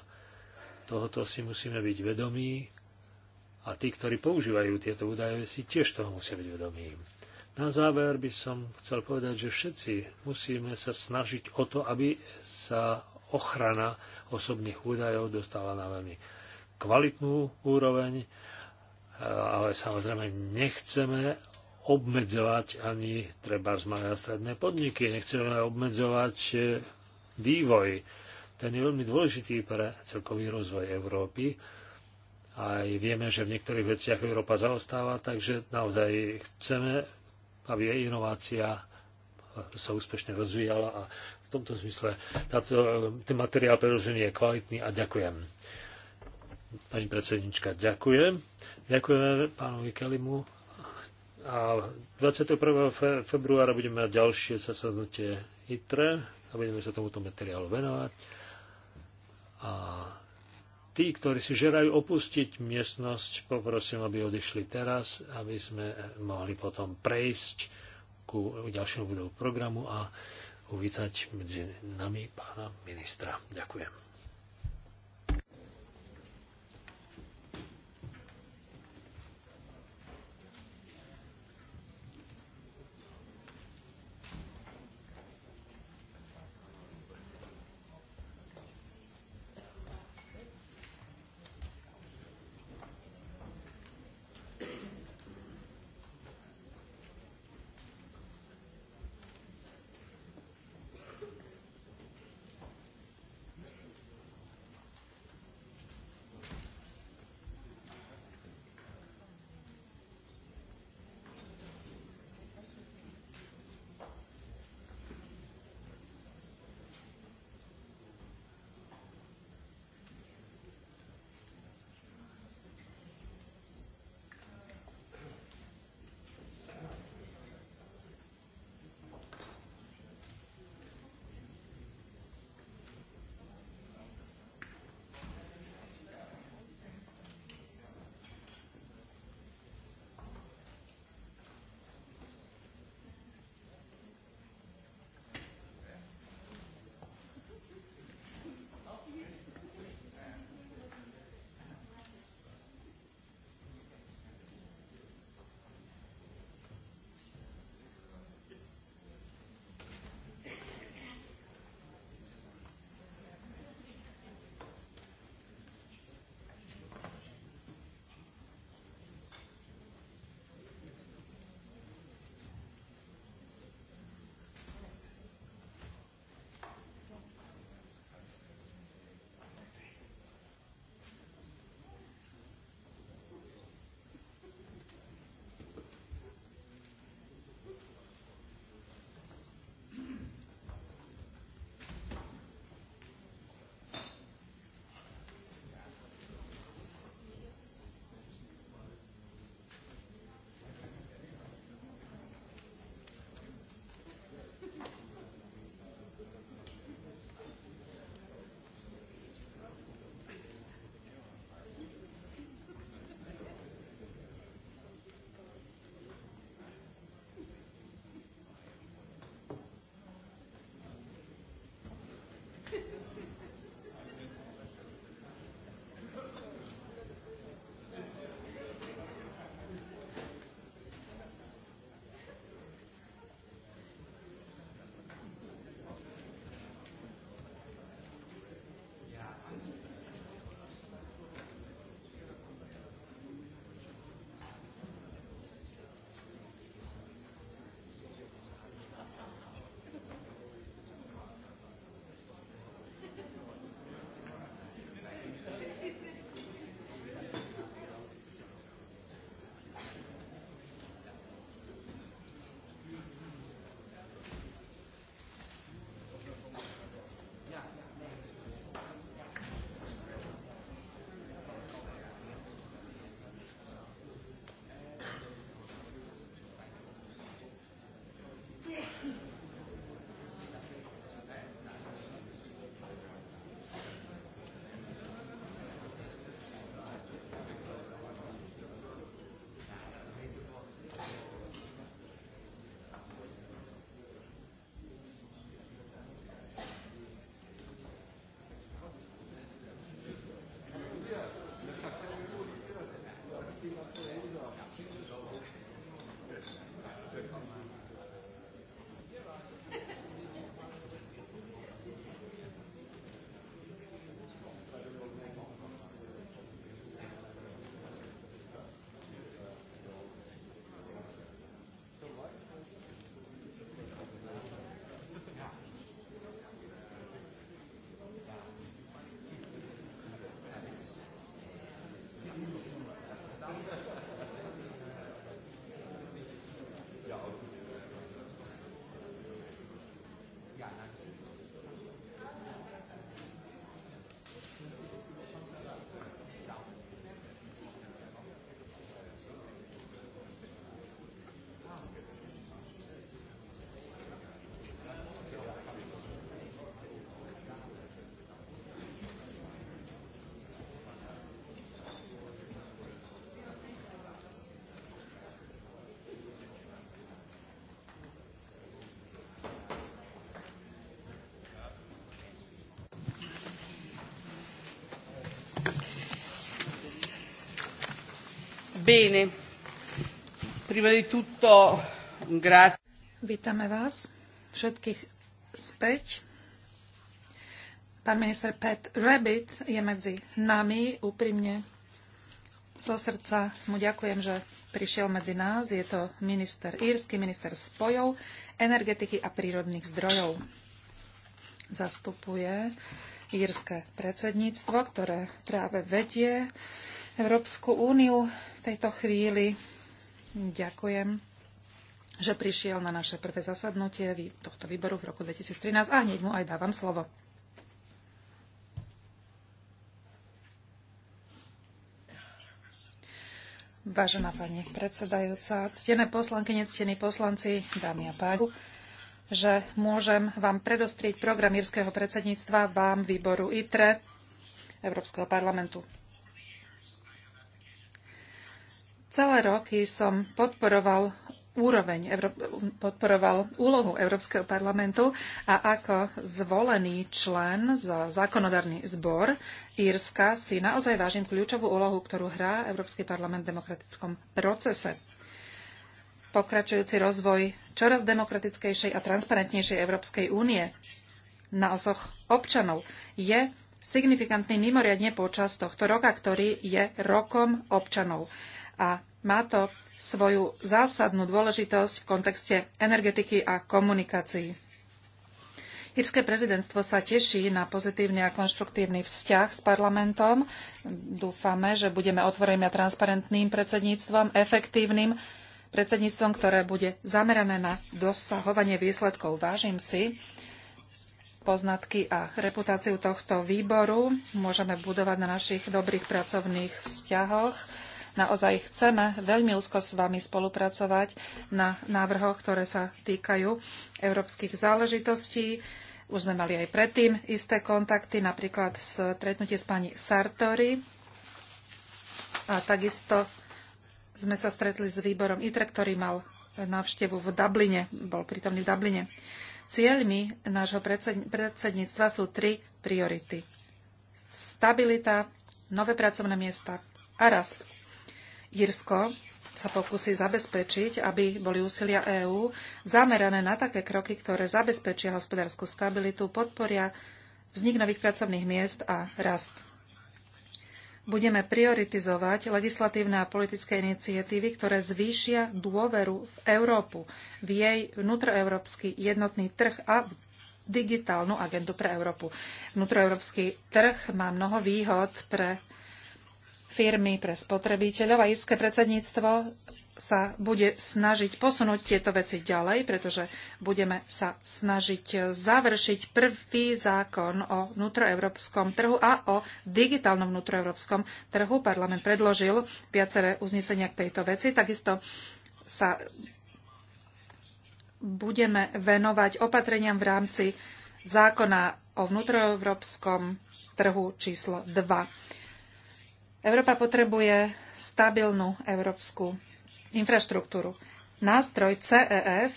Tohoto si musíme byť vedomí a tí, ktorí používajú tieto údaje, si tiež toho musia byť vedomí. Na záver by som chcel povedať, že všetci musíme sa snažiť o to, aby sa ochrana osobných údajov dostala na veľmi kvalitnú úroveň, ale samozrejme nechceme obmedzovať ani treba z malé a stredné podniky, nechceme obmedzovať e, vývoj. Ten je veľmi dôležitý pre celkový rozvoj Európy. Aj vieme, že v niektorých veciach Európa zaostáva, takže naozaj chceme, aby jej inovácia sa úspešne rozvíjala a v tomto zmysle táto, ten materiál predložený je kvalitný a ďakujem. Pani predsednička, ďakujem. Ďakujeme pánovi Kelimu a 21. februára budeme mať ďalšie zasadnutie ITRE a budeme sa tomuto materiálu venovať. A tí, ktorí si žerajú opustiť miestnosť, poprosím, aby odišli teraz, aby sme mohli potom prejsť ku ďalšiemu budovu programu a uvítať medzi nami pána ministra. Ďakujem. Bene, prima di tutto grazie. Vítame vás všetkých späť. Pán minister Pat Rabbit je medzi nami. Úprimne zo srdca mu ďakujem, že prišiel medzi nás. Je to minister írsky, minister spojov, energetiky a prírodných zdrojov. Zastupuje írske predsedníctvo, ktoré práve vedie Európsku úniu tejto chvíli. Ďakujem, že prišiel na naše prvé zasadnutie tohto výboru v roku 2013 a hneď mu aj dávam slovo. Vážená pani predsedajúca, ctené poslanky, nectení poslanci, dámy a páni, že môžem vám predostrieť program írskeho predsedníctva vám výboru ITRE Európskeho parlamentu. Celé roky som podporoval úroveň, podporoval úlohu Európskeho parlamentu a ako zvolený člen za zákonodárny zbor Írska si naozaj vážim kľúčovú úlohu, ktorú hrá Európsky parlament v demokratickom procese. Pokračujúci rozvoj čoraz demokratickejšej a transparentnejšej Európskej únie na osoch občanov je signifikantný mimoriadne počas tohto roka, ktorý je rokom občanov. A má to svoju zásadnú dôležitosť v kontexte energetiky a komunikácií. Írske prezidentstvo sa teší na pozitívny a konštruktívny vzťah s parlamentom. Dúfame, že budeme otvoreným a transparentným predsedníctvom, efektívnym predsedníctvom, ktoré bude zamerané na dosahovanie výsledkov. Vážim si poznatky a reputáciu tohto výboru. Môžeme budovať na našich dobrých pracovných vzťahoch Naozaj chceme veľmi úzko s vami spolupracovať na návrhoch, ktoré sa týkajú európskych záležitostí. Už sme mali aj predtým isté kontakty, napríklad stretnutie s pani Sartori. A takisto sme sa stretli s výborom ITRE, ktorý mal návštevu v Dubline, bol prítomný v Dubline. Cieľmi nášho predsedníctva sú tri priority. Stabilita, nové pracovné miesta a rast. Írsko sa pokusí zabezpečiť, aby boli úsilia EÚ zamerané na také kroky, ktoré zabezpečia hospodárskú stabilitu, podporia vznik nových pracovných miest a rast. Budeme prioritizovať legislatívne a politické iniciatívy, ktoré zvýšia dôveru v Európu, v jej vnútroeurópsky jednotný trh a digitálnu agendu pre Európu. Vnútroeurópsky trh má mnoho výhod pre firmy pre spotrebiteľov a írske predsedníctvo sa bude snažiť posunúť tieto veci ďalej, pretože budeme sa snažiť završiť prvý zákon o vnútroeurópskom trhu a o digitálnom vnútroeurópskom trhu. Parlament predložil viaceré uznesenia k tejto veci. Takisto sa budeme venovať opatreniam v rámci zákona o vnútroeurópskom trhu číslo 2. Európa potrebuje stabilnú európsku infraštruktúru. Nástroj CEF,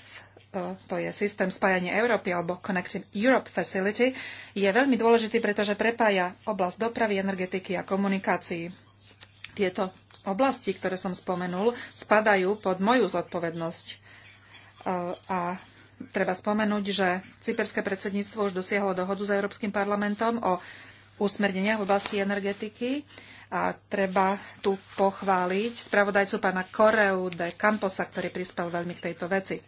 to je systém spájania Európy alebo Connecting Europe Facility, je veľmi dôležitý, pretože prepája oblasť dopravy, energetiky a komunikácií. Tieto oblasti, ktoré som spomenul, spadajú pod moju zodpovednosť. E, a treba spomenúť, že cyperské predsedníctvo už dosiahlo dohodu s Európskym parlamentom o usmerneniach v oblasti energetiky a treba tu pochváliť spravodajcu pána Koreu de Camposa, ktorý prispel veľmi k tejto veci.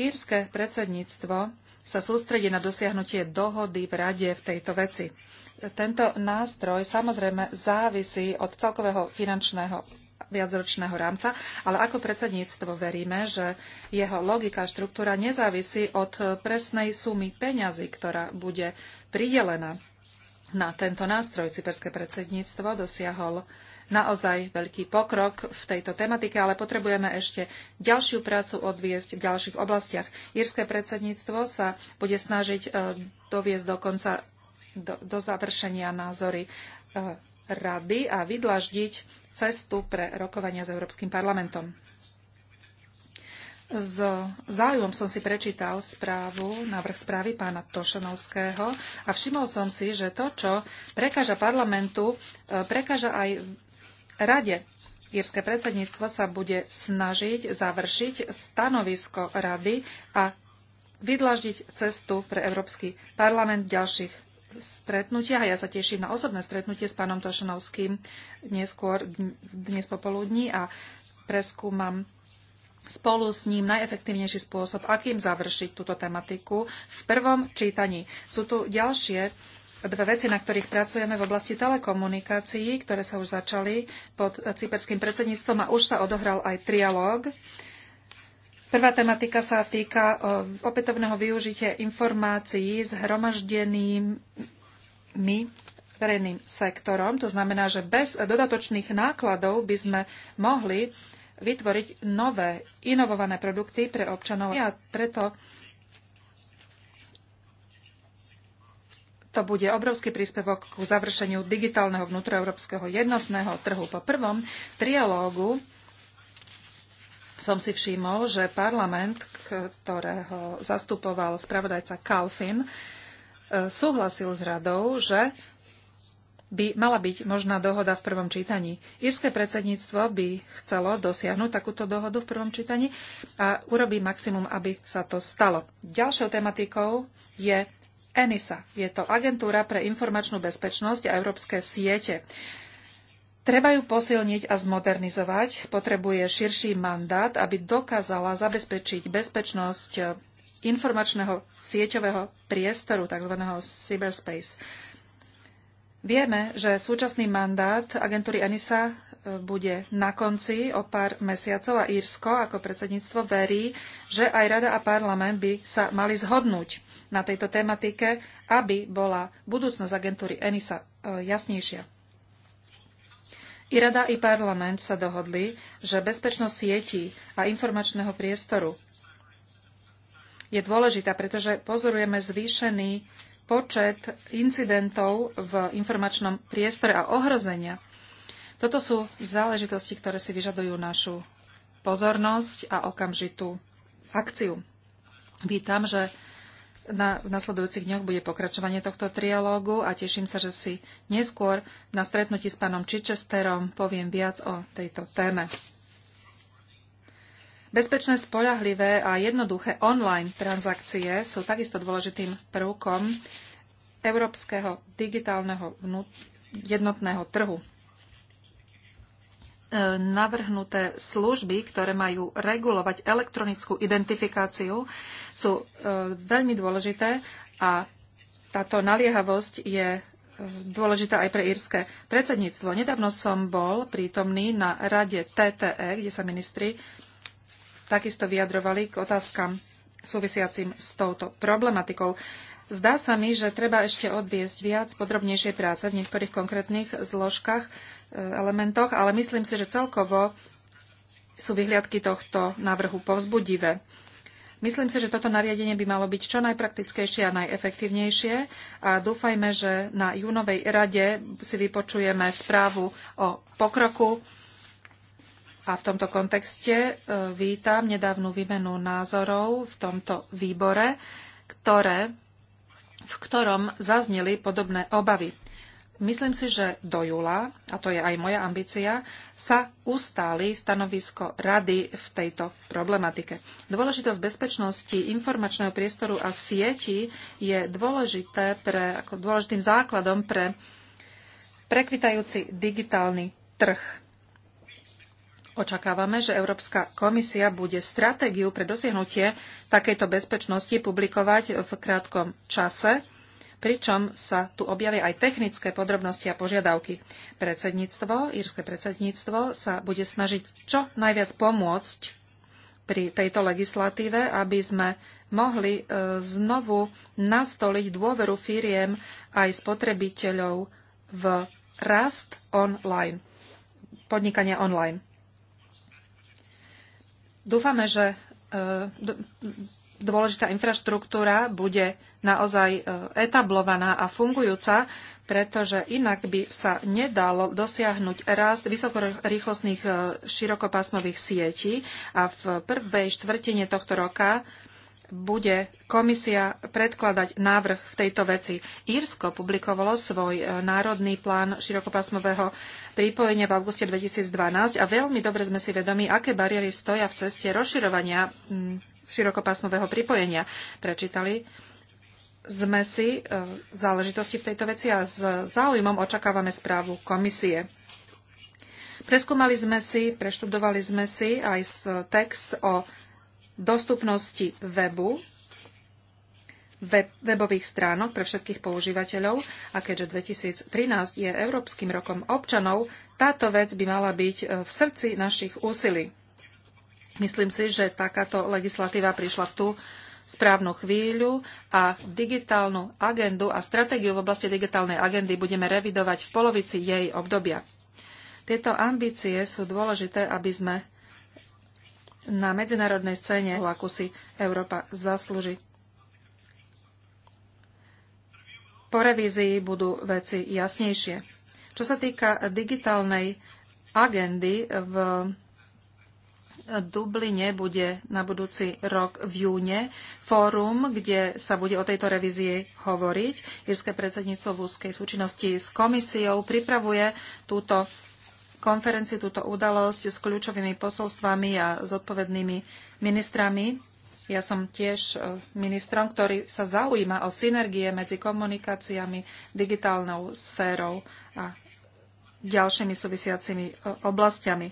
Írske predsedníctvo sa sústredí na dosiahnutie dohody v rade v tejto veci. Tento nástroj samozrejme závisí od celkového finančného viacročného rámca, ale ako predsedníctvo veríme, že jeho logika a štruktúra nezávisí od presnej sumy peňazí, ktorá bude pridelená na tento nástroj. Cyperské predsedníctvo dosiahol naozaj veľký pokrok v tejto tematike, ale potrebujeme ešte ďalšiu prácu odviesť v ďalších oblastiach. Írske predsedníctvo sa bude snažiť e, doviesť do konca, do, do završenia názory e, rady a vydlaždiť cestu pre rokovania s Európskym parlamentom. S záujom som si prečítal správu, návrh správy pána Tošanovského a všimol som si, že to, čo prekáža parlamentu, e, prekáža aj rade. Írske predsedníctvo sa bude snažiť završiť stanovisko rady a vydlaždiť cestu pre Európsky parlament v ďalších stretnutia. a ja sa teším na osobné stretnutie s pánom Tošanovským neskôr dnes popoludní a preskúmam spolu s ním najefektívnejší spôsob, akým završiť túto tematiku v prvom čítaní. Sú tu ďalšie dve veci, na ktorých pracujeme v oblasti telekomunikácií, ktoré sa už začali pod cyperským predsedníctvom a už sa odohral aj trialóg. Prvá tematika sa týka opätovného využitia informácií zhromaždenými verejným sektorom. To znamená, že bez dodatočných nákladov by sme mohli vytvoriť nové, inovované produkty pre občanov a preto to bude obrovský príspevok k završeniu digitálneho vnútroeurópskeho jednotného trhu. Po prvom trialógu som si všimol, že parlament, ktorého zastupoval spravodajca Kalfin, eh, súhlasil s radou, že by mala byť možná dohoda v prvom čítaní. Írske predsedníctvo by chcelo dosiahnuť takúto dohodu v prvom čítaní a urobí maximum, aby sa to stalo. Ďalšou tematikou je ENISA. Je to Agentúra pre informačnú bezpečnosť a európske siete. Treba ju posilniť a zmodernizovať. Potrebuje širší mandát, aby dokázala zabezpečiť bezpečnosť informačného sieťového priestoru, tzv. cyberspace. Vieme, že súčasný mandát agentúry ENISA e, bude na konci o pár mesiacov a Írsko ako predsedníctvo verí, že aj Rada a parlament by sa mali zhodnúť na tejto tematike, aby bola budúcnosť agentúry ENISA e, jasnejšia. I Rada i parlament sa dohodli, že bezpečnosť sietí a informačného priestoru je dôležitá, pretože pozorujeme zvýšený počet incidentov v informačnom priestore a ohrozenia. Toto sú záležitosti, ktoré si vyžadujú našu pozornosť a okamžitú akciu. Vítam, že na, v nasledujúcich dňoch bude pokračovanie tohto trialógu a teším sa, že si neskôr na stretnutí s pánom Čičesterom poviem viac o tejto téme. Bezpečné, spoľahlivé a jednoduché online transakcie sú takisto dôležitým prvkom európskeho digitálneho jednotného trhu. E, navrhnuté služby, ktoré majú regulovať elektronickú identifikáciu, sú e, veľmi dôležité a táto naliehavosť je e, dôležitá aj pre írske predsedníctvo. Nedávno som bol prítomný na rade TTE, kde sa ministri takisto vyjadrovali k otázkam súvisiacim s touto problematikou. Zdá sa mi, že treba ešte odviesť viac podrobnejšej práce v niektorých konkrétnych zložkách, eh, elementoch, ale myslím si, že celkovo sú vyhliadky tohto návrhu povzbudivé. Myslím si, že toto nariadenie by malo byť čo najpraktickejšie a najefektívnejšie a dúfajme, že na júnovej rade si vypočujeme správu o pokroku a v tomto kontexte e, vítam nedávnu výmenu názorov v tomto výbore, ktoré, v ktorom zazneli podobné obavy. Myslím si, že do júla, a to je aj moja ambícia, sa ustáli stanovisko rady v tejto problematike. Dôležitosť bezpečnosti informačného priestoru a sieti je dôležité pre, ako dôležitým základom pre prekvitajúci digitálny trh Očakávame, že Európska komisia bude stratégiu pre dosiahnutie takejto bezpečnosti publikovať v krátkom čase, pričom sa tu objavia aj technické podrobnosti a požiadavky. Predsedníctvo, írske predsedníctvo sa bude snažiť čo najviac pomôcť pri tejto legislatíve, aby sme mohli e, znovu nastoliť dôveru firiem aj spotrebiteľov v rast online, podnikania online. Dúfame, že e, dôležitá infraštruktúra bude naozaj e, etablovaná a fungujúca, pretože inak by sa nedalo dosiahnuť rast vysokorýchlostných e, širokopásmových sietí a v prvej štvrtine tohto roka bude komisia predkladať návrh v tejto veci. Írsko publikovalo svoj e, národný plán širokopásmového prípojenia v auguste 2012 a veľmi dobre sme si vedomi, aké bariéry stoja v ceste rozširovania širokopásmového pripojenia. Prečítali sme si e, záležitosti v tejto veci a s záujmom očakávame správu komisie. Preskúmali sme si, preštudovali sme si aj text o dostupnosti webu, web, webových stránok pre všetkých používateľov a keďže 2013 je Európskym rokom občanov, táto vec by mala byť e, v srdci našich úsilí. Myslím si, že takáto legislatíva prišla v tú správnu chvíľu a digitálnu agendu a stratégiu v oblasti digitálnej agendy budeme revidovať v polovici jej obdobia. Tieto ambície sú dôležité, aby sme na medzinárodnej scéne, akú si Európa zaslúži. Po revízii budú veci jasnejšie. Čo sa týka digitálnej agendy, v Dubline bude na budúci rok v júne fórum, kde sa bude o tejto revízii hovoriť. Írske predsedníctvo v úzkej súčinnosti s komisiou pripravuje túto konferencii túto udalosť s kľúčovými posolstvami a s odpovednými ministrami. Ja som tiež e, ministrom, ktorý sa zaujíma o synergie medzi komunikáciami, digitálnou sférou a ďalšími súvisiacimi e, oblastiami.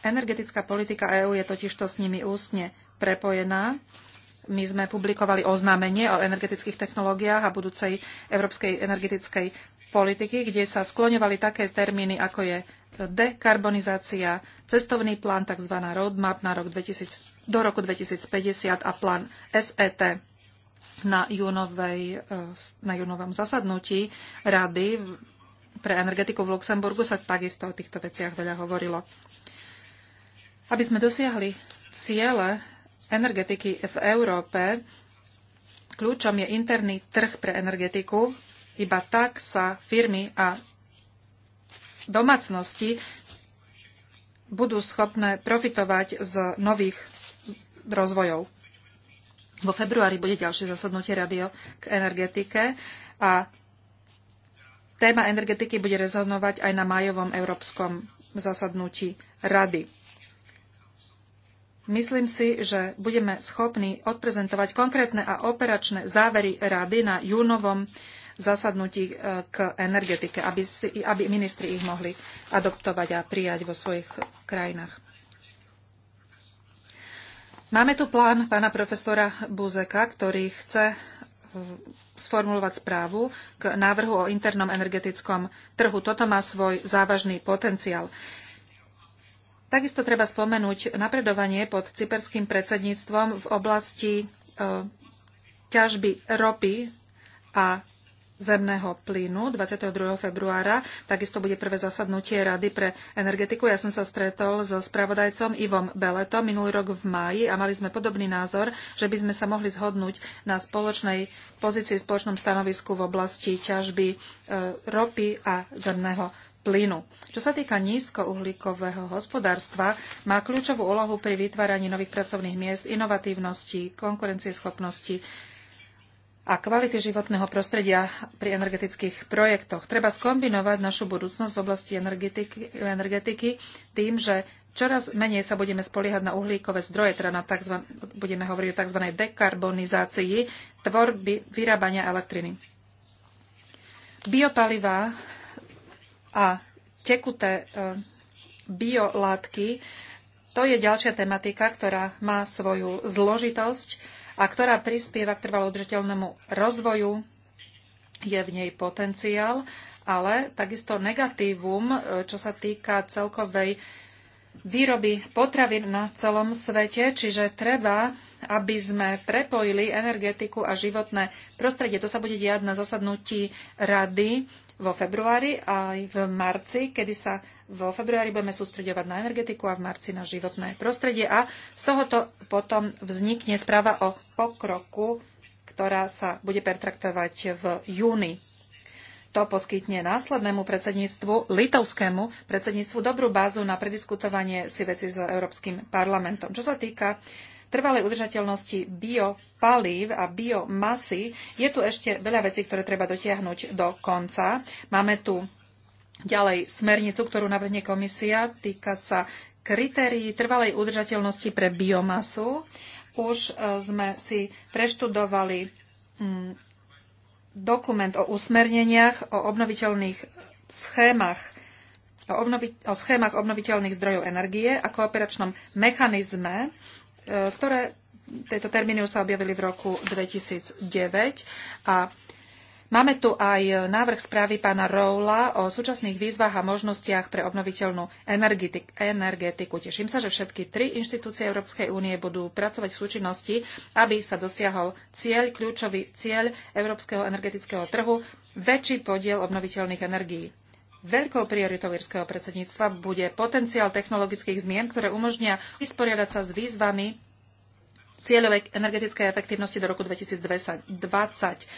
Energetická politika EÚ je totižto s nimi ústne prepojená my sme publikovali oznámenie o energetických technológiách a budúcej európskej energetickej politiky, kde sa skloňovali také termíny, ako je dekarbonizácia, cestovný plán, tzv. roadmap na rok 2000, do roku 2050 a plán SET na, júnovej, eh, na júnovom zasadnutí Rady pre energetiku v Luxemburgu sa takisto o týchto veciach veľa hovorilo. Aby sme dosiahli ciele energetiky v Európe, kľúčom je interný trh pre energetiku. Iba tak sa firmy a domácnosti budú schopné profitovať z nových rozvojov. Vo februári bude ďalšie zasadnutie radio k energetike a téma energetiky bude rezonovať aj na majovom európskom zasadnutí rady. Myslím si, že budeme schopní odprezentovať konkrétne a operačné závery rady na júnovom zasadnutí e, k energetike, aby, si, aby ministri ich mohli adoptovať a prijať vo svojich krajinách. Máme tu plán pána profesora Buzeka, ktorý chce e, sformulovať správu k návrhu o internom energetickom trhu. Toto má svoj závažný potenciál. Takisto treba spomenúť napredovanie pod cyperským predsedníctvom v oblasti e, ťažby ropy a zemného plynu 22. februára. Takisto bude prvé zasadnutie Rady pre energetiku. Ja som sa stretol so spravodajcom Ivom Beletom minulý rok v máji a mali sme podobný názor, že by sme sa mohli zhodnúť na spoločnej pozícii, spoločnom stanovisku v oblasti ťažby e, ropy a zemného plynu. Čo sa týka nízkouhlíkového hospodárstva, má kľúčovú úlohu pri vytváraní nových pracovných miest, inovatívnosti, konkurencieschopnosti a kvality životného prostredia pri energetických projektoch. Treba skombinovať našu budúcnosť v oblasti energetiky, energetiky tým, že čoraz menej sa budeme spoliehať na uhlíkové zdroje, teda na tzv. budeme hovoriť o tzv. dekarbonizácii tvorby vyrábania elektriny. Biopalivá a tekuté e, biolátky, to je ďalšia tematika, ktorá má svoju zložitosť a ktorá prispieva k trvalo udržateľnému rozvoju. Je v nej potenciál, ale takisto negatívum, e, čo sa týka celkovej výroby potravín na celom svete, čiže treba, aby sme prepojili energetiku a životné prostredie. To sa bude diať na zasadnutí rady vo februári a aj v marci, kedy sa vo februári budeme sústredovať na energetiku a v marci na životné prostredie. A z tohoto potom vznikne správa o pokroku, ktorá sa bude pertraktovať v júni. To poskytne následnému predsedníctvu, litovskému predsedníctvu, dobrú bázu na prediskutovanie si veci s Európskym parlamentom. Čo sa týka uh, trvalej udržateľnosti biopalív a biomasy je tu ešte veľa vecí, ktoré treba dotiahnuť do konca. Máme tu ďalej smernicu, ktorú navrhne komisia, týka sa kritérií trvalej udržateľnosti pre biomasu. Už e, sme si preštudovali mm, dokument o usmerneniach, o obnoviteľných schémach o, obnovi- o schémach obnoviteľných zdrojov energie a kooperačnom mechanizme E, ktoré tieto termíny už sa objavili v roku 2009 a Máme tu aj návrh správy pána Roula o súčasných výzvach a možnostiach pre obnoviteľnú energetiku. Teším sa, že všetky tri inštitúcie Európskej únie budú pracovať v súčinnosti, aby sa dosiahol cieľ, kľúčový cieľ Európskeho energetického trhu, väčší podiel obnoviteľných energií. Veľkou prioritou írskeho predsedníctva bude potenciál technologických zmien, ktoré umožnia vysporiadať sa s výzvami cieľovej energetickej efektivnosti do roku 2020.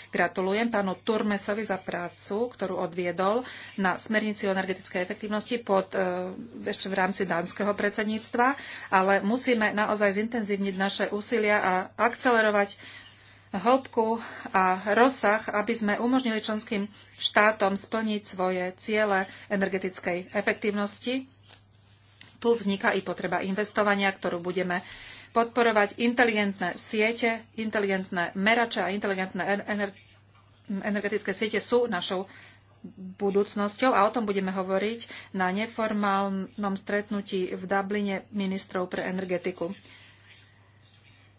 Gratulujem pánu Turmesovi za prácu, ktorú odviedol na smernici o energetickej efektívnosti pod, e, ešte v rámci dánskeho predsedníctva, ale musíme naozaj zintenzívniť naše úsilia a akcelerovať hĺbku a rozsah, aby sme umožnili členským štátom splniť svoje ciele energetickej efektívnosti. Tu vzniká i potreba investovania, ktorú budeme podporovať inteligentné siete, inteligentné merače a inteligentné ener energetické siete sú našou budúcnosťou a o tom budeme hovoriť na neformálnom stretnutí v Dubline ministrov pre energetiku.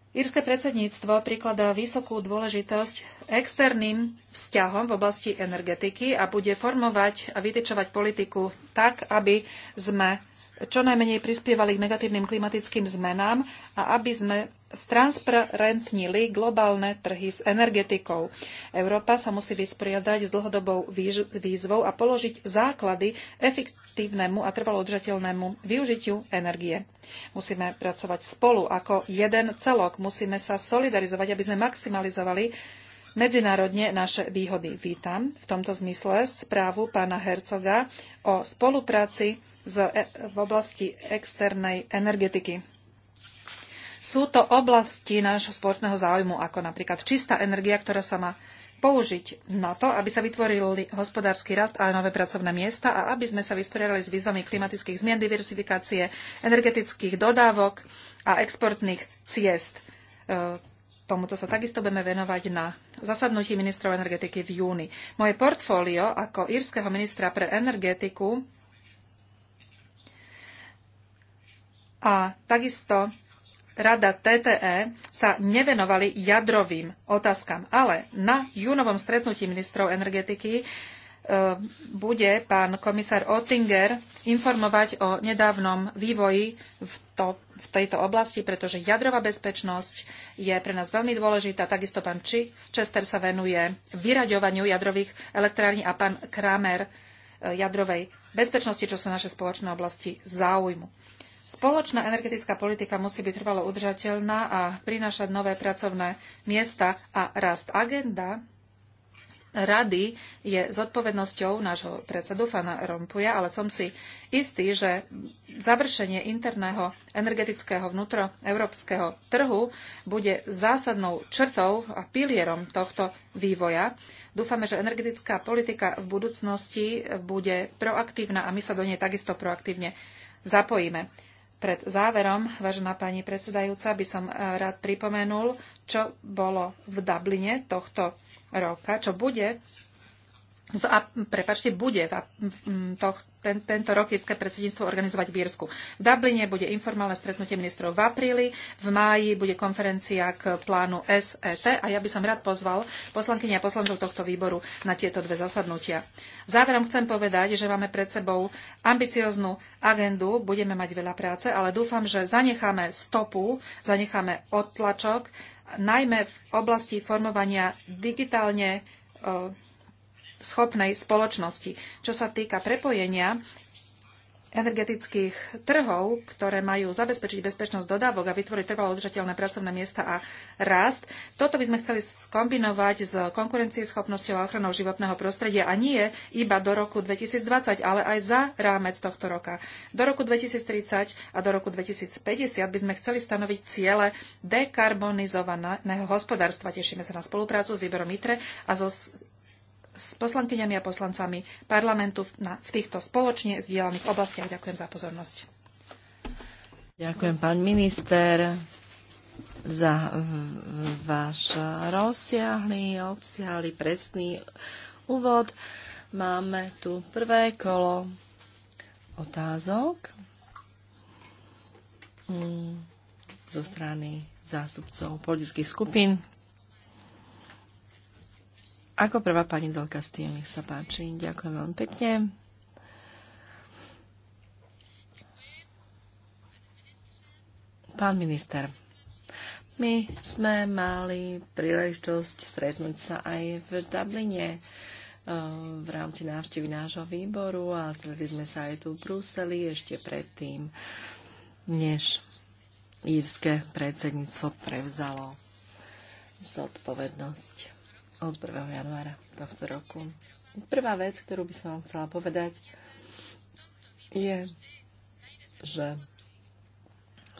Írske predsedníctvo prikladá vysokú dôležitosť externým vzťahom v oblasti energetiky a bude formovať a vytyčovať politiku tak, aby sme čo najmenej prispievali k negatívnym klimatickým zmenám a aby sme stransparentnili globálne trhy s energetikou. Európa sa musí vysporiadať s dlhodobou výzvou a položiť základy efektívnemu a trvalo udržateľnému využitiu energie. Musíme pracovať spolu ako jeden celok. Musíme sa solidarizovať, aby sme maximalizovali medzinárodne naše výhody. Vítam v tomto zmysle správu pána Hercoga o spolupráci e- v oblasti externej energetiky. Sú to oblasti nášho spoločného záujmu, ako napríklad čistá energia, ktorá sa má použiť na to, aby sa vytvoril hospodársky rast a nové pracovné miesta a aby sme sa vysporiadali s výzvami klimatických zmien, diversifikácie, energetických dodávok a exportných ciest. E, tomuto sa takisto budeme venovať na zasadnutí ministrov energetiky v júni. Moje portfólio ako írskeho ministra pre energetiku a takisto Rada TTE sa nevenovali jadrovým otázkam, ale na júnovom stretnutí ministrov energetiky e, bude pán komisár Oettinger informovať o nedávnom vývoji v, to, v tejto oblasti, pretože jadrová bezpečnosť je pre nás veľmi dôležitá. Takisto pán Či, Chester sa venuje vyraďovaniu jadrových elektrární a pán Kramer E, jadrovej bezpečnosti, čo sú naše spoločné oblasti záujmu. Spoločná energetická politika musí byť trvalo udržateľná a prinášať nové pracovné miesta a rast agenda rady je zodpovednosťou nášho predsedu, pána Rompuja, ale som si istý, že završenie interného energetického vnútroeurópskeho trhu bude zásadnou črtou a pilierom tohto vývoja. Dúfame, že energetická politika v budúcnosti bude proaktívna a my sa do nej takisto proaktívne zapojíme. Pred záverom, vážená pani predsedajúca, by som rád pripomenul, čo bolo v Dubline tohto roka, čo bude v, prepáčte, bude v, to, ten, tento rok irské predsedníctvo organizovať v Írsku. V Dubline bude informálne stretnutie ministrov v apríli, v máji bude konferencia k plánu SET a ja by som rád pozval poslankyne a poslancov tohto výboru na tieto dve zasadnutia. Záverom chcem povedať, že máme pred sebou ambicioznú agendu, budeme mať veľa práce, ale dúfam, že zanecháme stopu, zanecháme odtlačok najmä v oblasti formovania digitálne eh, schopnej spoločnosti. Čo sa týka prepojenia energetických trhov, ktoré majú zabezpečiť bezpečnosť dodávok a vytvoriť trvalo udržateľné pracovné miesta a rast. Toto by sme chceli skombinovať s konkurencieschopnosťou a ochranou životného prostredia a nie iba do roku 2020, ale aj za rámec tohto roka. Do roku 2030 a do roku 2050 by sme chceli stanoviť ciele dekarbonizovaného hospodárstva. Tešíme sa na spoluprácu s výberom ITRE a so s poslankyňami a poslancami parlamentu v týchto spoločne zdieľaných oblastiach. Ďakujem za pozornosť. Ďakujem, pán minister, za váš rozsiahly, obsiahly, presný úvod. Máme tu prvé kolo otázok mm, zo strany zástupcov politických skupín. Ako prvá pani Del Castillo, nech sa páči. Ďakujem veľmi pekne. Pán minister, my sme mali príležitosť stretnúť sa aj v Dubline eh, v rámci návštevy nášho výboru a stretli sme sa aj tu v Bruseli ešte predtým, než írske predsedníctvo prevzalo zodpovednosť od 1. januára tohto roku. Prvá vec, ktorú by som vám chcela povedať, je, že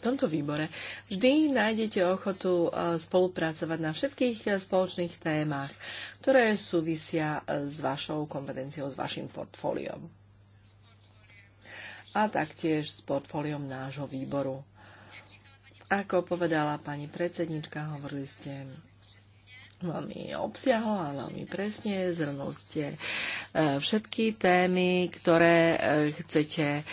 v tomto výbore vždy nájdete ochotu e, spolupracovať na všetkých e, spoločných témach, ktoré súvisia e, s vašou kompetenciou, s vašim portfóliom. A taktiež s portfóliom nášho výboru. Ako povedala pani predsednička, hovorili ste veľmi obsiahlo a veľmi presne. Zhrnul ste eh, všetky témy, ktoré eh, chcete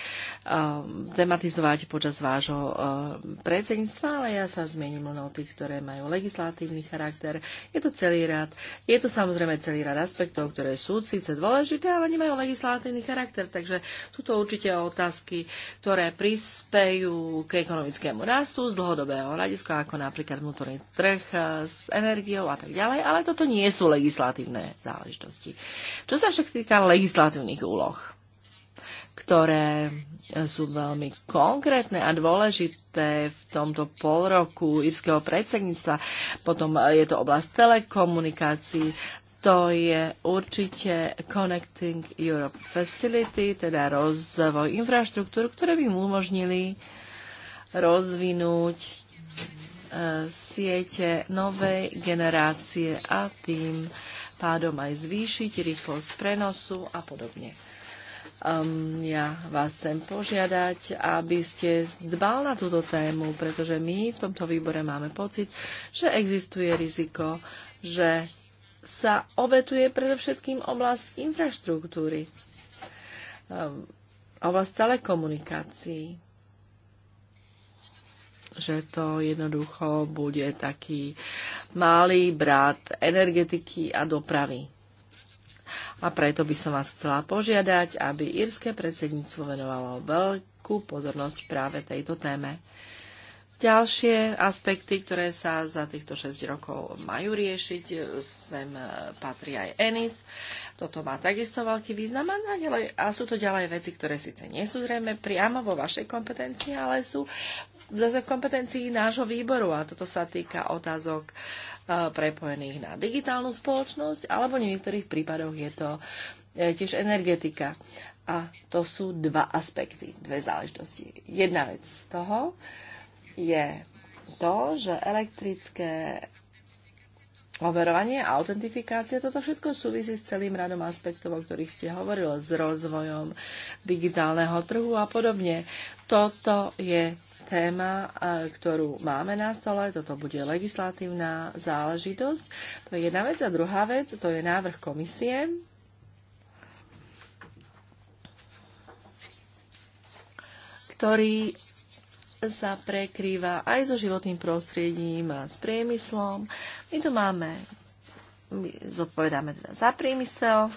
Um, tematizovať počas vášho uh, predsedníctva, ale ja sa zmením len o tých, ktoré majú legislatívny charakter. Je to celý rad. Je to samozrejme celý rad aspektov, ktoré sú síce dôležité, ale nemajú legislatívny charakter. Takže sú to určite otázky, ktoré prispejú k ekonomickému rastu z dlhodobého hľadiska, ako napríklad vnútorný trh uh, s energiou a tak ďalej, ale toto nie sú legislatívne záležitosti. Čo sa však týka legislatívnych úloh, ktoré e, sú veľmi konkrétne a dôležité v tomto pol roku írskeho predsedníctva. Potom e, je to oblasť telekomunikácií, to je určite Connecting Europe Facility, teda rozvoj infraštruktúr, ktoré by mu umožnili rozvinúť e, siete novej generácie a tým pádom aj zvýšiť rýchlosť prenosu a podobne. Um, ja vás chcem požiadať, aby ste dbal na túto tému, pretože my v tomto výbore máme pocit, že existuje riziko, že sa obetuje predovšetkým oblasť infraštruktúry, um, oblasť telekomunikácií, že to jednoducho bude taký malý brat energetiky a dopravy a preto by som vás chcela požiadať, aby írske predsedníctvo venovalo veľkú pozornosť práve tejto téme. Ďalšie aspekty, ktoré sa za týchto 6 rokov majú riešiť, sem patrí aj ENIS. Toto má takisto veľký význam a, ďalej, a sú to ďalej veci, ktoré síce nie sú zrejme priamo vo vašej kompetencii, ale sú kompetencii nášho výboru a toto sa týka otázok e, prepojených na digitálnu spoločnosť alebo v niektorých prípadoch je to e, tiež energetika. A to sú dva aspekty, dve záležitosti. Jedna vec z toho je to, že elektrické overovanie a autentifikácia, toto všetko súvisí s celým radom aspektov, o ktorých ste hovorili, s rozvojom digitálneho trhu a podobne. Toto je téma, e, ktorú máme na stole. Toto bude legislatívna záležitosť. To je jedna vec. A druhá vec, to je návrh komisie. ktorý sa prekrýva aj so životným prostredím a s priemyslom. My tu máme, my zodpovedáme teda za priemysel,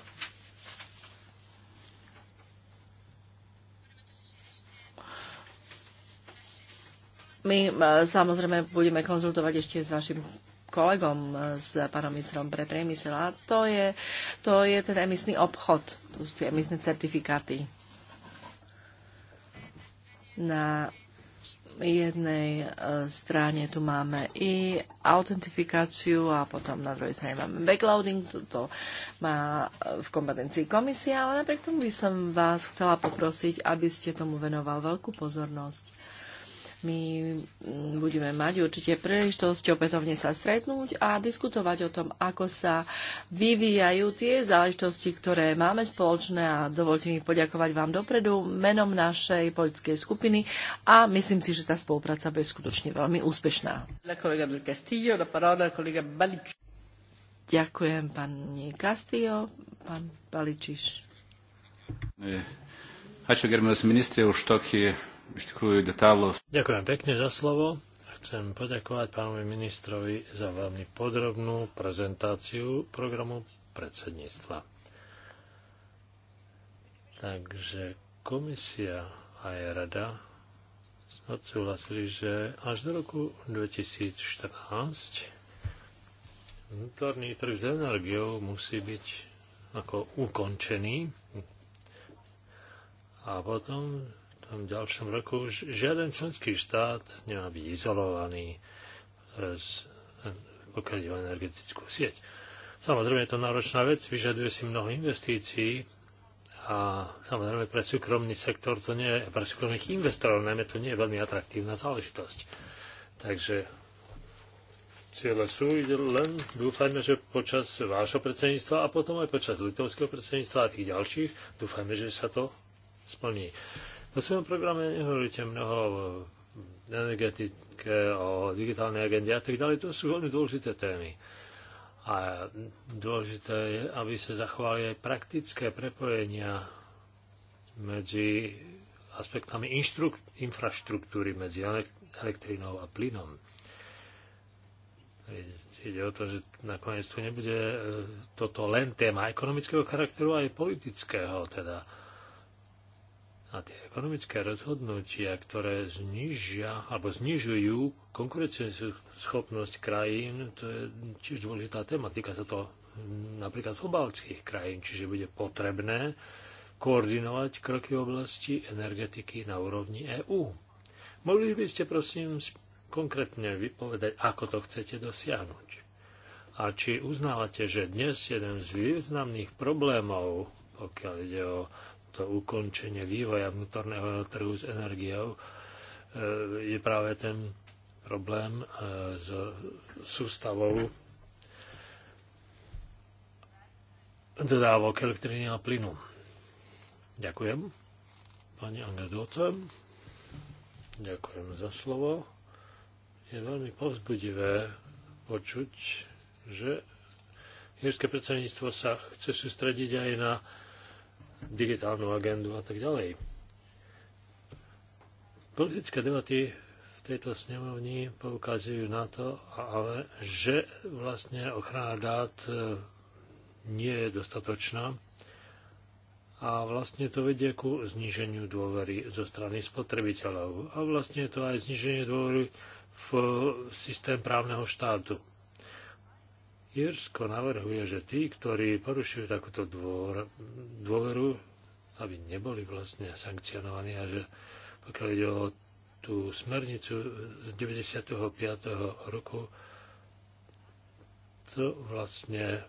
My e, samozrejme budeme konzultovať ešte s vašim kolegom, e, s pánom ministrom pre priemysel. A to je, to je ten emisný obchod, to sú emisné certifikáty. Na jednej e, strane tu máme i autentifikáciu a potom na druhej strane máme backloading, toto má v kompetencii komisia, ale napriek tomu by som vás chcela poprosiť, aby ste tomu venoval veľkú pozornosť my mm, budeme mať určite príležitosť opätovne sa stretnúť a diskutovať o tom, ako sa vyvíjajú tie záležitosti, ktoré máme spoločné a dovolte mi poďakovať vám dopredu menom našej politickej skupiny a myslím si, že tá spolupráca bude skutočne veľmi úspešná. Ďakujem pani Castillo, pán Paličiš. Eh, ačiū gerbiamas ministrė už tokį Ďakujem pekne za slovo. Chcem poďakovať pánovi ministrovi za veľmi podrobnú prezentáciu programu predsedníctva. Takže komisia a aj rada odsúhlasili, že až do roku 2014 vnútorný trh s energiou musí byť ako ukončený a potom ďalšom roku žiaden členský štát nemá byť izolovaný e, z pokiaľ o energetickú sieť. Samozrejme je to náročná vec, vyžaduje si mnoho investícií a samozrejme pre súkromný sektor to nie je, pre súkromných investorov najmä to nie je veľmi atraktívna záležitosť. Takže ciele sú, len dúfajme, že počas vášho predsedníctva a potom aj počas litovského predsedníctva a tých ďalších, dúfajme, že sa to splní. Vo svojom programe nehovoríte mnoho o energetike, o digitálnej agende a tak ďalej. To sú veľmi dôležité témy. A dôležité je, aby sa zachovali aj praktické prepojenia medzi aspektami infraštruktúry, medzi elektrínou a plynom. Ide o to, že nakoniec tu nebude e, toto len téma ekonomického charakteru, aj politického. Teda a tie ekonomické rozhodnutia, ktoré znižia alebo znižujú schopnosť krajín, to je tiež dôležitá tematika. Sa to napríklad v obaltských krajín, čiže bude potrebné koordinovať kroky v oblasti energetiky na úrovni EÚ. Mohli by ste prosím konkrétne vypovedať, ako to chcete dosiahnuť? A či uznávate, že dnes jeden z významných problémov, pokiaľ ide o to ukončenie vývoja vnútorného trhu s energiou e, je práve ten problém e, s sústavou dodávok elektriny a plynu. Ďakujem. Pani Angedoce, ďakujem za slovo. Je veľmi povzbudivé počuť, že Írske predsedníctvo sa chce sústrediť aj na digitálnu agendu a tak ďalej. Politické debaty v tejto snemovni poukazujú na to, ale že vlastne ochrana dát e, nie je dostatočná a vlastne to vedie ku zníženiu dôvery zo strany spotrebiteľov a vlastne to aj zníženie dôvery v systém právneho štátu. Írsko navrhuje, že tí, ktorí porušujú takúto dôr, dôveru, aby neboli vlastne sankcionovaní a že pokiaľ ide o tú smernicu z 95. roku, to vlastne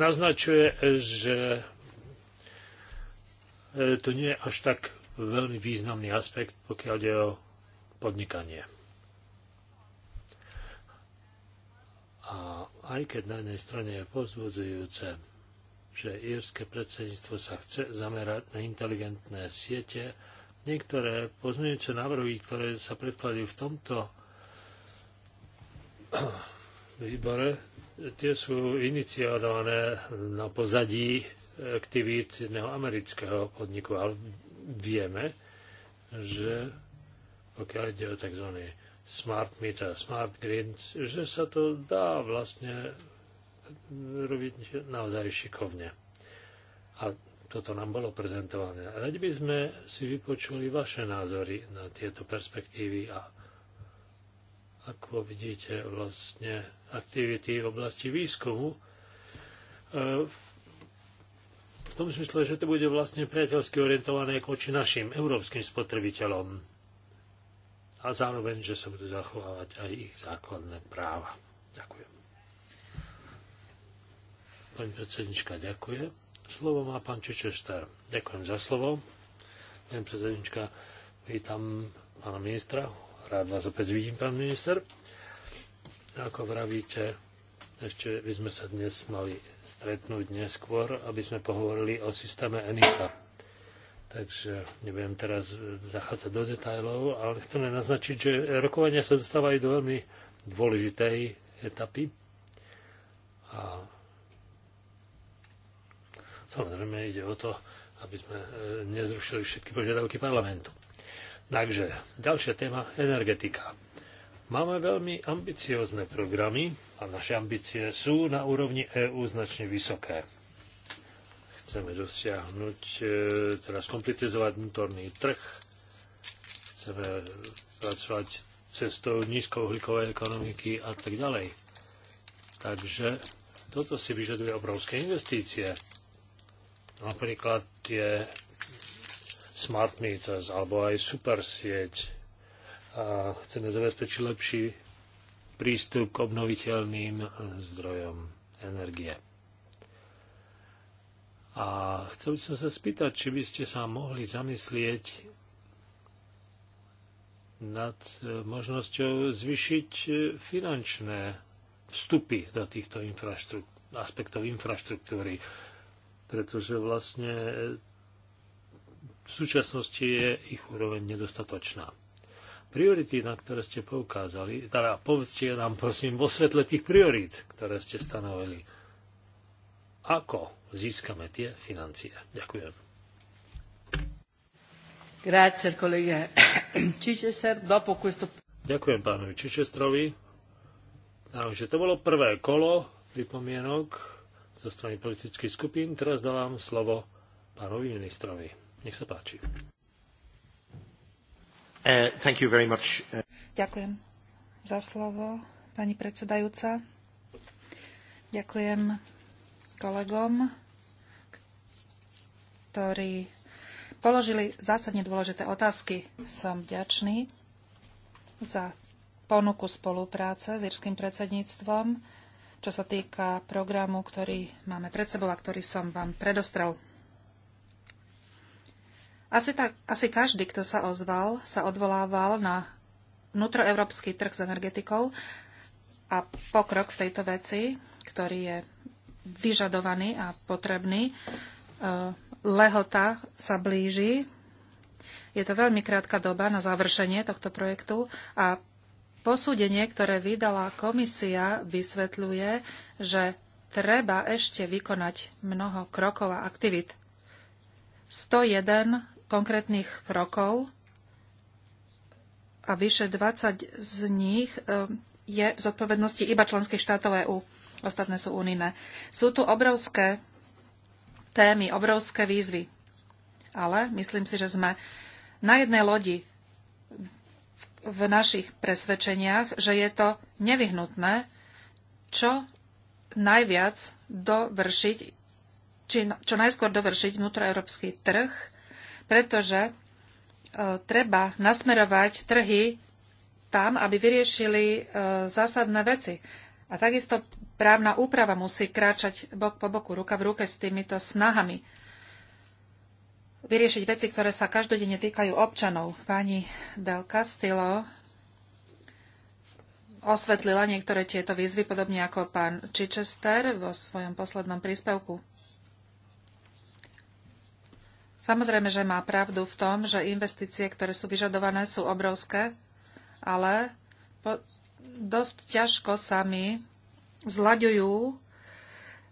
naznačuje, že e, to nie je až tak veľmi významný aspekt, pokiaľ ide o podnikanie. A aj keď na jednej strane je povzbudzujúce, že írske predsedníctvo sa chce zamerať na inteligentné siete, niektoré pozmeňujúce návrhy, ktoré sa predkladajú v tomto výbore, tie sú iniciované na pozadí aktivít jedného amerického podniku, ale vieme, že pokiaľ ide o tzv smart meter, smart grid, že sa to dá vlastne robiť naozaj šikovne. A toto nám bolo prezentované. Radi by sme si vypočuli vaše názory na tieto perspektívy a ako vidíte vlastne aktivity v oblasti výskumu. E, v tom smysle, že to bude vlastne priateľsky orientované oči našim európskym spotrebiteľom a zároveň, že sa budú zachovávať aj ich základné práva. Ďakujem. Pani predsednička, ďakujem. Slovo má pán Čečeštár. Ďakujem za slovo. Pani predsednička, vítam pána ministra. Rád vás opäť vidím, pán minister. Ako vravíte, ešte by sme sa dnes mali stretnúť neskôr, aby sme pohovorili o systéme ENISA Takže nebudem teraz zachádzať do detajlov, ale chcem len naznačiť, že rokovania sa dostávajú do veľmi dôležitej etapy. A samozrejme ide o to, aby sme e, nezrušili všetky požiadavky parlamentu. Takže, ďalšia téma, energetika. Máme veľmi ambiciozne programy a naše ambície sú na úrovni EÚ značne vysoké. Chceme dosiahnuť, e, teraz kompletizovať vnútorný trh. Chceme pracovať cestou nízkouhlíkovej ekonomiky a tak ďalej. Takže toto si vyžaduje obrovské investície. Napríklad je smart meters alebo aj super sieť. A chceme zabezpečiť lepší prístup k obnoviteľným zdrojom energie. A chcel by som sa spýtať, či by ste sa mohli zamyslieť nad e, možnosťou zvyšiť e, finančné vstupy do týchto infraštruktúr, aspektov infraštruktúry, pretože vlastne e, v súčasnosti je ich úroveň nedostatočná. Priority, na ktoré ste poukázali, teda povedzte nám prosím vo svetle tých priorít, ktoré ste stanovili ako získame tie financie. Ďakujem. Grazie, kolega Čičeser. Dopo questo... Ďakujem pánovi Čičestrovi. Takže to bolo prvé kolo pripomienok zo strany politických skupín. Teraz dávam slovo pánovi ministrovi. Nech sa páči. Uh, thank you very much. Uh... Ďakujem za slovo, pani predsedajúca. Ďakujem kolegom, ktorí položili zásadne dôležité otázky. Som vďačný za ponuku spolupráce s írským predsedníctvom, čo sa týka programu, ktorý máme pred sebou a ktorý som vám predostrel. Asi, tak, asi každý, kto sa ozval, sa odvolával na vnútroevropský trh s energetikou a pokrok v tejto veci, ktorý je vyžadovaný a potrebný. E, lehota sa blíži. Je to veľmi krátka doba na završenie tohto projektu a posúdenie, ktoré vydala komisia, vysvetľuje, že treba ešte vykonať mnoho krokov a aktivít. 101 konkrétnych krokov a vyše 20 z nich e, je v zodpovednosti iba členských štátov EÚ ostatné sú unijné. Sú tu obrovské témy, obrovské výzvy. Ale myslím si, že sme na jednej lodi v našich presvedčeniach, že je to nevyhnutné, čo najviac dovršiť, či čo najskôr dovršiť vnútroeurópsky trh, pretože e, treba nasmerovať trhy tam, aby vyriešili e, zásadné veci. A takisto právna úprava musí kráčať bok po boku, ruka v ruke s týmito snahami vyriešiť veci, ktoré sa každodenne týkajú občanov. Pani Del Castillo osvetlila niektoré tieto výzvy, podobne ako pán Chichester vo svojom poslednom príspevku. Samozrejme, že má pravdu v tom, že investície, ktoré sú vyžadované, sú obrovské, ale po, dosť ťažko sa my zlaďujú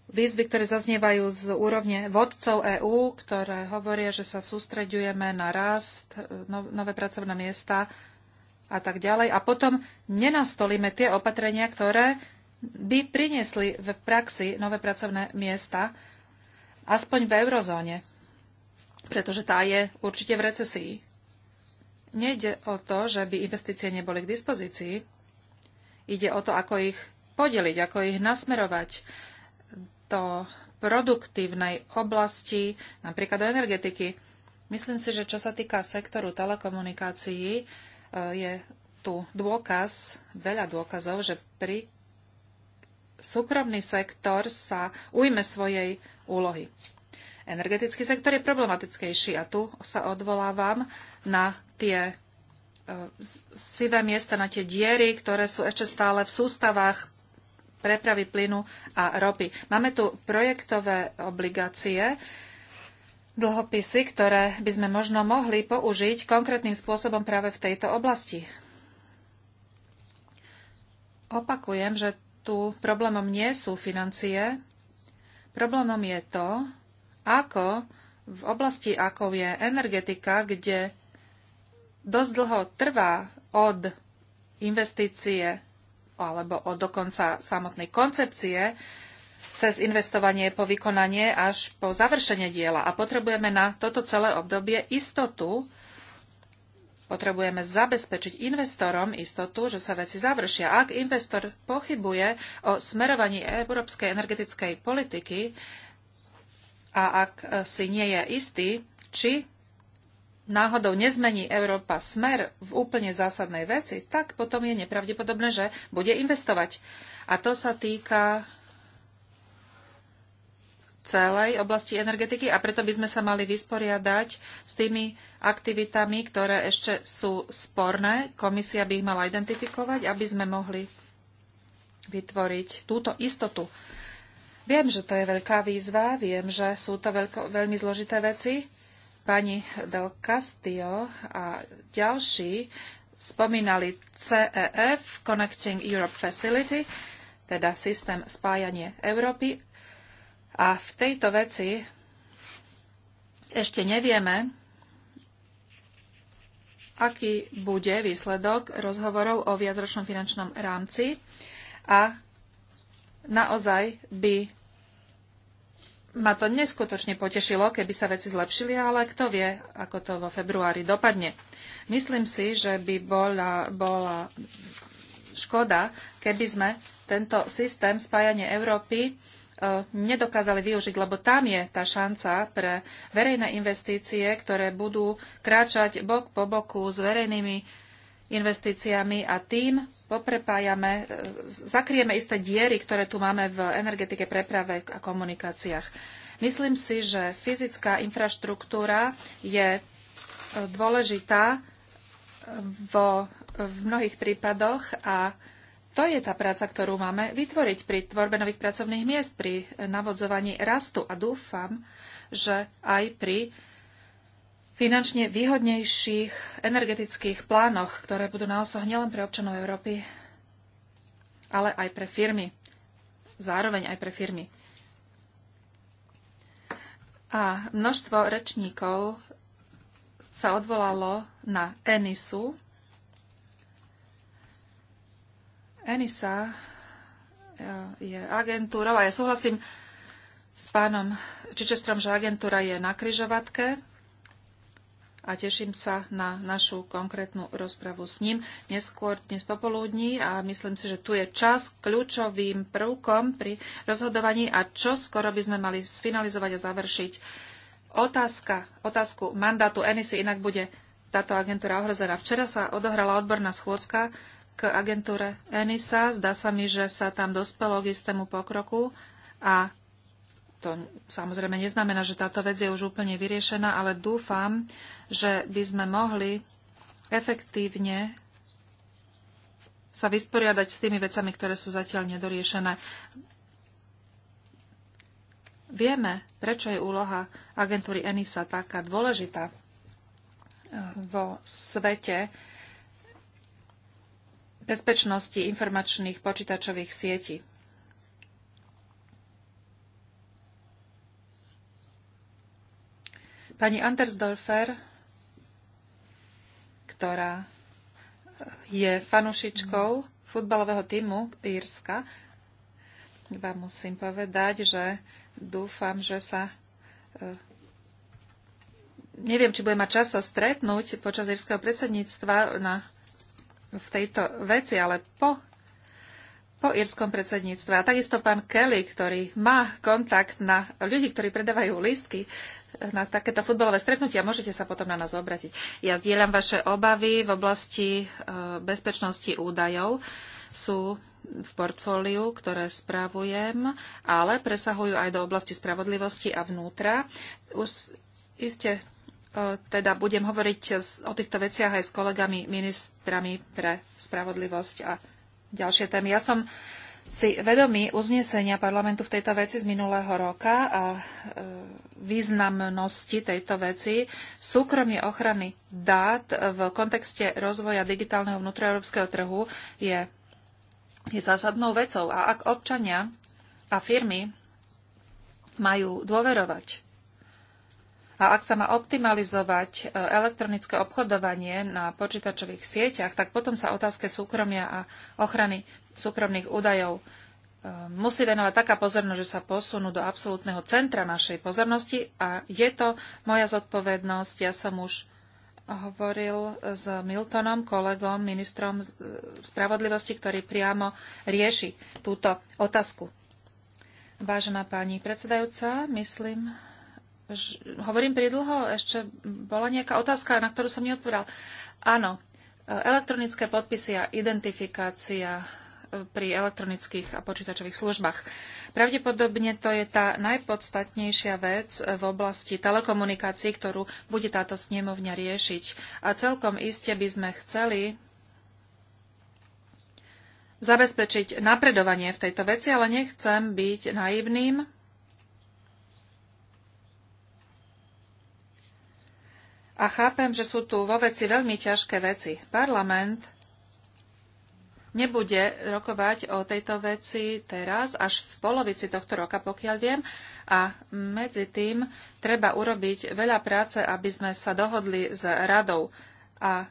výzvy, ktoré zaznievajú z úrovne vodcov EÚ, ktoré hovoria, že sa sústreďujeme na rast, no, nové pracovné miesta a tak ďalej. A potom nenastolíme tie opatrenia, ktoré by priniesli v praxi nové pracovné miesta, aspoň v eurozóne, pretože tá je určite v recesii. Nejde o to, že by investície neboli k dispozícii. Ide o to, ako ich podeliť, ako ich nasmerovať do produktívnej oblasti, napríklad do energetiky. Myslím si, že čo sa týka sektoru telekomunikácií, e, je tu dôkaz, veľa dôkazov, že pri súkromný sektor sa ujme svojej úlohy. Energetický sektor je problematickejší a tu sa odvolávam na tie e, sivé miesta, na tie diery, ktoré sú ešte stále v sústavách prepravy plynu a ropy. Máme tu projektové obligácie, dlhopisy, ktoré by sme možno mohli použiť konkrétnym spôsobom práve v tejto oblasti. Opakujem, že tu problémom nie sú financie. Problémom je to, ako v oblasti, ako je energetika, kde dosť dlho trvá od investície alebo od dokonca samotnej koncepcie cez investovanie po vykonanie až po završenie diela. A potrebujeme na toto celé obdobie istotu, potrebujeme zabezpečiť investorom istotu, že sa veci završia. Ak investor pochybuje o smerovaní európskej energetickej politiky a ak si nie je istý, či náhodou nezmení Európa smer v úplne zásadnej veci, tak potom je nepravdepodobné, že bude investovať. A to sa týka celej oblasti energetiky a preto by sme sa mali vysporiadať s tými aktivitami, ktoré ešte sú sporné. Komisia by ich mala identifikovať, aby sme mohli vytvoriť túto istotu. Viem, že to je veľká výzva, viem, že sú to veľko, veľmi zložité veci, Pani Del Castillo a ďalší spomínali CEF, Connecting Europe Facility, teda systém spájanie Európy. A v tejto veci ešte nevieme, aký bude výsledok rozhovorov o viacročnom finančnom rámci a naozaj by ma to neskutočne potešilo, keby sa veci zlepšili, ale kto vie, ako to vo februári dopadne. Myslím si, že by bola, bola škoda, keby sme tento systém spájania Európy e, nedokázali využiť, lebo tam je tá šanca pre verejné investície, ktoré budú kráčať bok po boku s verejnými investíciami a tým poprepájame, e, zakrieme isté diery, ktoré tu máme v energetike, preprave a komunikáciách. Myslím si, že fyzická infraštruktúra je e, dôležitá e, vo, v mnohých prípadoch a to je tá práca, ktorú máme vytvoriť pri tvorbe nových pracovných miest, pri navodzovaní rastu a dúfam, že aj pri finančne výhodnejších energetických plánoch, ktoré budú na osoch nielen pre občanov Európy, ale aj pre firmy. Zároveň aj pre firmy. A množstvo rečníkov sa odvolalo na Enisu. Enisa e, je agentúrou a ja súhlasím s pánom Čičestrom, že agentúra je na kryžovatke a teším sa na našu konkrétnu rozpravu s ním neskôr dnes popoludní a myslím si, že tu je čas kľúčovým prvkom pri rozhodovaní a čo skoro by sme mali sfinalizovať a završiť otázka, otázku mandátu Enisy, inak bude táto agentúra ohrozená. Včera sa odohrala odborná schôdzka k agentúre Enisa. Zdá sa mi, že sa tam dospelo k istému pokroku a to samozrejme neznamená, že táto vec je už úplne vyriešená, ale dúfam, že by sme mohli efektívne sa vysporiadať s tými vecami, ktoré sú zatiaľ nedoriešené. Vieme, prečo je úloha agentúry ENISA taká dôležitá eh, vo svete bezpečnosti informačných počítačových sietí. Pani Andersdorfer, ktorá je fanušičkou futbalového týmu Írska, vám musím povedať, že dúfam, že sa e, neviem, či budem mať čas sa stretnúť počas írskeho predsedníctva na, v tejto veci, ale po, po írskom predsedníctve. A takisto pán Kelly, ktorý má kontakt na ľudí, ktorí predávajú lístky na takéto futbalové stretnutia. Môžete sa potom na nás obratiť. Ja zdieľam vaše obavy v oblasti e, bezpečnosti údajov. Sú v portfóliu, ktoré spravujem, ale presahujú aj do oblasti spravodlivosti a vnútra. Už iste e, teda budem hovoriť o týchto veciach aj s kolegami ministrami pre spravodlivosť a ďalšie témy. Ja som uh, si vedomí uznesenia parlamentu v tejto veci z minulého roka a e, významnosti tejto veci, súkromie ochrany dát v kontexte rozvoja digitálneho vnútroeurópskeho trhu je, je zásadnou vecou. A ak občania a firmy majú dôverovať a ak sa má optimalizovať e, elektronické obchodovanie na počítačových sieťach, tak potom sa otázke súkromia a ochrany súkromných údajov e, musí venovať taká pozornosť, že sa posunú do absolútneho centra našej pozornosti a je to moja zodpovednosť. Ja som už hovoril s Miltonom, kolegom, ministrom spravodlivosti, ktorý priamo rieši túto otázku. Vážená pani predsedajúca, myslím, že hovorím pridlho, ešte bola nejaká otázka, na ktorú som neodpovedal. Áno, e, elektronické podpisy a identifikácia pri elektronických a počítačových službách. Pravdepodobne to je tá najpodstatnejšia vec v oblasti telekomunikácií, ktorú bude táto snemovňa riešiť. A celkom iste by sme chceli zabezpečiť napredovanie v tejto veci, ale nechcem byť naivným. A chápem, že sú tu vo veci veľmi ťažké veci. Parlament nebude rokovať o tejto veci teraz, až v polovici tohto roka, pokiaľ viem. A medzi tým treba urobiť veľa práce, aby sme sa dohodli s radou. A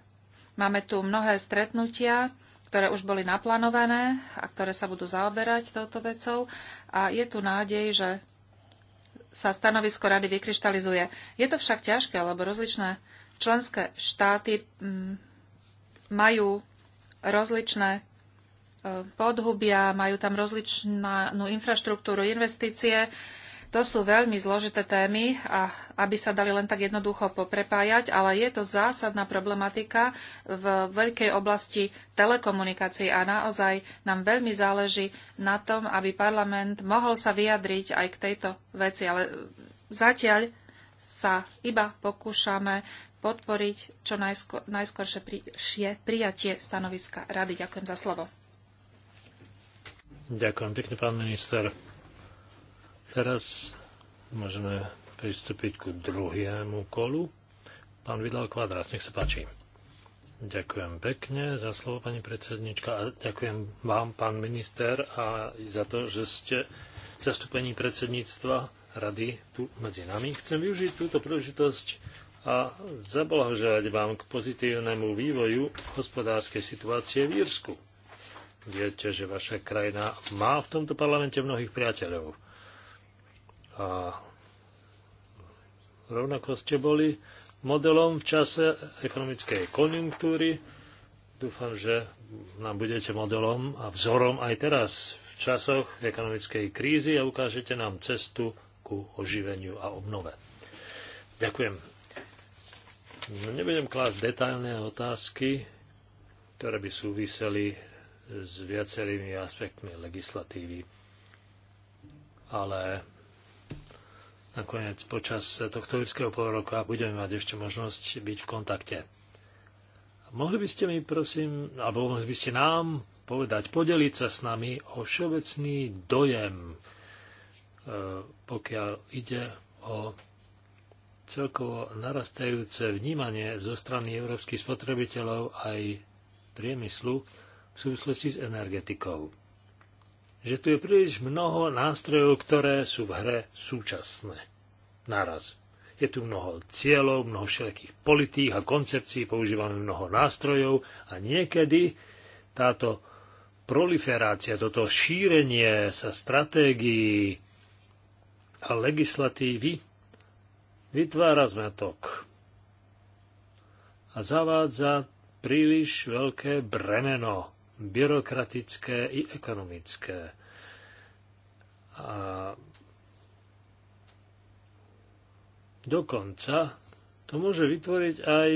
máme tu mnohé stretnutia, ktoré už boli naplánované a ktoré sa budú zaoberať touto vecou. A je tu nádej, že sa stanovisko rady vykryštalizuje. Je to však ťažké, lebo rozličné členské štáty mm, majú rozličné podhubia, majú tam rozličnú infraštruktúru, investície. To sú veľmi zložité témy a aby sa dali len tak jednoducho poprepájať, ale je to zásadná problematika v veľkej oblasti telekomunikácií a naozaj nám veľmi záleží na tom, aby parlament mohol sa vyjadriť aj k tejto veci, ale zatiaľ sa iba pokúšame podporiť čo najskôršie prijatie stanoviska rady. Ďakujem za slovo. Ďakujem pekne, pán minister. Teraz môžeme pristúpiť ku druhému kolu. Pán Vidal Kvadras, nech sa páči. Ďakujem pekne za slovo, pani predsednička, a ďakujem vám, pán minister, a za to, že ste v zastúpení predsedníctva rady tu medzi nami. Chcem využiť túto príležitosť a zablahoželať vám k pozitívnemu vývoju hospodárskej situácie v Írsku. Viete, že vaša krajina má v tomto parlamente mnohých priateľov. A rovnako ste boli modelom v čase ekonomickej konjunktúry. Dúfam, že nám budete modelom a vzorom aj teraz v časoch ekonomickej krízy a ukážete nám cestu ku oživeniu a obnove. Ďakujem. Nebudem klásť detailné otázky, ktoré by súviseli s viacerými aspektmi legislatívy. Ale nakoniec počas tohto ľudského polroka budeme mať ešte možnosť byť v kontakte. Mohli by ste mi, prosím, alebo mohli by ste nám povedať, podeliť sa s nami o všeobecný dojem, e, pokiaľ ide o celkovo narastajúce vnímanie zo strany európskych spotrebiteľov aj priemyslu v súvislosti s energetikou. Že tu je príliš mnoho nástrojov, ktoré sú v hre súčasné. Naraz. Je tu mnoho cieľov, mnoho všelijakých politík a koncepcií, používame mnoho nástrojov a niekedy táto proliferácia, toto šírenie sa stratégií a legislatívy vytvára zmetok a zavádza príliš veľké bremeno byrokratické i ekonomické. A dokonca to môže vytvoriť aj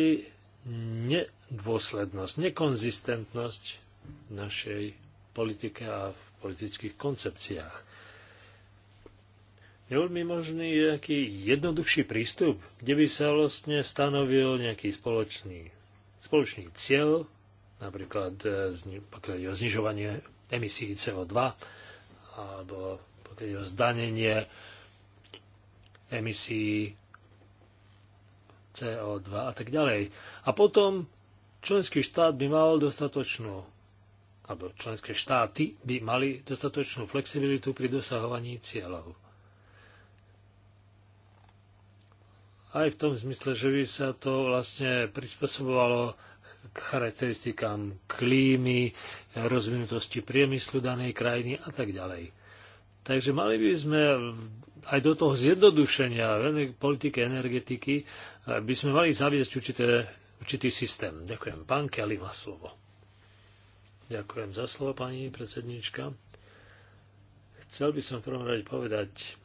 nedôslednosť, nekonzistentnosť v našej politike a v politických koncepciách. Veľmi možný je nejaký jednoduchší prístup, kde by sa vlastne stanovil nejaký spoločný, spoločný cieľ napríklad e, pokiaľ je o znižovanie emisí CO2 alebo pokiaľ je o zdanenie emisí CO2 a tak ďalej. A potom členský štát by mal dostatočnú alebo členské štáty by mali dostatočnú flexibilitu pri dosahovaní cieľov. aj v tom zmysle, že by sa to vlastne prispôsobovalo k charakteristikám klímy, rozvinutosti priemyslu danej krajiny a tak ďalej. Takže mali by sme aj do toho zjednodušenia politiky energetiky by sme mali zaviesť určité, určitý systém. Ďakujem. Pán Kelly má slovo. Ďakujem za slovo, pani predsednička. Chcel by som v prvom rade povedať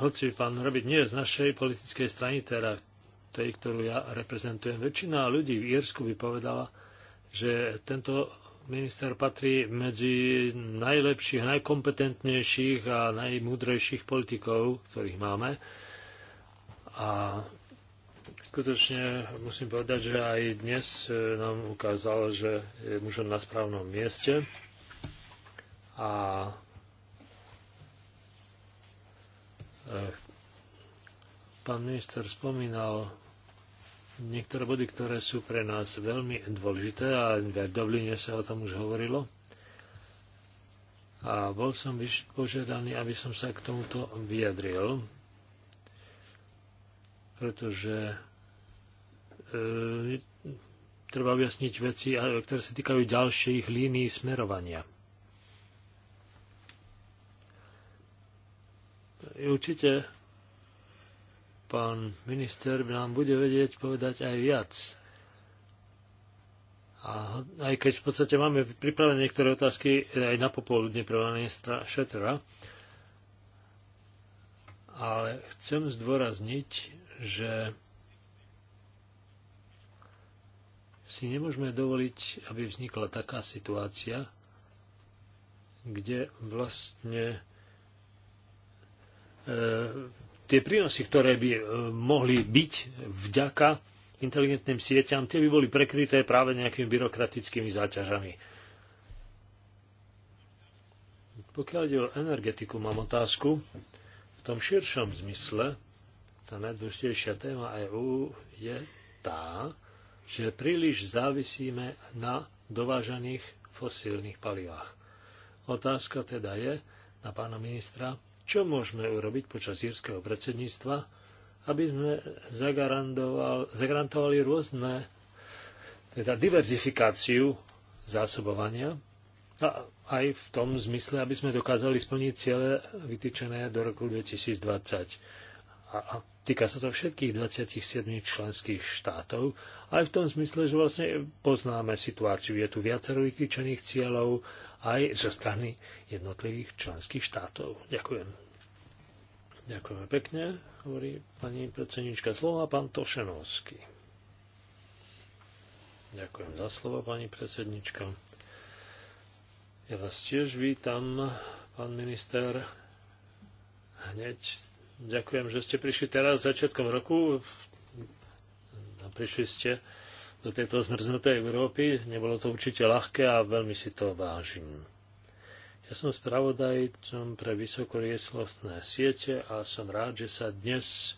hoci pán Robit nie je z našej politickej strany, teda tej, ktorú ja reprezentujem, väčšina ľudí v Írsku by povedala, že tento minister patrí medzi najlepších, najkompetentnejších a najmúdrejších politikov, ktorých máme. A skutočne musím povedať, že aj dnes e, nám ukázalo, že je mužom na správnom mieste. A Eh, pán minister spomínal niektoré body, ktoré sú pre nás veľmi dôležité a v Dobline sa o tom už hovorilo. A bol som požiadaný, aby som sa k tomuto vyjadril, pretože e, treba objasniť veci, ktoré sa týkajú ďalších línií smerovania. Určite pán minister nám bude vedieť povedať aj viac. A aj keď v podstate máme pripravené niektoré otázky aj na popoludne pre ministra Šetra, ale chcem zdôrazniť, že si nemôžeme dovoliť, aby vznikla taká situácia, kde vlastne tie prínosy, ktoré by e, mohli byť vďaka inteligentným sieťam, tie by boli prekryté práve nejakými byrokratickými záťažami. Pokiaľ ide o energetiku, mám otázku. V tom širšom zmysle tá najdôležitejšia téma EÚ je tá, že príliš závisíme na dovážaných fosílnych palivách. Otázka teda je na pána ministra, čo môžeme urobiť počas írskeho predsedníctva, aby sme zagarantovali rôzne, teda diverzifikáciu zásobovania a aj v tom zmysle, aby sme dokázali splniť ciele vytýčené do roku 2020. A týka sa to všetkých 27 členských štátov, aj v tom zmysle, že vlastne poznáme situáciu. Je tu viacero vytýčených cieľov aj zo strany jednotlivých členských štátov. Ďakujem. Ďakujeme pekne, hovorí pani predsednička slova, pán Tošenovský. Ďakujem za slovo, pani predsednička. Ja vás tiež vítam, pán minister. Hneď ďakujem, že ste prišli teraz začiatkom roku. Prišli ste do tejto zmrznutej Európy. Nebolo to určite ľahké a veľmi si to vážim. Ja som spravodajcom pre vysokorieslostné siete a som rád, že sa dnes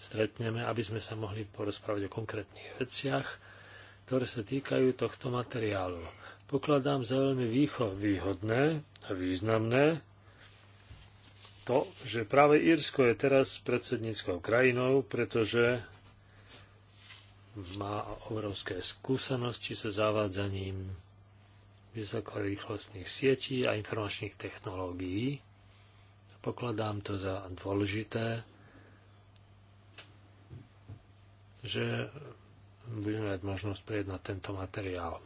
stretneme, aby sme sa mohli porozprávať o konkrétnych veciach, ktoré sa týkajú tohto materiálu. Pokladám za veľmi výhodné a významné to, že práve Írsko je teraz predsedníckou krajinou, pretože má obrovské skúsenosti so zavádzaním vysokorýchlostných sietí a informačných technológií. Pokladám to za dôležité, že budeme mať možnosť na tento materiál.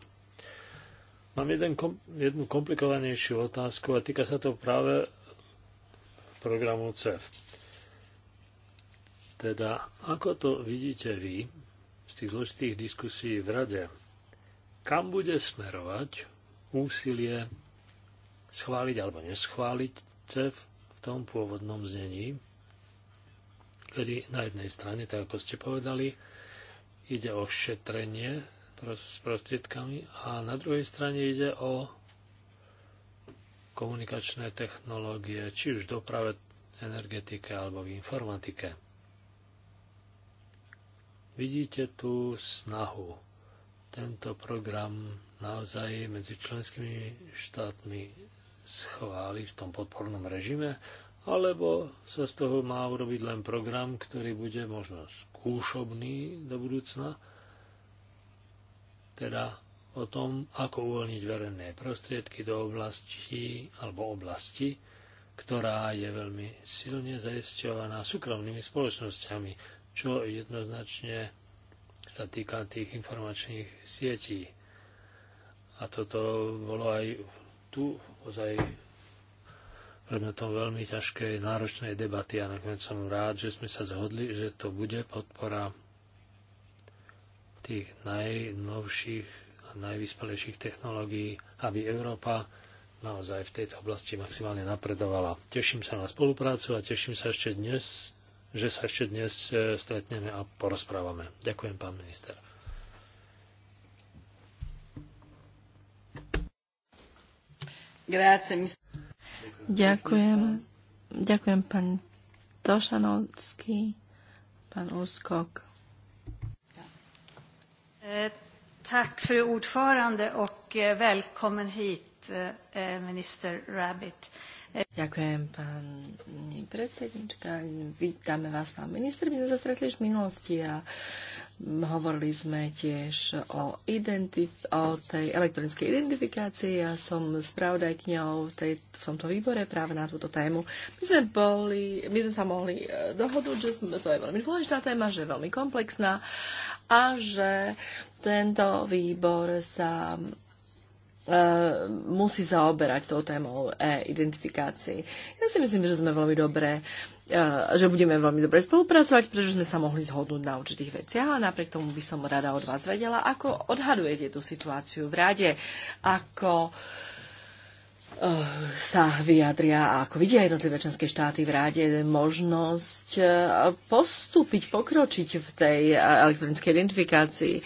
Mám jeden, jednu komplikovanejšiu otázku a týka sa to práve programu CEF. Teda, ako to vidíte vy, z tých zložitých diskusí v Rade. Kam bude smerovať úsilie schváliť alebo neschváliť CEF v tom pôvodnom znení, kedy na jednej strane, tak ako ste povedali, ide o šetrenie s prostriedkami a na druhej strane ide o komunikačné technológie, či už v doprave, energetike alebo v informatike. Vidíte tú snahu tento program naozaj medzi členskými štátmi schváli v tom podpornom režime, alebo sa z toho má urobiť len program, ktorý bude možno skúšobný do budúcna, teda o tom, ako uvoľniť verejné prostriedky do oblasti alebo oblasti, ktorá je veľmi silne zaisťovaná súkromnými spoločnosťami čo jednoznačne sa týka tých informačných sietí. A toto bolo aj tu ozaj predmetom veľmi ťažkej, náročnej debaty a nakoniec som rád, že sme sa zhodli, že to bude podpora tých najnovších a najvyspelejších technológií, aby Európa naozaj v tejto oblasti maximálne napredovala. Teším sa na spoluprácu a teším sa ešte dnes že sa ešte dnes e, stretneme a porozprávame. Ďakujem, pán minister. Grazie, mis- Ďakujem. Ďakujem, pán Tošanovský, pán Úskok. E, tak fru ordförande och e, välkommen hit minister Rabbit. Ďakujem, pani predsednička. Vítame vás, pán minister. My sme sa stretli v minulosti a Hovorili sme tiež o, identif- o tej elektronickej identifikácii. Ja som spravodajkňou v, tej, v tomto výbore práve na túto tému. My sme, boli, my sme sa mohli e, dohodnúť, že sme, to je veľmi dôležitá téma, že je veľmi komplexná a že tento výbor sa Eh, musí zaoberať tou témou e-identifikácií. Ja si myslím, že sme veľmi dobré eh, že budeme veľmi dobre spolupracovať, pretože sme sa mohli zhodnúť na určitých veciach, ale napriek tomu by som rada od vás vedela, ako odhadujete tú situáciu v rade, ako uh, Eh, sa vyjadria a ako vidia jednotlivé členské štáty v ráde možnosť eh, postúpiť, pokročiť v tej eh, elektronickej identifikácii.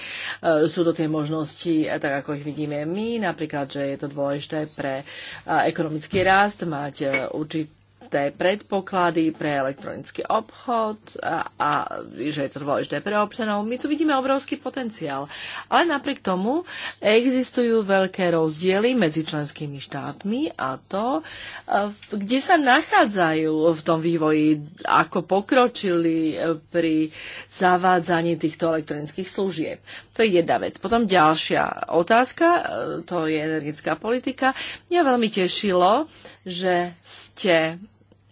Sú to tie možnosti, tak ako ich vidíme my, napríklad, že je to dôležité pre ekonomický rast, mať určitý dôležité predpoklady pre elektronický obchod a, a že je to dôležité pre občanov. My tu vidíme obrovský potenciál. Ale napriek tomu existujú veľké rozdiely medzi členskými štátmi a to, eh, kde sa nachádzajú v tom vývoji, ako pokročili eh, pri zavádzaní týchto elektronických služieb. To je jedna vec. Potom ďalšia otázka, eh, to je energetická politika. Mňa veľmi tešilo, že ste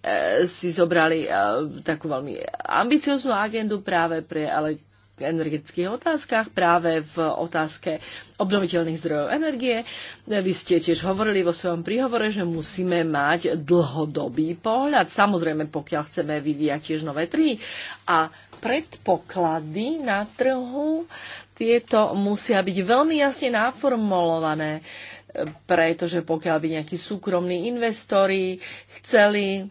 Eh, si zobrali eh, takú veľmi ambicioznú agendu práve pre elektronické energetických otázkach, práve v otázke obnoviteľných zdrojov energie. Eh, vy ste tiež hovorili vo svojom príhovore, že musíme mať dlhodobý pohľad, samozrejme pokiaľ chceme vyvíjať tiež nové trhy a predpoklady na trhu, tieto musia byť veľmi jasne naformulované, pretože pokiaľ by nejakí súkromní investori chceli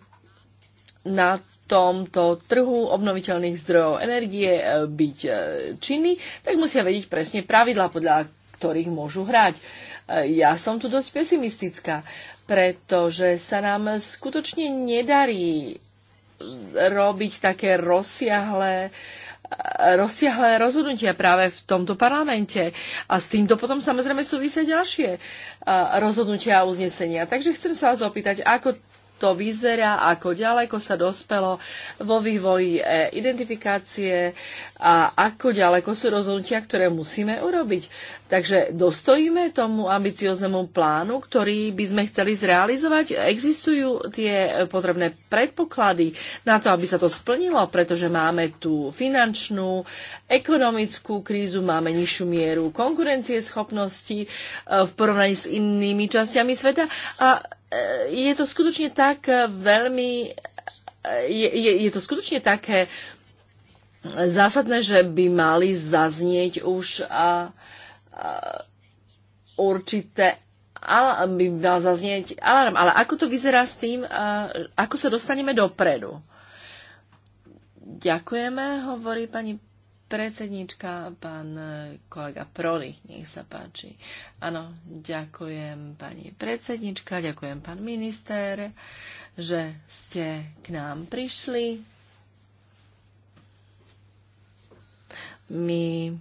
na tomto trhu obnoviteľných zdrojov energie e, byť e, činný, tak musia vedieť presne pravidla, podľa ktorých môžu hrať. E, ja som tu dosť pesimistická, pretože sa nám skutočne nedarí robiť také rozsiahlé rozsiahlé rozhodnutia práve v tomto parlamente. A s týmto potom samozrejme súvisia ďalšie rozhodnutia a uznesenia. Takže chcem sa vás opýtať, ako to vyzerá, ako ďaleko sa dospelo vo vývoji e, identifikácie a ako ďaleko sú rozhodnutia, ktoré musíme urobiť. Takže dostojíme tomu ambicioznému plánu, ktorý by sme chceli zrealizovať. Existujú tie potrebné predpoklady na to, aby sa to splnilo, pretože máme tú finančnú, ekonomickú krízu, máme nižšiu mieru konkurencieschopnosti eh, v porovnaní s inými časťami sveta. A eh, je to skutočne tak veľmi. Eh, je, je, je to skutočne také zásadné, že by mali zaznieť už a, určité by mal zaznieť alarm. Ale ako to vyzerá s tým, ako sa dostaneme dopredu? Ďakujeme, hovorí pani predsednička, pán e, kolega Proli, nech sa páči. Áno, ďakujem pani predsednička, ďakujem pán minister, že ste k nám prišli. My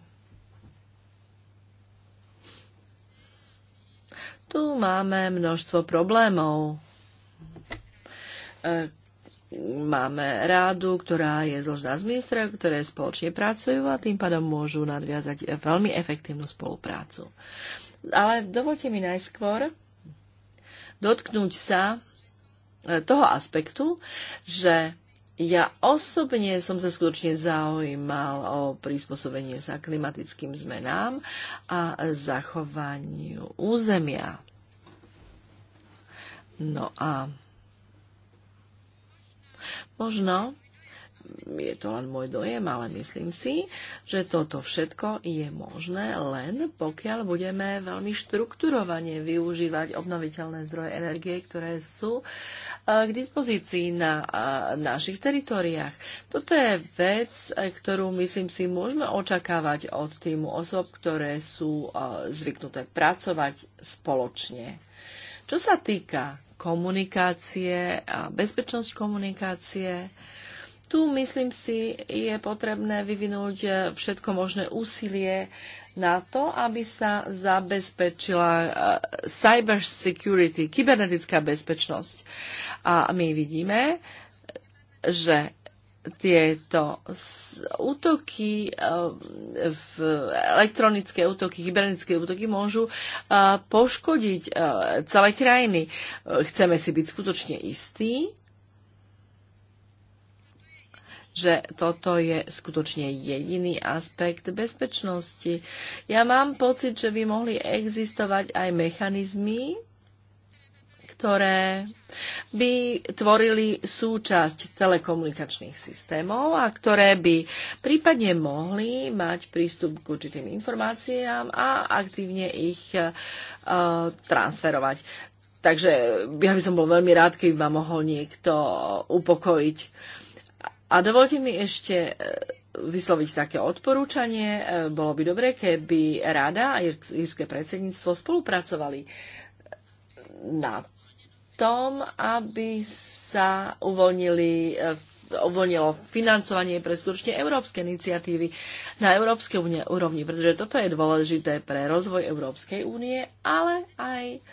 Tu máme množstvo problémov. E, máme rádu, ktorá je zložná z ministra, ktoré spoločne pracujú a tým pádom môžu nadviazať veľmi efektívnu spoluprácu. Ale dovolte mi najskôr dotknúť sa e, toho aspektu, že ja osobne som sa skutočne zaujímal o prispôsobenie sa klimatickým zmenám a zachovaniu územia. No a možno je to len môj dojem, ale myslím si, že toto všetko je možné len pokiaľ budeme veľmi štrukturovane využívať obnoviteľné zdroje energie, ktoré sú e, k dispozícii na e, našich teritoriách. Toto je vec, e, ktorú myslím si môžeme očakávať od týmu osob, ktoré sú zvyknuté pracovať spoločne. Čo sa týka komunikácie a bezpečnosť komunikácie, tu, myslím si, je potrebné vyvinúť všetko možné úsilie na to, aby sa zabezpečila e, cyber security, kybernetická bezpečnosť. A my vidíme, že tieto útoky, e, elektronické útoky, kybernetické útoky môžu e, poškodiť celé krajiny. Chceme si byť skutočne istí, že toto je skutočne jediný aspekt bezpečnosti. Ja mám pocit, že by mohli existovať aj mechanizmy, ktoré by tvorili súčasť telekomunikačných systémov a ktoré by prípadne mohli mať prístup k určitým informáciám a aktívne ich uh, transferovať. Takže ja by som bol veľmi rád, keby ma mohol niekto upokojiť. A dovolte mi ešte e, vysloviť také odporúčanie. E, bolo by dobre, keby Rada a írske predsedníctvo spolupracovali na tom, aby sa uvoľnili e, uvoľnilo financovanie pre skutočne európske iniciatívy na európskej úrovni, pretože toto je dôležité pre rozvoj Európskej únie, ale aj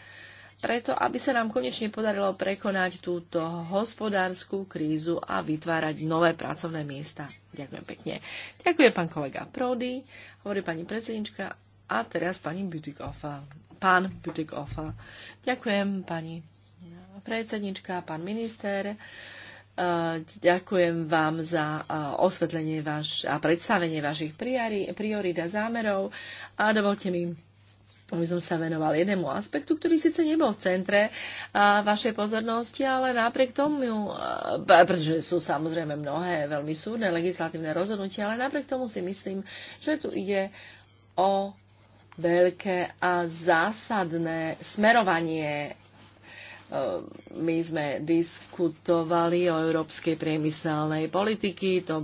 preto, aby sa nám konečne podarilo prekonať túto hospodárskú krízu a vytvárať nové pracovné miesta. Ďakujem pekne. Ďakujem pán kolega Prody, hovorí pani predsednička a teraz pani Butikofa. Pán Butikofa. Ďakujem pani predsednička, pán minister. E, ďakujem vám za e, osvetlenie vaš a predstavenie vašich priorít a zámerov a dovolte mi aby som sa venoval jednému aspektu, ktorý síce nebol v centre vašej pozornosti, ale napriek tomu, pretože sú samozrejme mnohé veľmi súdne legislatívne rozhodnutia, ale napriek tomu si myslím, že tu ide o veľké a zásadné smerovanie Ehm, my sme diskutovali o európskej priemyselnej politiky. To,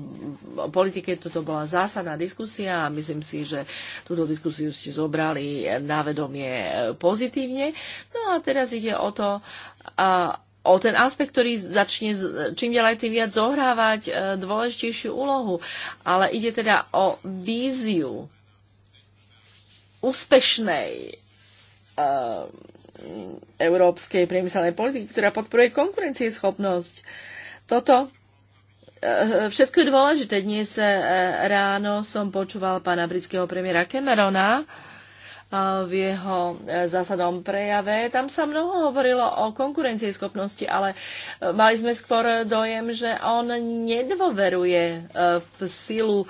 o politike toto bola zásadná diskusia a myslím si, že túto diskusiu ste zobrali na vedomie e, pozitívne. No a teraz ide o to, a, o ten aspekt, ktorý začne čím ďalej tým viac zohrávať e, dôležitejšiu úlohu. Ale ide teda o víziu úspešnej uh, európskej priemyselnej politiky, ktorá podporuje konkurencieschopnosť. Toto eh, všetko je dôležité. Dnes eh, ráno som počúval pána britského premiéra Camerona eh, v jeho zásadnom prejave. Tam sa mnoho hovorilo o konkurencieschopnosti, ale mali sme skôr dojem, že on nedôveruje v silu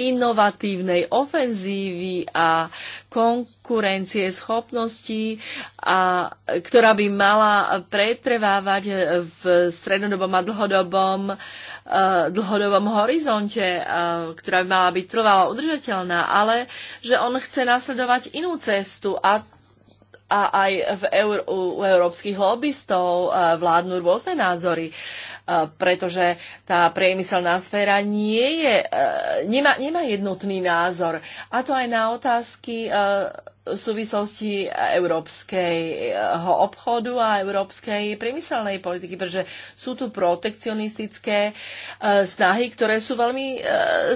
inovatívnej ofenzívy a konkurencie schopností, a, ktorá by mala pretrvávať v strednodobom a dlhodobom, e, dlhodobom horizonte, e, ktorá by mala byť trvalo udržateľná, ale že on chce nasledovať inú cestu a a aj v eur, u, u európskych lobbystov vládnu rôzne názory, pretože tá priemyselná sféra nie je, e, nemá, nemá jednotný názor. A to aj na otázky e, súvislosti európskeho obchodu a európskej priemyselnej politiky, pretože sú tu protekcionistické e, snahy, ktoré sú veľmi e,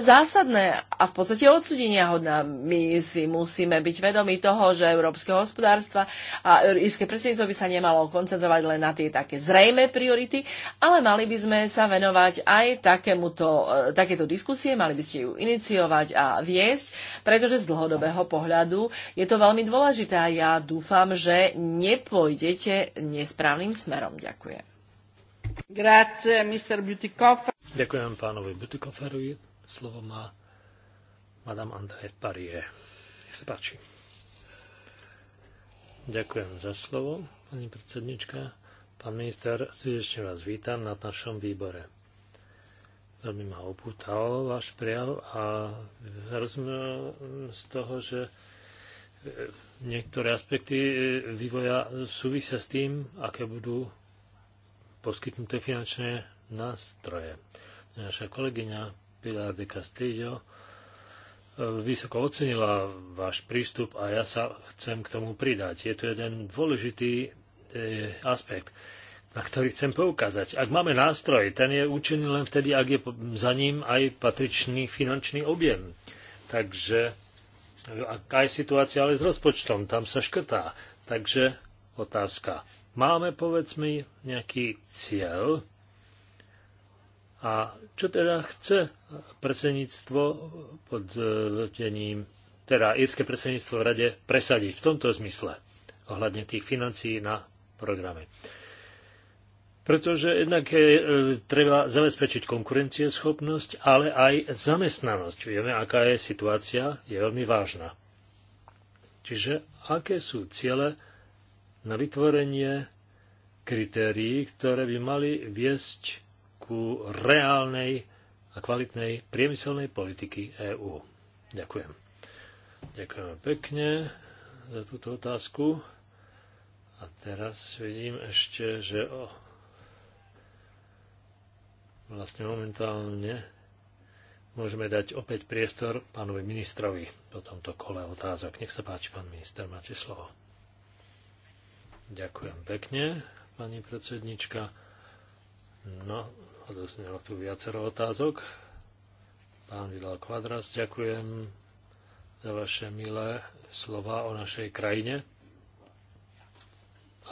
zásadné a v podstate odsudenia hodná. My si musíme byť vedomi toho, že európske hospodárstva a európske predsedníctvo by sa nemalo koncentrovať len na tie také zrejme priority, ale mali by sme sa venovať aj takémuto, e, takéto diskusie, mali by ste ju iniciovať a viesť, pretože z dlhodobého pohľadu je to to veľmi dôležité a ja dúfam, že nepôjdete nesprávnym smerom. Ďakujem. Grazie, Mr. Butikofer. Ďakujem pánovi Butikoferovi. Slovo má Madame André Parie. Nech sa páči. Ďakujem za slovo, pani predsednička. Pán minister, srdečne vás vítam na našom výbore. Veľmi ma opútal váš prejav a rozumiem z toho, že niektoré aspekty e, vývoja súvisia s tým, aké budú poskytnuté finančné nástroje. Naša kolegyňa Pilar de Castillo e, vysoko ocenila váš prístup a ja sa chcem k tomu pridať. Je to jeden dôležitý e, aspekt, na ktorý chcem poukázať. Ak máme nástroj, ten je účinný len vtedy, ak je za ním aj patričný finančný objem. Takže aká je situácia ale s rozpočtom, tam sa škrtá. Takže otázka. Máme, povedzme, nejaký cieľ a čo teda chce predsedníctvo pod e, vedením, teda írske predsedníctvo v rade presadiť v tomto zmysle ohľadne tých financií na programe pretože jednak je, eh, treba zabezpečiť konkurencieschopnosť, ale aj zamestnanosť. Vieme, aká je situácia, je veľmi vážna. Čiže aké sú ciele na vytvorenie kritérií, ktoré by mali viesť ku reálnej a kvalitnej priemyselnej politiky EÚ. Ďakujem. Ďakujem pekne za túto otázku. A teraz vidím ešte, že o vlastne momentálne môžeme dať opäť priestor pánovi ministrovi po tomto kole otázok. Nech sa páči, pán minister, máte slovo. Ďakujem pekne, pani predsednička. No, odosnelo tu viacero otázok. Pán Vidal Kvadras, ďakujem za vaše milé slova o našej krajine.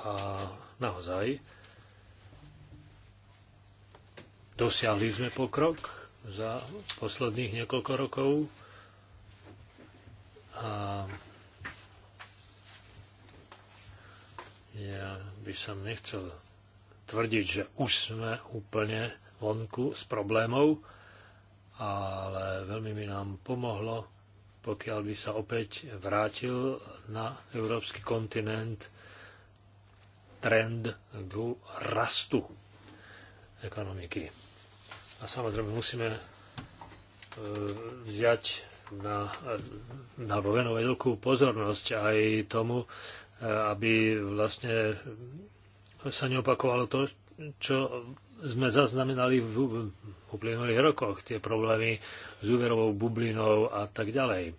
A naozaj, Dosiahli sme pokrok za posledných niekoľko rokov a ja by som nechcel tvrdiť, že už sme úplne vonku s problémov, ale veľmi mi nám pomohlo, pokiaľ by sa opäť vrátil na európsky kontinent trend k rastu ekonomiky. A samozrejme musíme e, vziať na, na venovať veľkú pozornosť aj tomu, e, aby vlastne sa neopakovalo to, čo sme zaznamenali v uplynulých rokoch, tie problémy s úverovou bublinou a tak ďalej.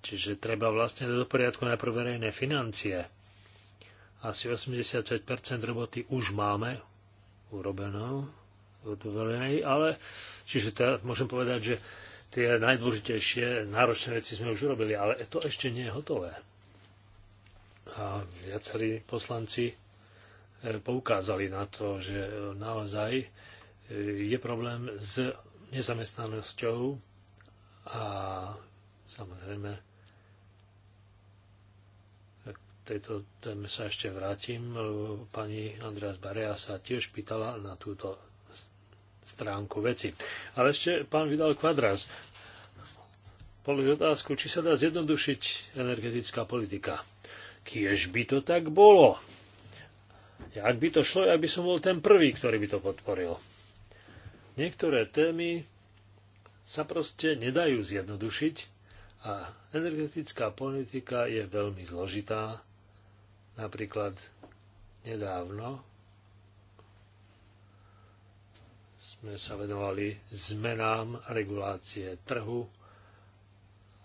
Čiže treba vlastne do poriadku najprv verejné financie. Asi 85% roboty už máme urobená, urobenej, ale čiže tá, môžem povedať, že tie najdôležitejšie náročné veci sme už urobili, ale to ešte nie je hotové. A viacerí poslanci e, poukázali na to, že naozaj e, je problém s nezamestnanosťou a samozrejme tejto téme sa ešte vrátim. Pani Andreas Barea sa tiež pýtala na túto stránku veci. Ale ešte pán Vidal Kvadras položil otázku, či sa dá zjednodušiť energetická politika. Kiež by to tak bolo. Ja, ak by to šlo, ja by som bol ten prvý, ktorý by to podporil. Niektoré témy sa proste nedajú zjednodušiť a energetická politika je veľmi zložitá Napríklad nedávno sme sa venovali zmenám regulácie trhu,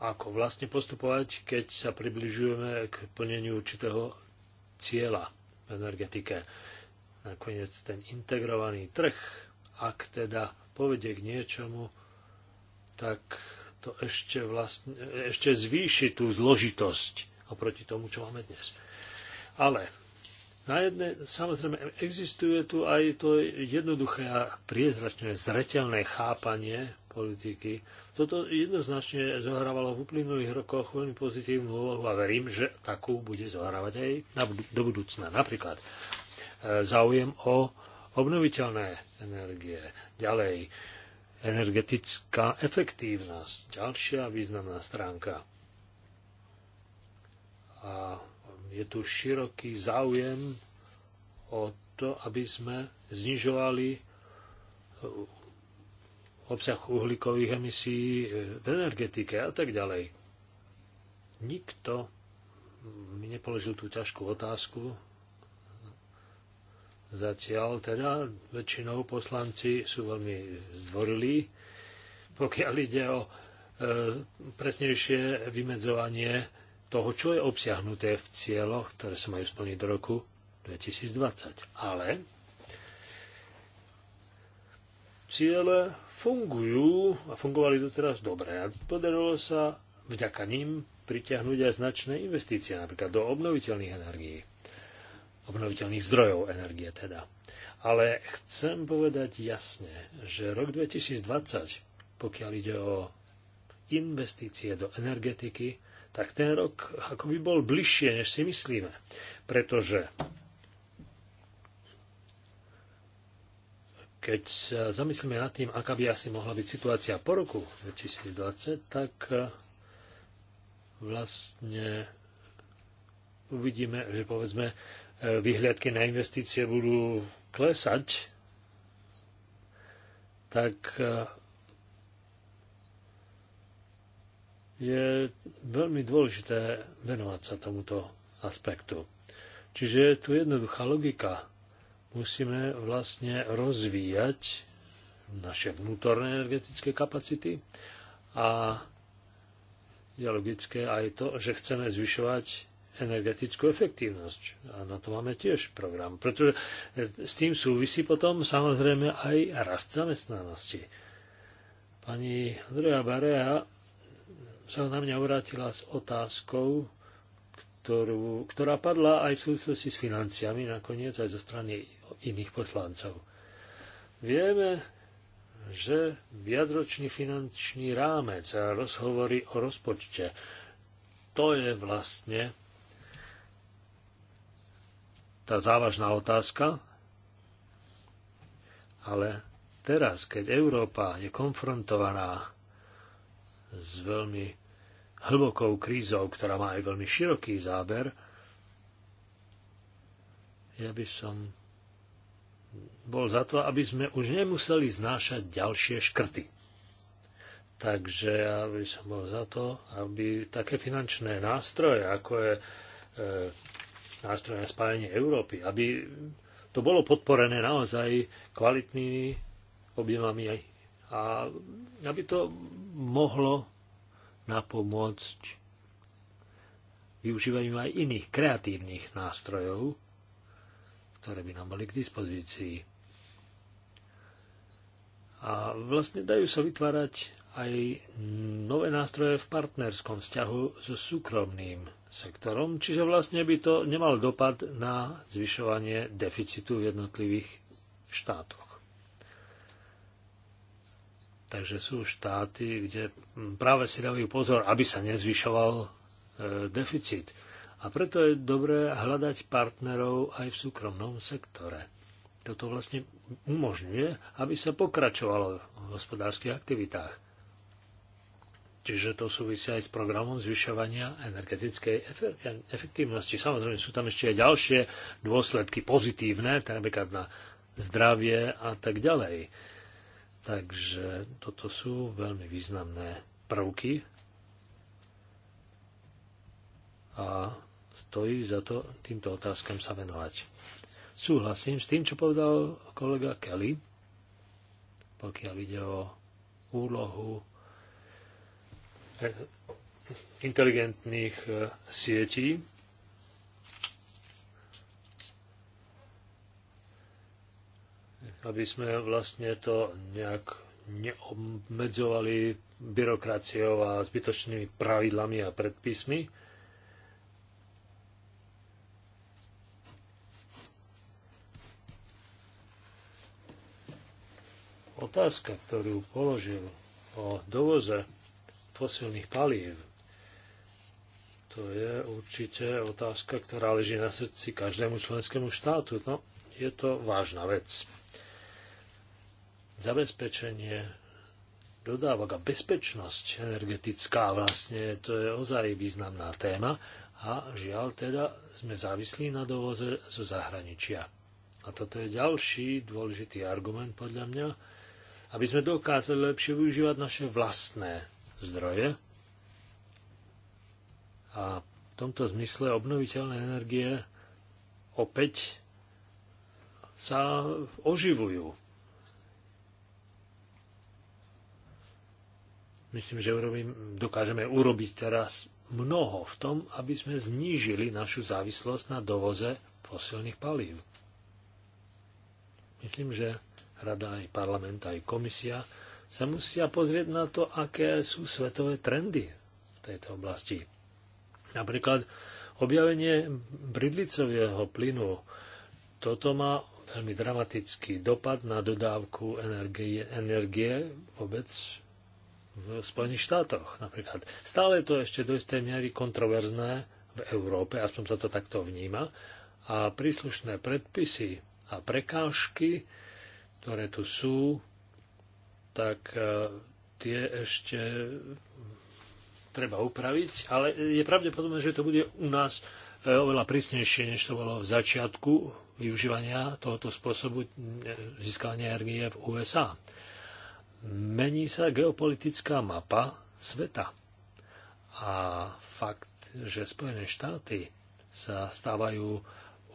ako vlastne postupovať, keď sa približujeme k plneniu určitého cieľa v energetike. Nakoniec ten integrovaný trh, ak teda povedie k niečomu, tak to ešte, vlastne, ešte zvýši tú zložitosť oproti tomu, čo máme dnes. Ale na jedne, samozrejme, existuje tu aj to jednoduché a priezračné, zretelné chápanie politiky. Toto jednoznačne zohrávalo v uplynulých rokoch veľmi pozitívnu úlohu a verím, že takú bude zohrávať aj na, do budúcna. Napríklad e, záujem o obnoviteľné energie, ďalej energetická efektívnosť, ďalšia významná stránka. A je tu široký záujem o to, aby sme znižovali eh, obsah uhlíkových emisí eh, v energetike a tak ďalej. Nikto mi nepoložil tú ťažkú otázku. Zatiaľ teda väčšinou poslanci sú veľmi zdvorilí, pokiaľ ide o eh, presnejšie vymedzovanie toho, čo je obsiahnuté v cieľoch, ktoré sa majú splniť do roku 2020. Ale ciele fungujú a fungovali doteraz dobre a podarilo sa vďaka ním pritiahnuť aj značné investície, napríklad do obnoviteľných energií, obnoviteľných zdrojov energie teda. Ale chcem povedať jasne, že rok 2020, pokiaľ ide o investície do energetiky, tak ten rok ako by bol bližšie, než si myslíme. Pretože keď sa zamyslíme nad tým, aká by asi mohla byť situácia po roku 2020, tak eh, vlastne uvidíme, že povedzme eh, vyhliadky na investície budú klesať, tak eh, je veľmi dôležité venovať sa tomuto aspektu. Čiže je tu jednoduchá logika. Musíme vlastne rozvíjať naše vnútorné energetické kapacity a je logické aj to, že chceme zvyšovať energetickú efektívnosť. A na to máme tiež program. Pretože s tým súvisí potom samozrejme aj rast zamestnanosti. Pani Andrea Barea sa na mňa obrátila s otázkou, ktorú, ktorá padla aj v súvislosti s financiami, nakoniec aj zo strany iných poslancov. Vieme, že viacročný finančný rámec a rozhovory o rozpočte, to je vlastne tá závažná otázka, ale teraz, keď Európa je konfrontovaná s veľmi hlbokou krízou, ktorá má aj veľmi široký záber, ja by som bol za to, aby sme už nemuseli znášať ďalšie škrty. Takže ja by som bol za to, aby také finančné nástroje, ako je e, nástroj na spájanie Európy, aby to bolo podporené naozaj kvalitnými objemami a aby to mohlo napomôcť využívaním aj iných kreatívnych nástrojov, ktoré by nám boli k dispozícii. A vlastne dajú sa vytvárať aj nové nástroje v partnerskom vzťahu so súkromným sektorom, čiže vlastne by to nemal dopad na zvyšovanie deficitu v jednotlivých štátoch. Takže sú štáty, kde práve si dávajú pozor, aby sa nezvyšoval e, deficit. A preto je dobré hľadať partnerov aj v súkromnom sektore. Toto vlastne umožňuje, aby sa pokračovalo v hospodárskych aktivitách. Čiže to súvisí aj s programom zvyšovania energetickej efektívnosti. Samozrejme sú tam ešte aj ďalšie dôsledky pozitívne, teda napríklad na zdravie a tak ďalej. Takže toto sú veľmi významné prvky a stojí za to týmto otázkam sa venovať. Súhlasím s tým, čo povedal kolega Kelly, pokiaľ ide o úlohu inteligentných eh, sietí aby sme vlastne to nejak neobmedzovali byrokraciou a zbytočnými pravidlami a predpismi. Otázka, ktorú položil o dovoze fosilných palív, to je určite otázka, ktorá leží na srdci každému členskému štátu. No, je to vážna vec zabezpečenie dodávok a bezpečnosť energetická vlastne, to je ozaj významná téma a žiaľ teda sme závislí na dovoze zo zahraničia. A toto je ďalší dôležitý argument podľa mňa, aby sme dokázali lepšie využívať naše vlastné zdroje. A v tomto zmysle obnoviteľné energie opäť sa oživujú Myslím, že urobím, dokážeme urobiť teraz mnoho v tom, aby sme znížili našu závislosť na dovoze fosilných palív. Myslím, že Rada aj parlament, aj komisia sa musia pozrieť na to, aké sú svetové trendy v tejto oblasti. Napríklad objavenie bridlicového plynu. Toto má veľmi dramatický dopad na dodávku energie, energie vôbec v Spojených štátoch napríklad. Stále je to ešte do istej miery kontroverzné v Európe, aspoň sa to takto vníma, a príslušné predpisy a prekážky, ktoré tu sú, tak e, tie ešte treba upraviť, ale je pravdepodobné, že to bude u nás e, oveľa prísnejšie, než to bolo v začiatku využívania tohoto spôsobu e, získania energie v USA mení sa geopolitická mapa sveta. A fakt, že Spojené štáty sa stávajú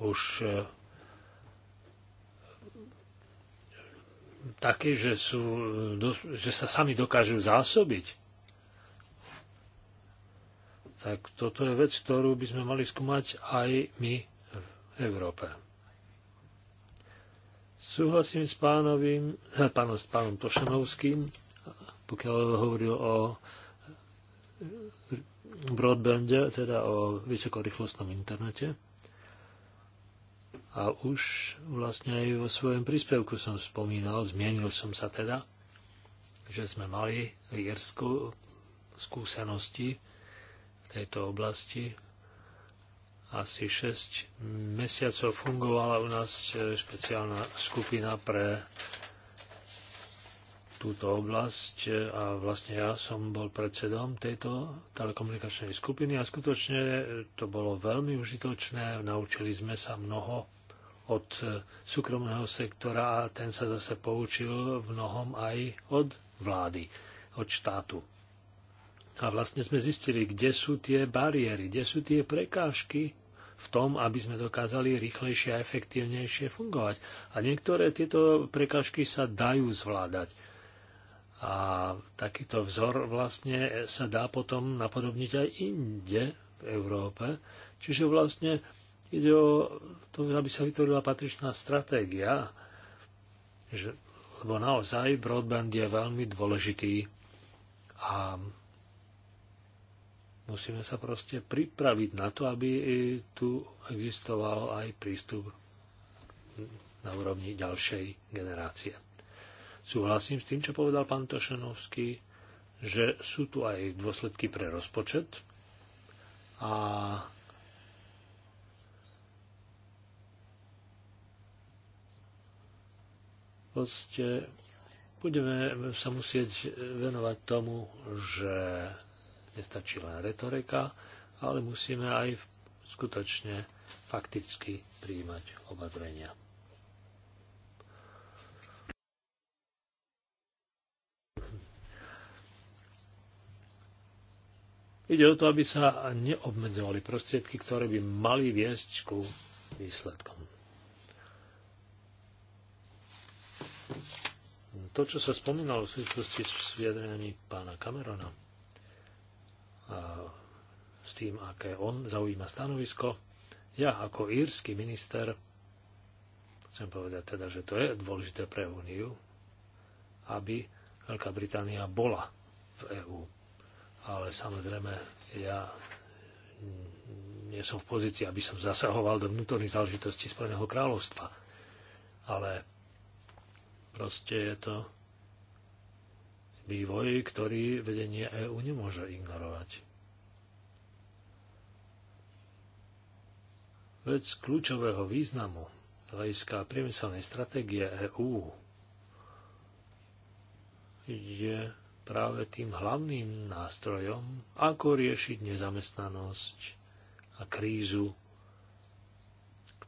už e, také, že, sú, že sa sami dokážu zásobiť, tak toto je vec, ktorú by sme mali skúmať aj my v Európe. Súhlasím s pánovým, eh, pánom, s pánom Tošanovským, pokiaľ hovoril o broadbande, teda o vysokorýchlostnom internete. A už vlastne aj vo svojom príspevku som spomínal, zmienil som sa teda, že sme mali v Jersku skúsenosti v tejto oblasti asi 6 mesiacov fungovala u nás e, špeciálna skupina pre túto oblasť e, a vlastne ja som bol predsedom tejto telekomunikačnej skupiny a skutočne e, to bolo veľmi užitočné. Naučili sme sa mnoho od súkromného sektora a ten sa zase poučil v mnohom aj od vlády, od štátu. A vlastne sme zistili, kde sú tie bariéry, kde sú tie prekážky v tom, aby sme dokázali rýchlejšie a efektívnejšie fungovať. A niektoré tieto prekážky sa dajú zvládať. A takýto vzor vlastne sa dá potom napodobniť aj inde v Európe. Čiže vlastne ide o to, aby sa vytvorila patričná stratégia, že, lebo naozaj broadband je veľmi dôležitý a Musíme sa proste pripraviť na to, aby tu existoval aj prístup na úrovni ďalšej generácie. Súhlasím s tým, čo povedal pán Tošenovský, že sú tu aj dôsledky pre rozpočet a proste budeme sa musieť venovať tomu, že Nestačí len retorika, ale musíme aj skutočne fakticky príjmať obadrenia. Ide o to, aby sa neobmedzovali prostriedky, ktoré by mali viesť ku výsledkom. To, čo sa spomínalo v súvislosti s vyjadreniami pána Camerona, s tým, aké on zaujíma stanovisko. Ja ako írsky minister chcem povedať teda, že to je dôležité pre Úniu, aby Veľká Británia bola v EÚ. Ale samozrejme, ja nie som v pozícii, aby som zasahoval do vnútorných záležitostí Spojeného kráľovstva. Ale proste je to vývoj, ktorý vedenie EÚ nemôže ignorovať. Vec kľúčového významu hľadiska priemyselnej stratégie EÚ je práve tým hlavným nástrojom, ako riešiť nezamestnanosť a krízu,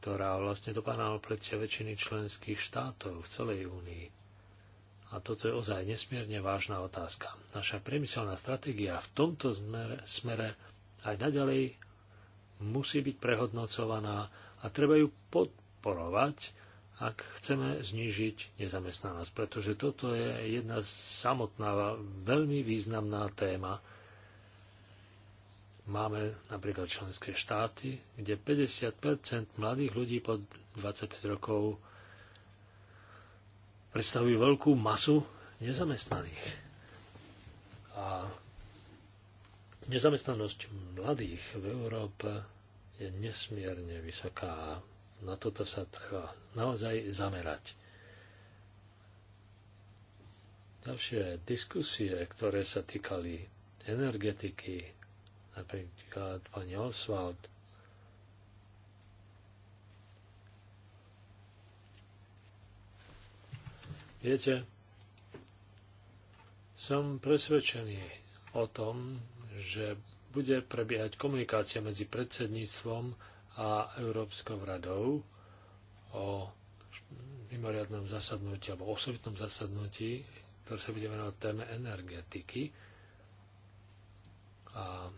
ktorá vlastne dopadá na plecia väčšiny členských štátov v celej únii. A toto je ozaj nesmierne vážna otázka. Naša priemyselná stratégia v tomto smere, smere aj naďalej musí byť prehodnocovaná a treba ju podporovať, ak chceme znížiť nezamestnanosť, pretože toto je jedna samotná veľmi významná téma. Máme napríklad členské štáty, kde 50 mladých ľudí pod 25 rokov predstavujú veľkú masu nezamestnaných. A nezamestnanosť mladých v Európe je nesmierne vysoká. Na toto sa treba naozaj zamerať. Ďalšie diskusie, ktoré sa týkali energetiky, napríklad pani Oswald, Viete, som presvedčený o tom, že bude prebiehať komunikácia medzi predsedníctvom a Európskou radou o mimoriadnom zasadnutí alebo osobitnom zasadnutí, ktoré sa bude venovať téme energetiky. A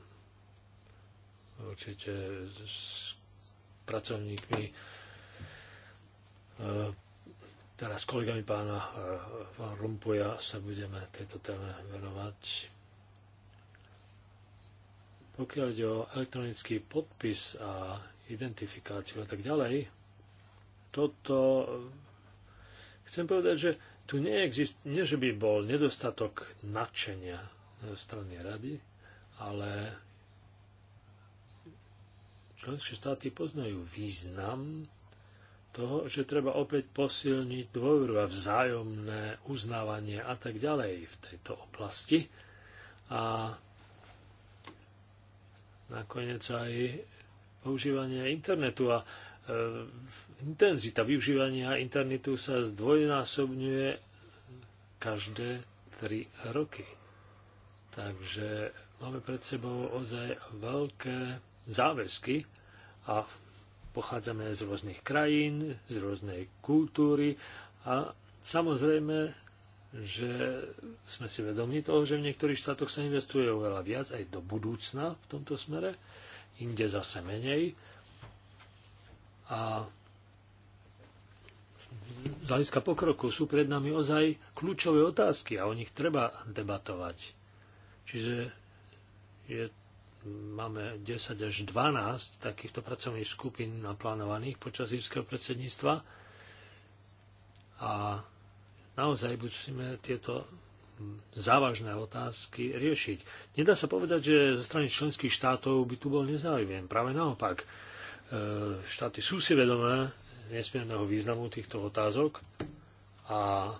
určite s pracovníkmi e, Teraz s kolegami pána eh, pán Rumpuja sa budeme tejto téme venovať. Pokiaľ ide o elektronický podpis a identifikáciu a tak ďalej, toto eh, chcem povedať, že tu neexist, nie že by bol nedostatok nadšenia zo strany rady, ale členské štáty poznajú význam toho, že treba opäť posilniť dôveru a vzájomné uznávanie a tak ďalej v tejto oblasti. A nakoniec aj používanie internetu a e, intenzita využívania internetu sa zdvojnásobňuje každé 3 roky. Takže máme pred sebou ozaj veľké záväzky a pochádzame z rôznych krajín, z rôznej kultúry a samozrejme, že sme si vedomi toho, že v niektorých štátoch sa investuje oveľa viac aj do budúcna v tomto smere, inde zase menej. A z hľadiska pokroku sú pred nami ozaj kľúčové otázky a o nich treba debatovať. Čiže je máme 10 až 12 takýchto pracovných skupín naplánovaných počas írskeho predsedníctva a naozaj musíme tieto závažné otázky riešiť. Nedá sa povedať, že zo strany členských štátov by tu bol nezáujem. Práve naopak, e, štáty sú si vedomé nesmierneho významu týchto otázok a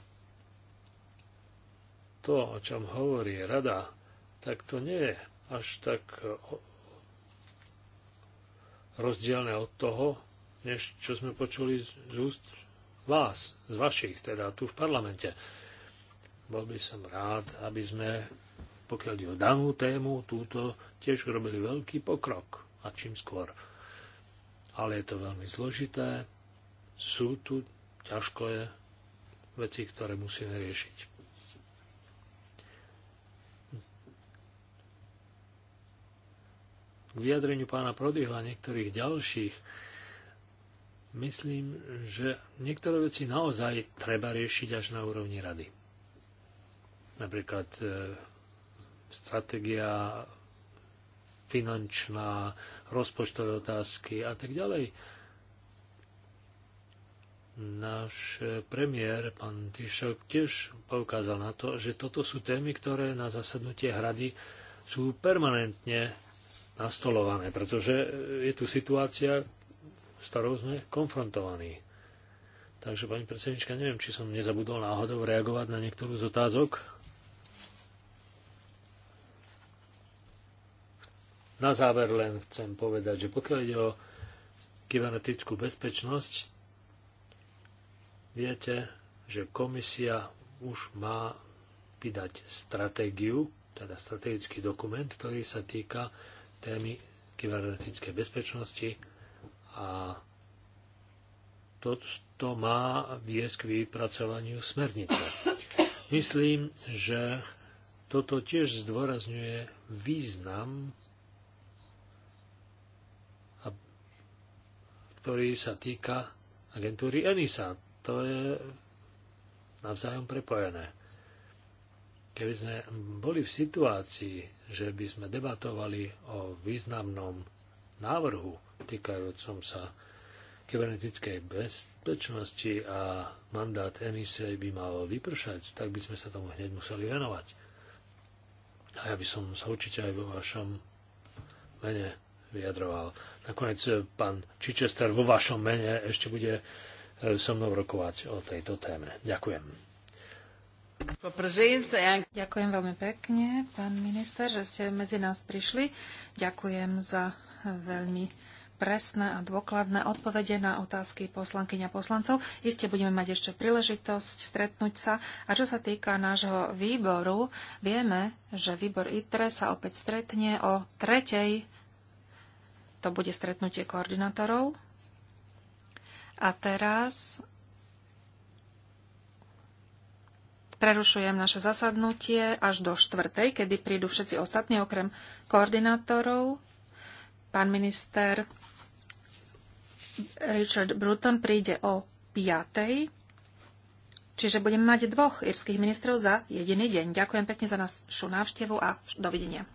to, o čom hovorí rada, tak to nie je až tak e, rozdielne od toho, než čo sme počuli z úst vás, z vašich, teda tu v parlamente. Bol by som rád, aby sme, pokiaľ je o danú tému, túto tiež urobili veľký pokrok a čím skôr. Ale je to veľmi zložité, sú tu ťažké veci, ktoré musíme riešiť. k vyjadreniu pána Prodyho a niektorých ďalších, myslím, že niektoré veci naozaj treba riešiť až na úrovni rady. Napríklad e, stratégia finančná, rozpočtové otázky a tak ďalej. Náš premiér, pán Tyšok, tiež poukázal na to, že toto sú témy, ktoré na zasadnutie hrady sú permanentne nastolované, pretože e, je tu situácia, s ktorou sme konfrontovaní. Takže, pani predsednička, neviem, či som nezabudol náhodou reagovať na niektorú z otázok. Na záver len chcem povedať, že pokiaľ ide o kybernetickú bezpečnosť, viete, že komisia už má vydať stratégiu, teda strategický dokument, ktorý sa týka témy kybernetickej bezpečnosti a to má viesť k vypracovaniu smernice. Myslím, že toto tiež zdôrazňuje význam, ktorý sa týka agentúry ENISA. To je navzájom prepojené. Keby sme boli v situácii, že by sme debatovali o významnom návrhu týkajúcom sa kybernetickej bezpečnosti a mandát Emisie by mal vypršať, tak by sme sa tomu hneď museli venovať. A ja by som sa určite aj vo vašom mene vyjadroval. Nakoniec eh, pán Čičester vo vašom mene ešte bude eh, so mnou rokovať o tejto téme. Ďakujem. Ďakujem veľmi pekne, pán minister, že ste medzi nás prišli. Ďakujem za veľmi presné a dôkladné odpovede na otázky poslankyň a poslancov. Isté budeme mať ešte príležitosť stretnúť sa. A čo sa týka nášho výboru, vieme, že výbor ITRE sa opäť stretne o tretej. To bude stretnutie koordinátorov. A teraz Prerušujem naše zasadnutie až do štvrtej, kedy prídu všetci ostatní, okrem koordinátorov. Pán minister Richard Bruton príde o piatej, čiže budeme mať dvoch írskych ministrov za jediný deň. Ďakujem pekne za našu návštevu a dovidenia.